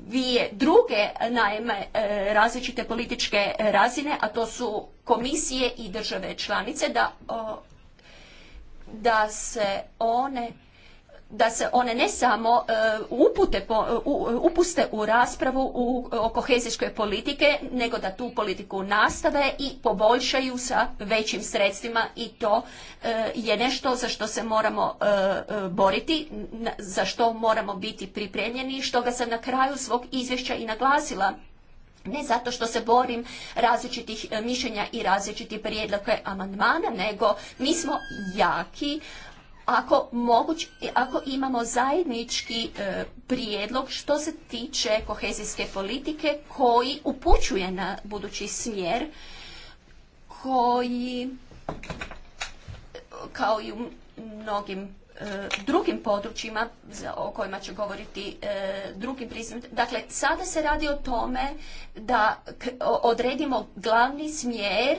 dvije druge naime e, različite političke razine, a to su komisije i države članice, da, da se one da se one ne samo e, e, upuste u raspravu o kohezijskoj politike, nego da tu politiku nastave i poboljšaju sa većim sredstvima i to e, je nešto za što se moramo boriti, za što moramo biti pripremljeni, što ga sam na kraju svog izvješća i naglasila ne zato što se borim različitih mišljenja i različitih prijedloga amandmana, nego mi smo jaki ako, ako imamo zajednički e, prijedlog što se tiče kohezijske politike koji upućuje na budući smjer koji kao i u mnogim e, drugim područjima o kojima će govoriti e, drugim Dakle, sada se radi o tome da odredimo glavni smjer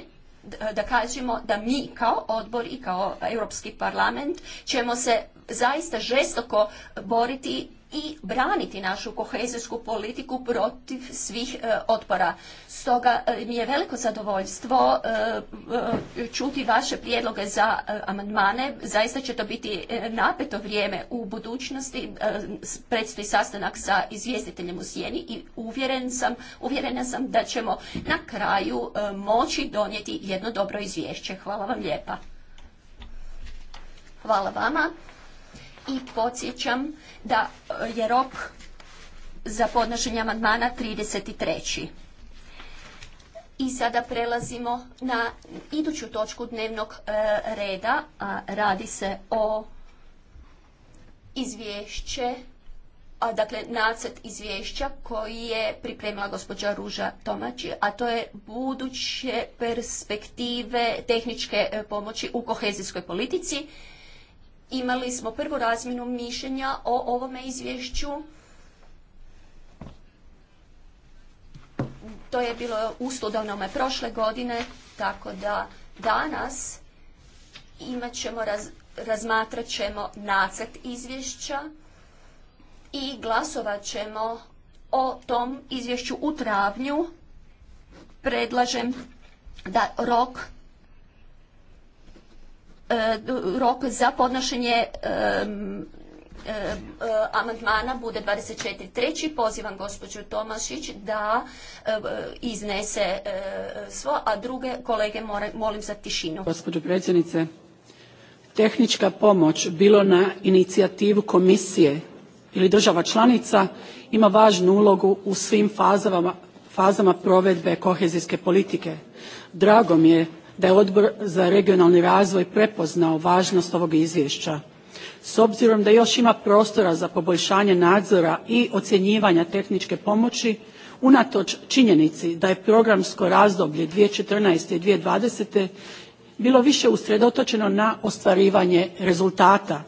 da kažemo da mi kao odbor i kao Europski parlament ćemo se zaista žestoko boriti i braniti našu kohezijsku politiku protiv svih e, otpora. Stoga e, mi je veliko zadovoljstvo e, čuti vaše prijedloge za amandmane. Zaista će to biti napeto vrijeme u budućnosti. Predstoji sastanak sa izvjestiteljem u Sjeni i uvjeren uvjerena sam da ćemo na kraju moći donijeti jedno dobro izvješće. Hvala vam lijepa. Hvala vama i podsjećam da e, je rok za podnošenje amandmana 33. I sada prelazimo na iduću točku dnevnog e, reda, a radi se o izvješće, a, dakle nacrt izvješća koji je pripremila gospođa Ruža Tomači, a to je buduće perspektive tehničke e, pomoći u kohezijskoj politici imali smo prvu razmjenu mišljenja o ovome izvješću. To je bilo u studenome prošle godine, tako da danas imat ćemo, razmatrat ćemo nacrt izvješća i glasovat ćemo o tom izvješću u travnju. Predlažem da rok E, rok za podnošenje e, e, amandmana bude 24.3. Pozivam gospođu Tomašić da iznese svo, a druge kolege molim za tišinu. Gospođo predsjednice, tehnička pomoć bilo na inicijativu komisije ili država članica ima važnu ulogu u svim fazama, fazama provedbe kohezijske politike. Drago mi je da je Odbor za regionalni razvoj prepoznao važnost ovog izvješća. S obzirom da još ima prostora za poboljšanje nadzora i ocjenjivanja tehničke pomoći, unatoč činjenici da je programsko razdoblje 2014. i 2020. bilo više usredotočeno na ostvarivanje rezultata.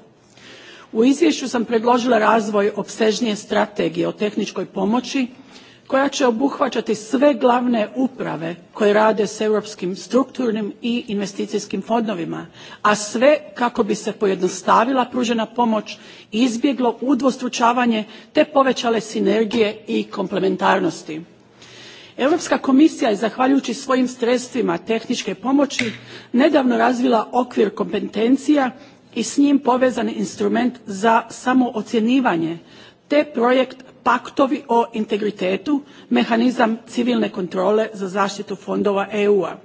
U izvješću sam predložila razvoj opsežnije strategije o tehničkoj pomoći koja će obuhvaćati sve glavne uprave koje rade s europskim strukturnim i investicijskim fondovima, a sve kako bi se pojednostavila pružena pomoć, izbjeglo udvostručavanje te povećale sinergije i komplementarnosti. Europska komisija je zahvaljujući svojim sredstvima tehničke pomoći nedavno razvila okvir kompetencija i s njim povezan instrument za samoocjenjivanje te projekt paktovi o integritetu, mehanizam civilne kontrole za zaštitu fondova EU-a.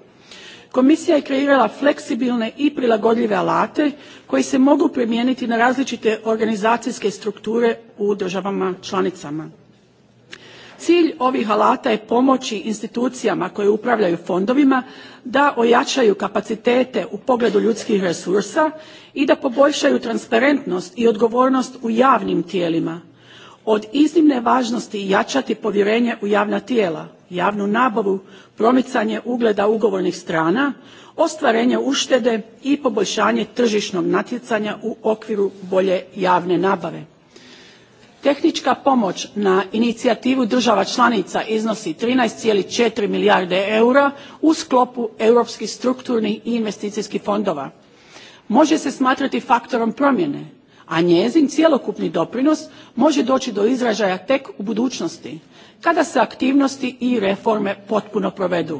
Komisija je kreirala fleksibilne i prilagodljive alate koji se mogu primijeniti na različite organizacijske strukture u državama članicama. Cilj ovih alata je pomoći institucijama koje upravljaju fondovima da ojačaju kapacitete u pogledu ljudskih resursa i da poboljšaju transparentnost i odgovornost u javnim tijelima od iznimne važnosti jačati povjerenje u javna tijela, javnu nabavu, promicanje ugleda ugovornih strana, ostvarenje uštede i poboljšanje tržišnog natjecanja u okviru bolje javne nabave. Tehnička pomoć na inicijativu država članica iznosi 13,4 milijarde eura u sklopu europskih strukturnih i investicijskih fondova. Može se smatrati faktorom promjene a njezin cjelokupni doprinos može doći do izražaja tek u budućnosti kada se aktivnosti i reforme potpuno provedu.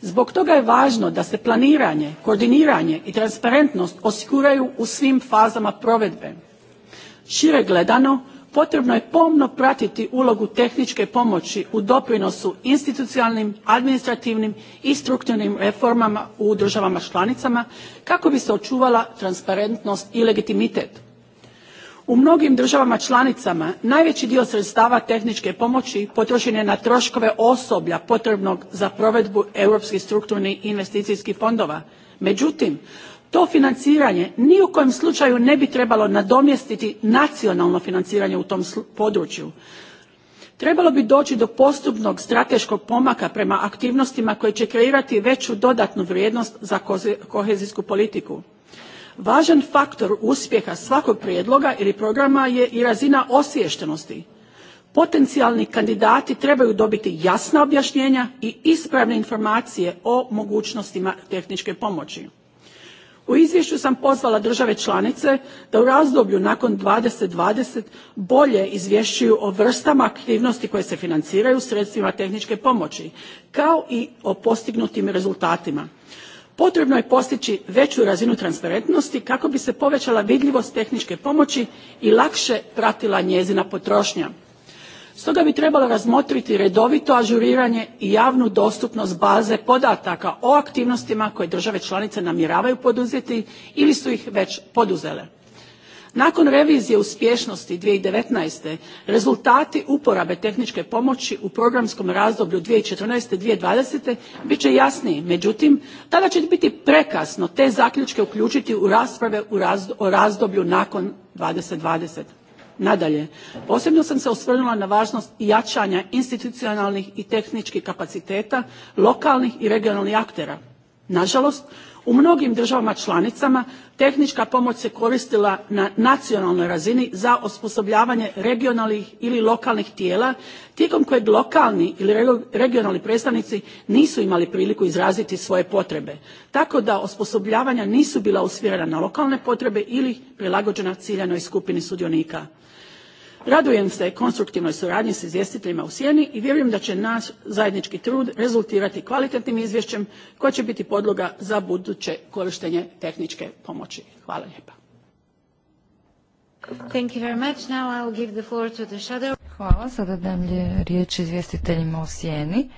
Zbog toga je važno da se planiranje, koordiniranje i transparentnost osiguraju u svim fazama provedbe. Šire gledano, potrebno je pomno pratiti ulogu tehničke pomoći u doprinosu institucionalnim, administrativnim i strukturnim reformama u državama članicama kako bi se očuvala transparentnost i legitimitet u mnogim državama članicama najveći dio sredstava tehničke pomoći potrošen je na troškove osoblja potrebnog za provedbu europskih strukturnih i investicijskih fondova međutim to financiranje ni u kojem slučaju ne bi trebalo nadomjestiti nacionalno financiranje u tom području trebalo bi doći do postupnog strateškog pomaka prema aktivnostima koje će kreirati veću dodatnu vrijednost za kohezijsku politiku Važan faktor uspjeha svakog prijedloga ili programa je i razina osviještenosti. Potencijalni kandidati trebaju dobiti jasna objašnjenja i ispravne informacije o mogućnostima tehničke pomoći. U izvješću sam pozvala države članice da u razdoblju nakon 2020 bolje izvješćuju o vrstama aktivnosti koje se financiraju sredstvima tehničke pomoći, kao i o postignutim rezultatima potrebno je postići veću razinu transparentnosti kako bi se povećala vidljivost tehničke pomoći i lakše pratila njezina potrošnja stoga bi trebalo razmotriti redovito ažuriranje i javnu dostupnost baze podataka o aktivnostima koje države članice namjeravaju poduzeti ili su ih već poduzele. Nakon revizije uspješnosti 2019. rezultati uporabe tehničke pomoći u programskom razdoblju 2014.-2020. bit će jasniji. Međutim, tada će biti prekasno te zaključke uključiti u rasprave o razdoblju nakon 2020. Nadalje, posebno sam se osvrnula na važnost jačanja institucionalnih i tehničkih kapaciteta lokalnih i regionalnih aktera. Nažalost, u mnogim državama članicama tehnička pomoć se koristila na nacionalnoj razini za osposobljavanje regionalnih ili lokalnih tijela tijekom kojeg lokalni ili regionalni predstavnici nisu imali priliku izraziti svoje potrebe tako da osposobljavanja nisu bila usmjerena na lokalne potrebe ili prilagođena ciljanoj skupini sudionika radujem se konstruktivnoj suradnji s izvjestiteljima u sjeni i vjerujem da će naš zajednički trud rezultirati kvalitetnim izvješćem koja će biti podloga za buduće korištenje tehničke pomoći hvala lijepa Thank you Hvala. Sada dam riječ izvjestiteljima o sjeni.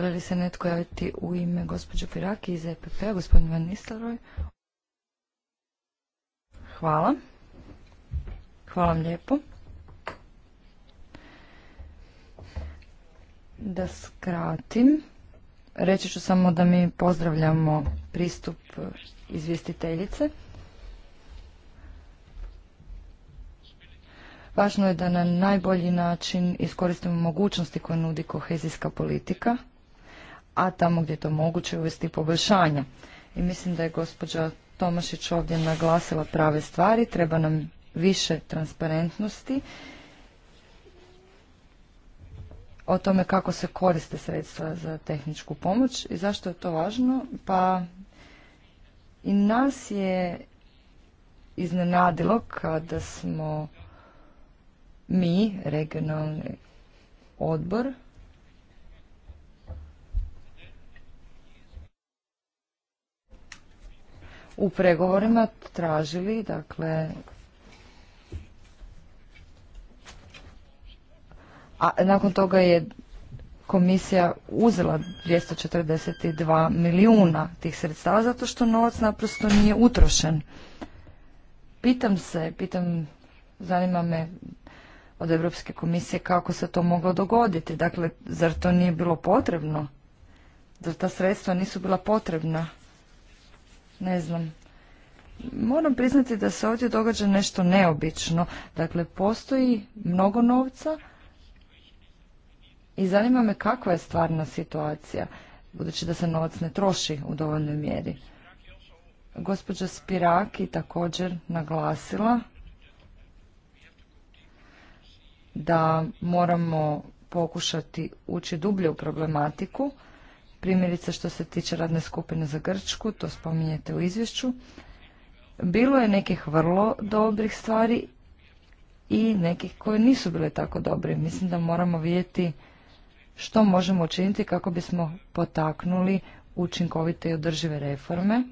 E, li se netko javiti u ime gospođe Piraki iz epp p-a, gospodin Van Hvala. Hvala vam lijepo. Da skratim, reći ću samo da mi pozdravljamo pristup izvjestiteljice. Važno je da na najbolji način iskoristimo mogućnosti koje nudi kohezijska politika, a tamo gdje je to moguće uvesti poboljšanja. I mislim da je gospođa Tomašić ovdje naglasila prave stvari, treba nam više transparentnosti o tome kako se koriste sredstva za tehničku pomoć i zašto je to važno. Pa i nas je iznenadilo kada smo mi, regionalni odbor, u pregovorima tražili dakle a nakon toga je komisija uzela 242 milijuna tih sredstava zato što novac naprosto nije utrošen. Pitam se, pitam, zanima me od Europske komisije kako se to moglo dogoditi. Dakle, zar to nije bilo potrebno? Zar ta sredstva nisu bila potrebna? Ne znam. Moram priznati da se ovdje događa nešto neobično. Dakle, postoji mnogo novca, i zanima me kakva je stvarna situacija, budući da se novac ne troši u dovoljnoj mjeri. Gospođa Spiraki također naglasila da moramo pokušati ući dublje u problematiku, primjerice što se tiče radne skupine za Grčku, to spominjete u izvješću. Bilo je nekih vrlo dobrih stvari i nekih koje nisu bile tako dobre. Mislim da moramo vidjeti što možemo učiniti kako bismo potaknuli učinkovite i održive reforme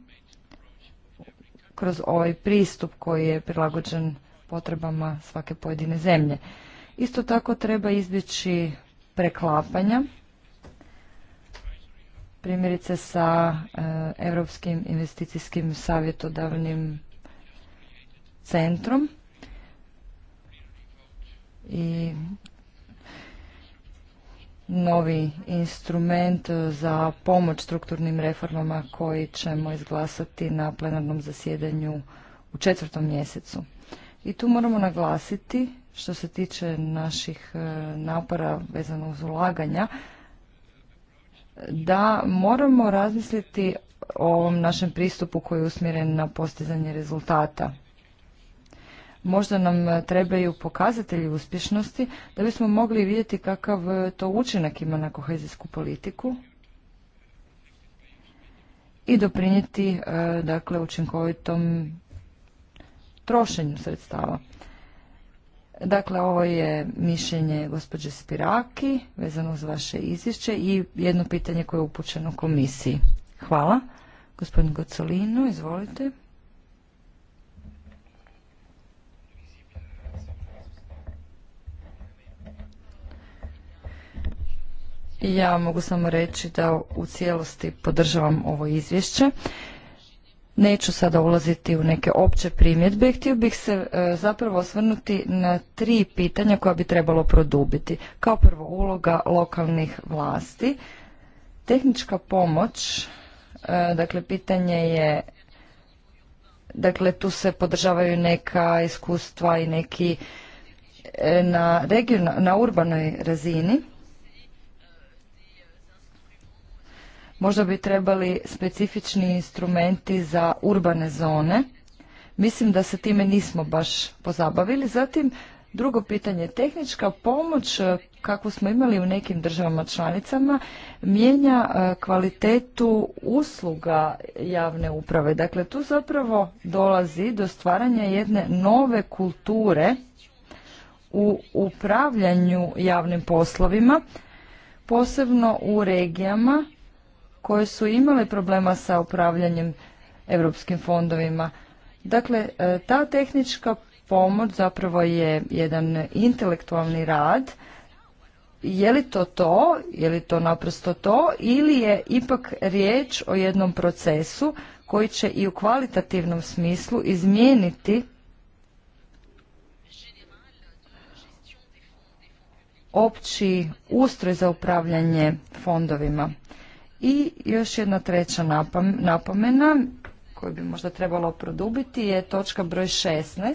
kroz ovaj pristup koji je prilagođen potrebama svake pojedine zemlje. Isto tako treba izbjeći preklapanja, primjerice sa e, Europskim investicijskim savjetodavnim centrom i novi instrument e, za pomoć strukturnim reformama koji ćemo izglasati na plenarnom zasjedanju u četvrtom mjesecu. I tu moramo naglasiti što se tiče naših e, napora vezano uz ulaganja da moramo razmisliti o ovom našem pristupu koji je usmjeren na postizanje rezultata Možda nam e, trebaju pokazatelji uspješnosti da bismo mogli vidjeti kakav e, to učinak ima na kohezijsku politiku i doprinijeti e, dakle učinkovitom trošenju sredstava. Dakle, ovo je mišljenje gospođe Spiraki vezano uz vaše izvješće i jedno pitanje koje je upućeno komisiji. Hvala. Gospodin Gocolino, izvolite. Ja mogu samo reći da u cijelosti podržavam ovo izvješće. Neću sada ulaziti u neke opće primjedbe. Htio bih se e, zapravo osvrnuti na tri pitanja koja bi trebalo produbiti. Kao prvo uloga lokalnih vlasti. Tehnička pomoć, e, dakle pitanje je, dakle tu se podržavaju neka iskustva i neki e, na, na urbanoj razini Možda bi trebali specifični instrumenti za urbane zone. Mislim da se time nismo baš pozabavili. Zatim, drugo pitanje, tehnička pomoć e, kakvu smo imali u nekim državama članicama mijenja e, kvalitetu usluga javne uprave. Dakle, tu zapravo dolazi do stvaranja jedne nove kulture u upravljanju javnim poslovima, posebno u regijama koje su imale problema sa upravljanjem europskim fondovima. Dakle, e, ta tehnička pomoć zapravo je jedan intelektualni rad. Je li to to, je li to naprosto to ili je ipak riječ o jednom procesu koji će i u kvalitativnom smislu izmijeniti opći ustroj za upravljanje fondovima. I još jedna treća napomena koju bi možda trebalo produbiti je točka broj 16.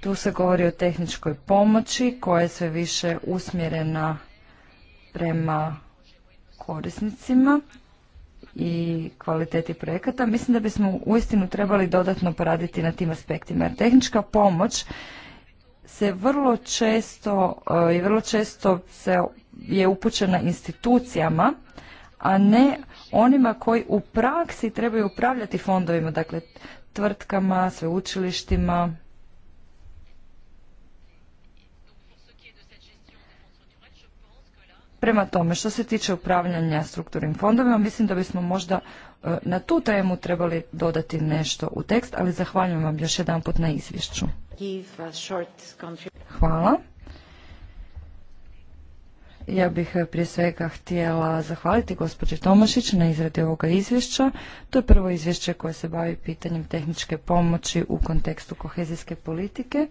Tu se govori o tehničkoj pomoći koja je sve više usmjerena prema korisnicima i kvaliteti projekata. Mislim da bismo uistinu trebali dodatno poraditi na tim aspektima. Jer tehnička pomoć se vrlo često e, i vrlo često se je upućena institucijama, a ne onima koji u praksi trebaju upravljati fondovima, dakle tvrtkama, sveučilištima. Prema tome, što se tiče upravljanja strukturnim fondovima, mislim da bismo možda e, na tu temu trebali dodati nešto u tekst, ali zahvaljujem vam još jedan put na izvješću. Hvala. Ja bih eh, prije svega htjela zahvaliti gospođi Tomašić na izradi ovoga izvješća. To je prvo izvješće koje se bavi pitanjem tehničke pomoći u kontekstu kohezijske politike.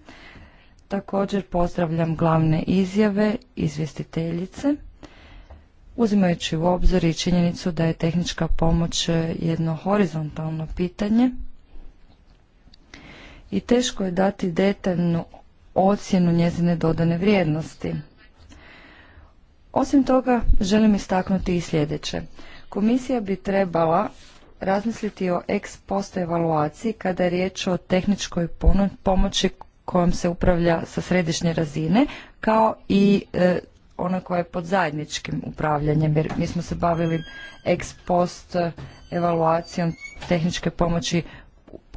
Također pozdravljam glavne izjave izvjestiteljice, uzimajući u obzir i činjenicu da je tehnička pomoć eh, jedno horizontalno pitanje i teško je dati detaljnu ocjenu njezine dodane vrijednosti. Osim toga, želim istaknuti i sljedeće. Komisija bi trebala razmisliti o ex post evaluaciji kada je riječ o tehničkoj pomoći kojom se upravlja sa središnje razine, kao i e, ona koja je pod zajedničkim upravljanjem, jer mi smo se bavili ex post evaluacijom tehničke pomoći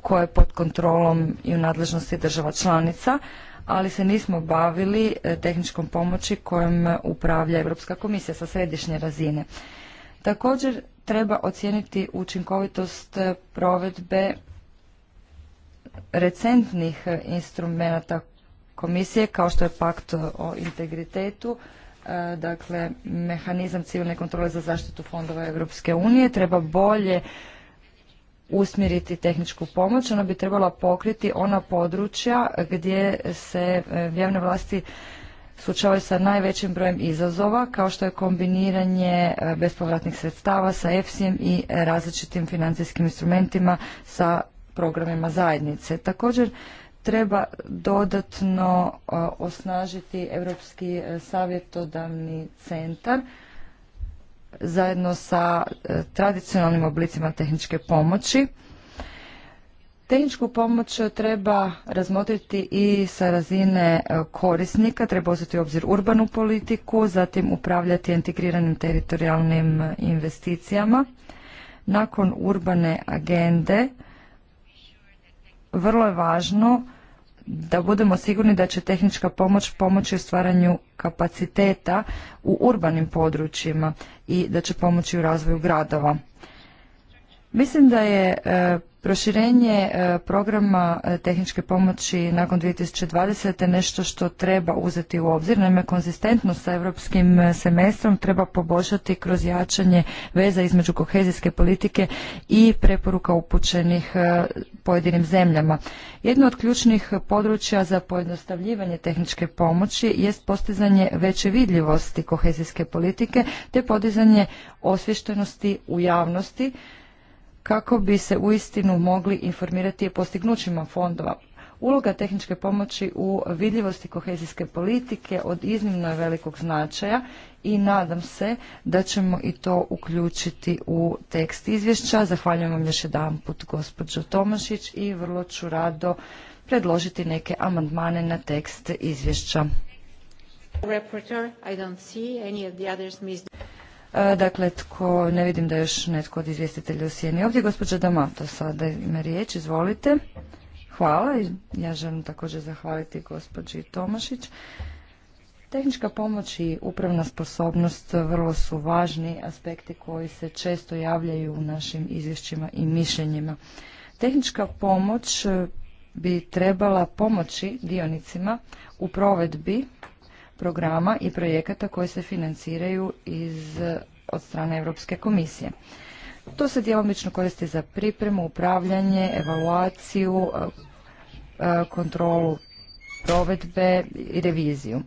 koja je pod kontrolom i u nadležnosti država članica ali se nismo bavili e, tehničkom pomoći kojom upravlja Europska komisija sa središnje razine. Također treba ocijeniti učinkovitost e, provedbe recentnih e, instrumenata komisije kao što je pakt o integritetu, dakle mehanizam civilne kontrole za zaštitu fondova Europske unije, treba bolje usmjeriti tehničku pomoć. Ona bi trebala pokriti ona područja gdje se e, javne vlasti suočavaju sa najvećim brojem izazova, kao što je kombiniranje e, bespovratnih sredstava sa EFSI-em i različitim financijskim instrumentima sa programima zajednice. Također treba dodatno e, osnažiti Europski savjetodavni centar zajedno sa e, tradicionalnim oblicima tehničke pomoći. Tehničku pomoć e, treba razmotriti i sa razine e, korisnika, treba uzeti u obzir urbanu politiku, zatim upravljati integriranim teritorijalnim investicijama. Nakon urbane agende vrlo je važno da budemo sigurni da će tehnička pomoć pomoći u stvaranju kapaciteta u urbanim područjima i da će pomoći u razvoju gradova. Mislim da je e, proširenje e, programa e, tehničke pomoći nakon 2020. nešto što treba uzeti u obzir. Naime, konzistentno sa europskim semestrom treba poboljšati kroz jačanje veza između kohezijske politike i preporuka upućenih pojedinim zemljama. Jedno od ključnih područja za pojednostavljivanje tehničke pomoći jest postizanje veće vidljivosti kohezijske politike te podizanje osvještenosti u javnosti kako bi se uistinu mogli informirati o postignućima fondova. Uloga tehničke pomoći u vidljivosti kohezijske politike od iznimno je velikog značaja i nadam se da ćemo i to uključiti u tekst izvješća. Zahvaljujem vam još jedan put gospođo Tomašić i vrlo ću rado predložiti neke amandmane na tekst izvješća. E, dakle, tko, ne vidim da još netko od izvjestitelja u sjeni. Ovdje gospođa Damato sada ima riječ, izvolite. Hvala, ja želim također zahvaliti gospođi Tomašić. Tehnička pomoć i upravna sposobnost vrlo su važni aspekti koji se često javljaju u našim izvješćima i mišljenjima. Tehnička pomoć bi trebala pomoći dionicima u provedbi programa i projekata koji se financiraju iz, od strane Europske komisije. To se djelomično koristi za pripremu, upravljanje, evaluaciju, e, e, kontrolu provedbe i reviziju.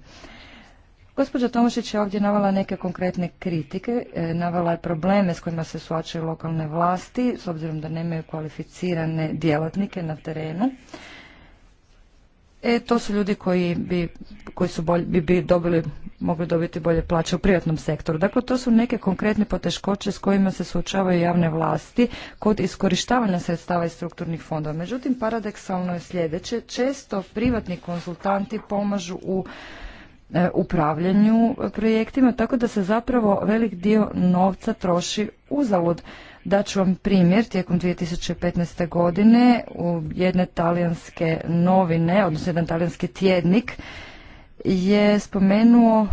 Gospođa Tomašić je ovdje navala neke konkretne kritike, e, navala je probleme s kojima se suočaju lokalne vlasti, s obzirom da nemaju kvalificirane djelatnike na terenu. E, to su ljudi koji bi, koji su bi, bi dobili, mogli dobiti bolje plaće u privatnom sektoru. Dakle, to su neke konkretne poteškoće s kojima se suočavaju javne vlasti kod iskorištavanja sredstava iz strukturnih fondova. Međutim, paradoksalno je sljedeće. Često privatni konsultanti pomažu u e, upravljanju projektima, tako da se zapravo velik dio novca troši uzalud. Daću vam primjer, tijekom 2015. godine u jedne talijanske novine, odnosno jedan talijanski tjednik, je spomenuo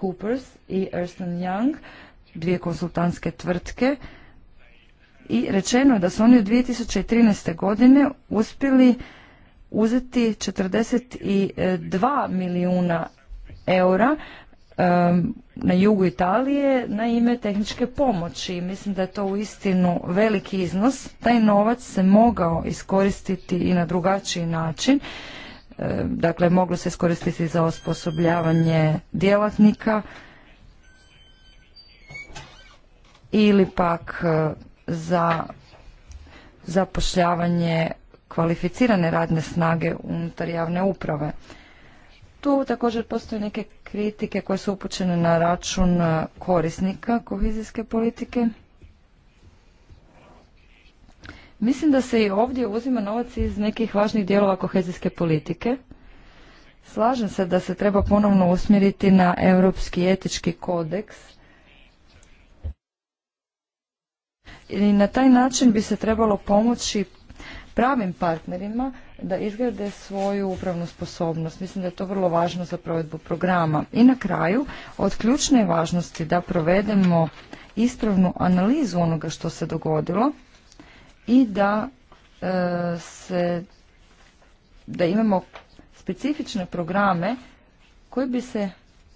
Coopers i Ernst Young, dvije konsultantske tvrtke, i rečeno je da su oni u 2013. godine uspjeli uzeti 42 milijuna eura na jugu Italije na ime tehničke pomoći. Mislim da je to uistinu veliki iznos. Taj novac se mogao iskoristiti i na drugačiji način. Dakle, moglo se iskoristiti za osposobljavanje djelatnika ili pak e, za zapošljavanje kvalificirane radne snage unutar javne uprave. Tu također postoje neke kritike koje su upućene na račun korisnika kohezijske politike. Mislim da se i ovdje uzima novac iz nekih važnih dijelova kohezijske politike. Slažem se da se treba ponovno usmjeriti na Europski etički kodeks. I na taj način bi se trebalo pomoći pravim partnerima da izgrade svoju upravnu sposobnost. Mislim da je to vrlo važno za provedbu programa. I na kraju, od ključne važnosti da provedemo ispravnu analizu onoga što se dogodilo i da e, se da imamo specifične programe koji bi se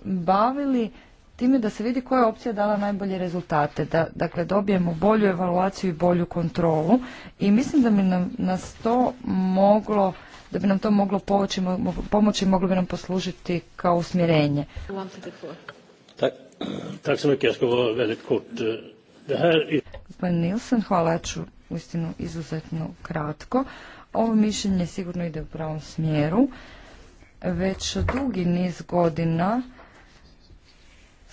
bavili time da se vidi koja je opcija dala najbolje rezultate, da dakle dobijemo bolju evaluaciju i bolju kontrolu i mislim da bi nam nas to moglo da bi nam to moglo pomoći, pomoći moglo bi nam poslužiti kao usmjerenje. Tak, Gospodin Nilsen, hvala, ja ću uistinu izuzetno kratko. Ovo mišljenje sigurno ide u pravom smjeru. Već dugi niz godina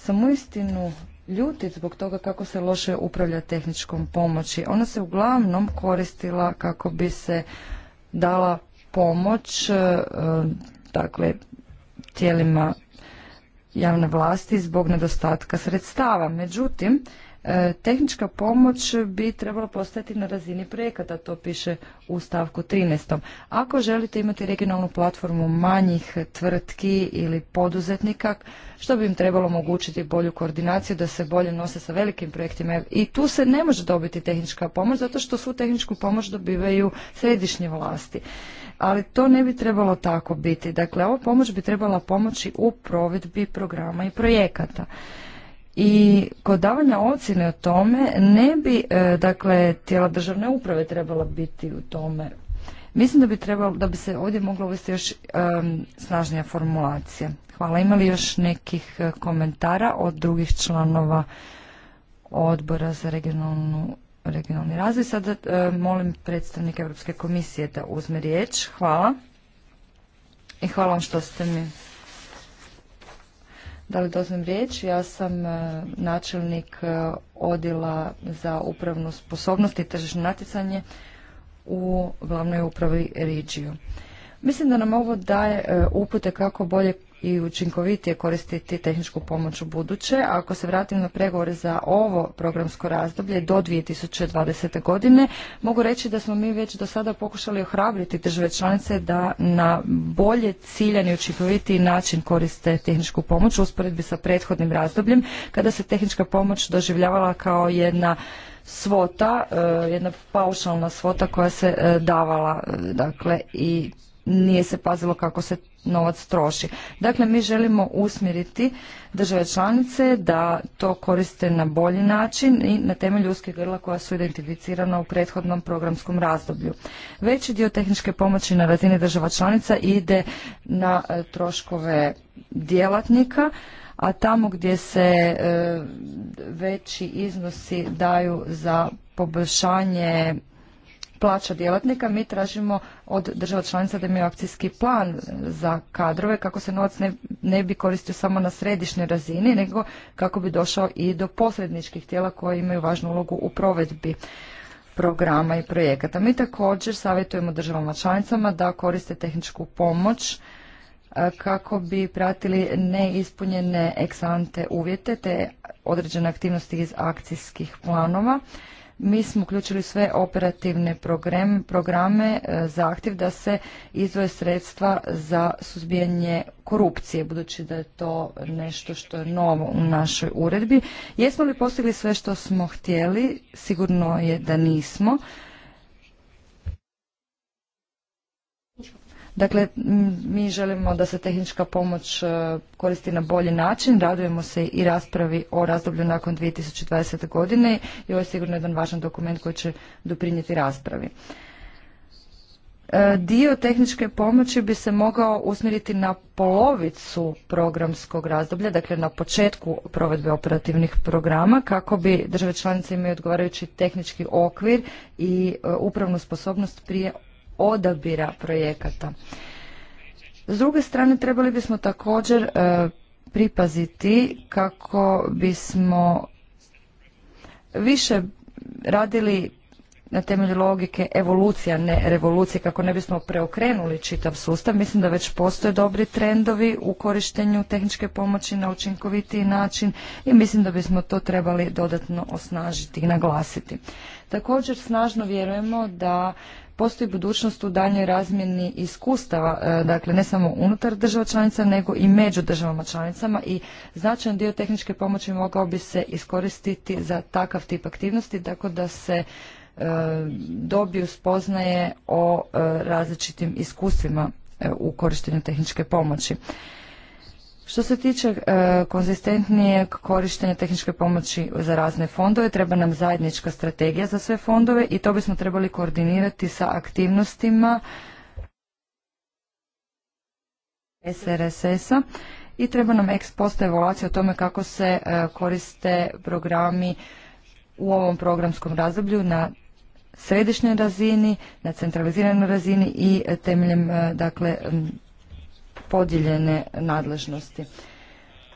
sam uistinu ljuti zbog toga kako se loše upravlja tehničkom pomoći. Ona se uglavnom koristila kako bi se dala pomoć e, dakle tijelima javne vlasti zbog nedostatka sredstava. Međutim, E, tehnička pomoć bi trebala postati na razini projekata, to piše u stavku 13. Ako želite imati regionalnu platformu manjih tvrtki ili poduzetnika, što bi im trebalo omogućiti bolju koordinaciju da se bolje nose sa velikim projektima. I tu se ne može dobiti tehnička pomoć zato što svu tehničku pomoć dobivaju središnje vlasti. Ali to ne bi trebalo tako biti. Dakle, ova pomoć bi trebala pomoći u provedbi programa i projekata i kod davanja ocjene o tome ne bi e, dakle tijela državne uprave trebala biti u tome mislim da bi trebalo da bi se ovdje mogla uvesti još snažnija formulacija hvala ima li još nekih e, komentara od drugih članova odbora za regionalnu regionalni razvoj sada e, molim predstavnika europske komisije da uzme riječ hvala i hvala vam što ste mi li dozvim riječ. Ja sam e, načelnik e, odjela za upravnu sposobnost i tržišno natjecanje u glavnoj upravi regiju. Mislim da nam ovo daje e, upute kako bolje i učinkovitije koristiti tehničku pomoć u buduće. ako se vratim na pregovore za ovo programsko razdoblje do 2020. godine, mogu reći da smo mi već do sada pokušali ohrabriti države članice da na bolje ciljani i učinkovitiji način koriste tehničku pomoć u usporedbi sa prethodnim razdobljem, kada se tehnička pomoć doživljavala kao jedna svota, e, jedna paušalna svota koja se e, davala, e, dakle, i nije se pazilo kako se novac troši. Dakle, mi želimo usmjeriti države članice da to koriste na bolji način i na temelju uske grla koja su identificirana u prethodnom programskom razdoblju. Veći dio tehničke pomoći na razini država članica ide na e, troškove djelatnika, a tamo gdje se e, veći iznosi daju za poboljšanje plaća djelatnika, mi tražimo od država članica da imaju akcijski plan za kadrove kako se novac ne, ne bi koristio samo na središnjoj razini, nego kako bi došao i do posredničkih tijela koje imaju važnu ulogu u provedbi programa i projekata. Mi također savjetujemo državama članicama da koriste tehničku pomoć e, kako bi pratili neispunjene eksante uvjete te određene aktivnosti iz akcijskih planova mi smo uključili sve operativne program, programe e, zahtjev da se izvoje sredstva za suzbijanje korupcije, budući da je to nešto što je novo u našoj uredbi. Jesmo li postigli sve što smo htjeli? Sigurno je da nismo. Dakle, mi želimo da se tehnička pomoć e, koristi na bolji način, radujemo se i raspravi o razdoblju nakon 2020. godine i ovo je sigurno jedan važan dokument koji će doprinijeti raspravi. E, dio tehničke pomoći bi se mogao usmjeriti na polovicu programskog razdoblja, dakle na početku provedbe operativnih programa, kako bi države članice imaju odgovarajući tehnički okvir i e, upravnu sposobnost prije odabira projekata. S druge strane, trebali bismo također e, pripaziti kako bismo više radili na temelju logike evolucija, ne revolucije, kako ne bismo preokrenuli čitav sustav. Mislim da već postoje dobri trendovi u korištenju tehničke pomoći na učinkovitiji način i mislim da bismo to trebali dodatno osnažiti i naglasiti. Također snažno vjerujemo da postoji budućnost u daljnjoj razmjeni iskustava, e, dakle ne samo unutar država članica, nego i među državama članicama i značajan dio tehničke pomoći mogao bi se iskoristiti za takav tip aktivnosti, tako da se e, dobiju spoznaje o e, različitim iskustvima u korištenju tehničke pomoći. Što se tiče e, konzistentnijeg korištenja tehničke pomoći za razne fondove, treba nam zajednička strategija za sve fondove i to bismo trebali koordinirati sa aktivnostima SRSS-a i treba nam ex post evaluacija o tome kako se e, koriste programi u ovom programskom razdoblju na središnjoj razini, na centraliziranoj razini i e, temeljem dakle podijeljene nadležnosti.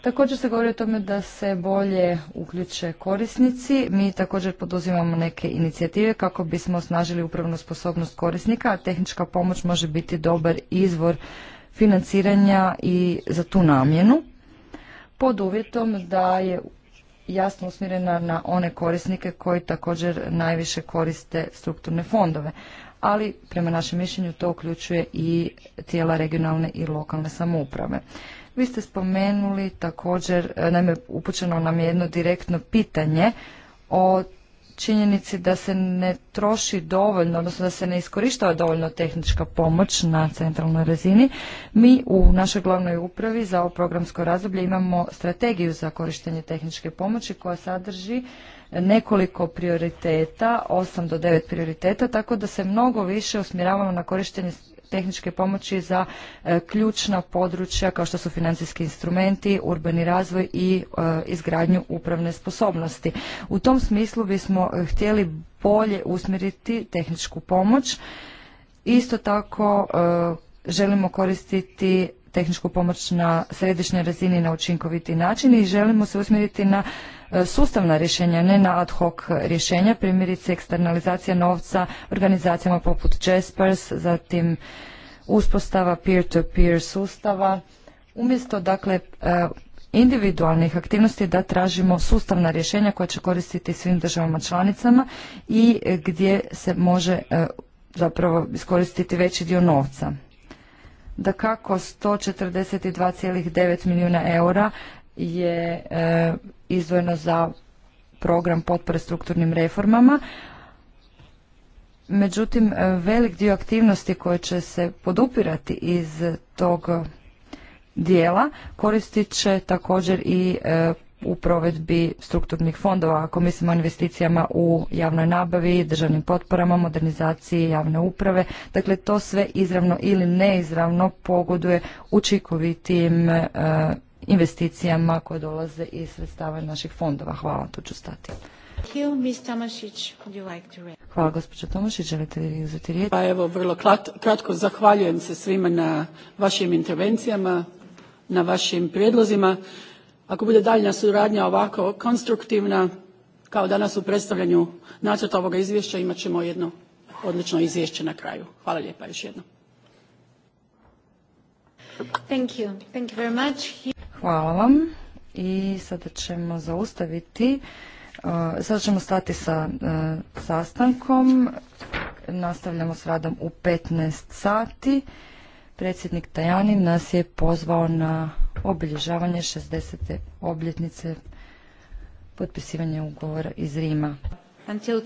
Također se govori o tome da se bolje uključe korisnici. Mi također poduzimamo neke inicijative kako bismo osnažili upravnu sposobnost korisnika, a tehnička pomoć može biti dobar izvor financiranja i za tu namjenu pod uvjetom da je jasno usmjerena na one korisnike koji također najviše koriste strukturne fondove ali prema našem mišljenju to uključuje i tijela regionalne i lokalne samouprave. Vi ste spomenuli također, e, naime upućeno nam je jedno direktno pitanje o činjenici da se ne troši dovoljno, odnosno da se ne iskorištava dovoljno tehnička pomoć na centralnoj razini. Mi u našoj glavnoj upravi za ovo programsko razdoblje imamo strategiju za korištenje tehničke pomoći koja sadrži nekoliko prioriteta, 8 do 9 prioriteta, tako da se mnogo više usmjeravamo na korištenje tehničke pomoći za e, ključna područja kao što su financijski instrumenti, urbani razvoj i e, izgradnju upravne sposobnosti. U tom smislu bismo e, htjeli bolje usmjeriti tehničku pomoć. Isto tako želimo koristiti tehničku pomoć na središnjoj razini na učinkoviti način i želimo se usmjeriti na e, sustavna rješenja, ne na ad hoc rješenja, primjerice eksternalizacija novca organizacijama poput Jaspers, zatim uspostava peer-to-peer sustava, umjesto dakle e, individualnih aktivnosti da tražimo sustavna rješenja koja će koristiti svim državama članicama i gdje se može e, zapravo iskoristiti veći dio novca da kako 142,9 milijuna eura je e, izdvojeno za program potpore strukturnim reformama. Međutim, velik dio aktivnosti koje će se podupirati iz tog dijela koristit će također i e, u provedbi strukturnih fondova, ako mislimo o investicijama u javnoj nabavi, državnim potporama, modernizaciji javne uprave. Dakle, to sve izravno ili neizravno pogoduje učinkovitim e, investicijama koje dolaze iz sredstava naših fondova. Hvala, tu ću stati. Hvala, gospođo Tomašić, želite li uzeti riječ? Pa evo, vrlo kratko, zahvaljujem se svima na vašim intervencijama, na vašim prijedlozima ako bude daljnja suradnja ovako konstruktivna kao danas u predstavljanju nacrta ovog izvješća imat ćemo jedno odlično izvješće na kraju. Hvala lijepa još jednom. Hvala vam. I sada ćemo zaustaviti. Uh, sada ćemo stati sa uh, sastankom. Nastavljamo s radom u 15 sati. Predsjednik Tajani nas je pozvao na obilježavanje 60. obljetnice potpisivanja ugovora iz Rima. Thank you.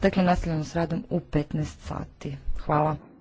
Dakle, nastavljamo s radom u 15 sati. Hvala.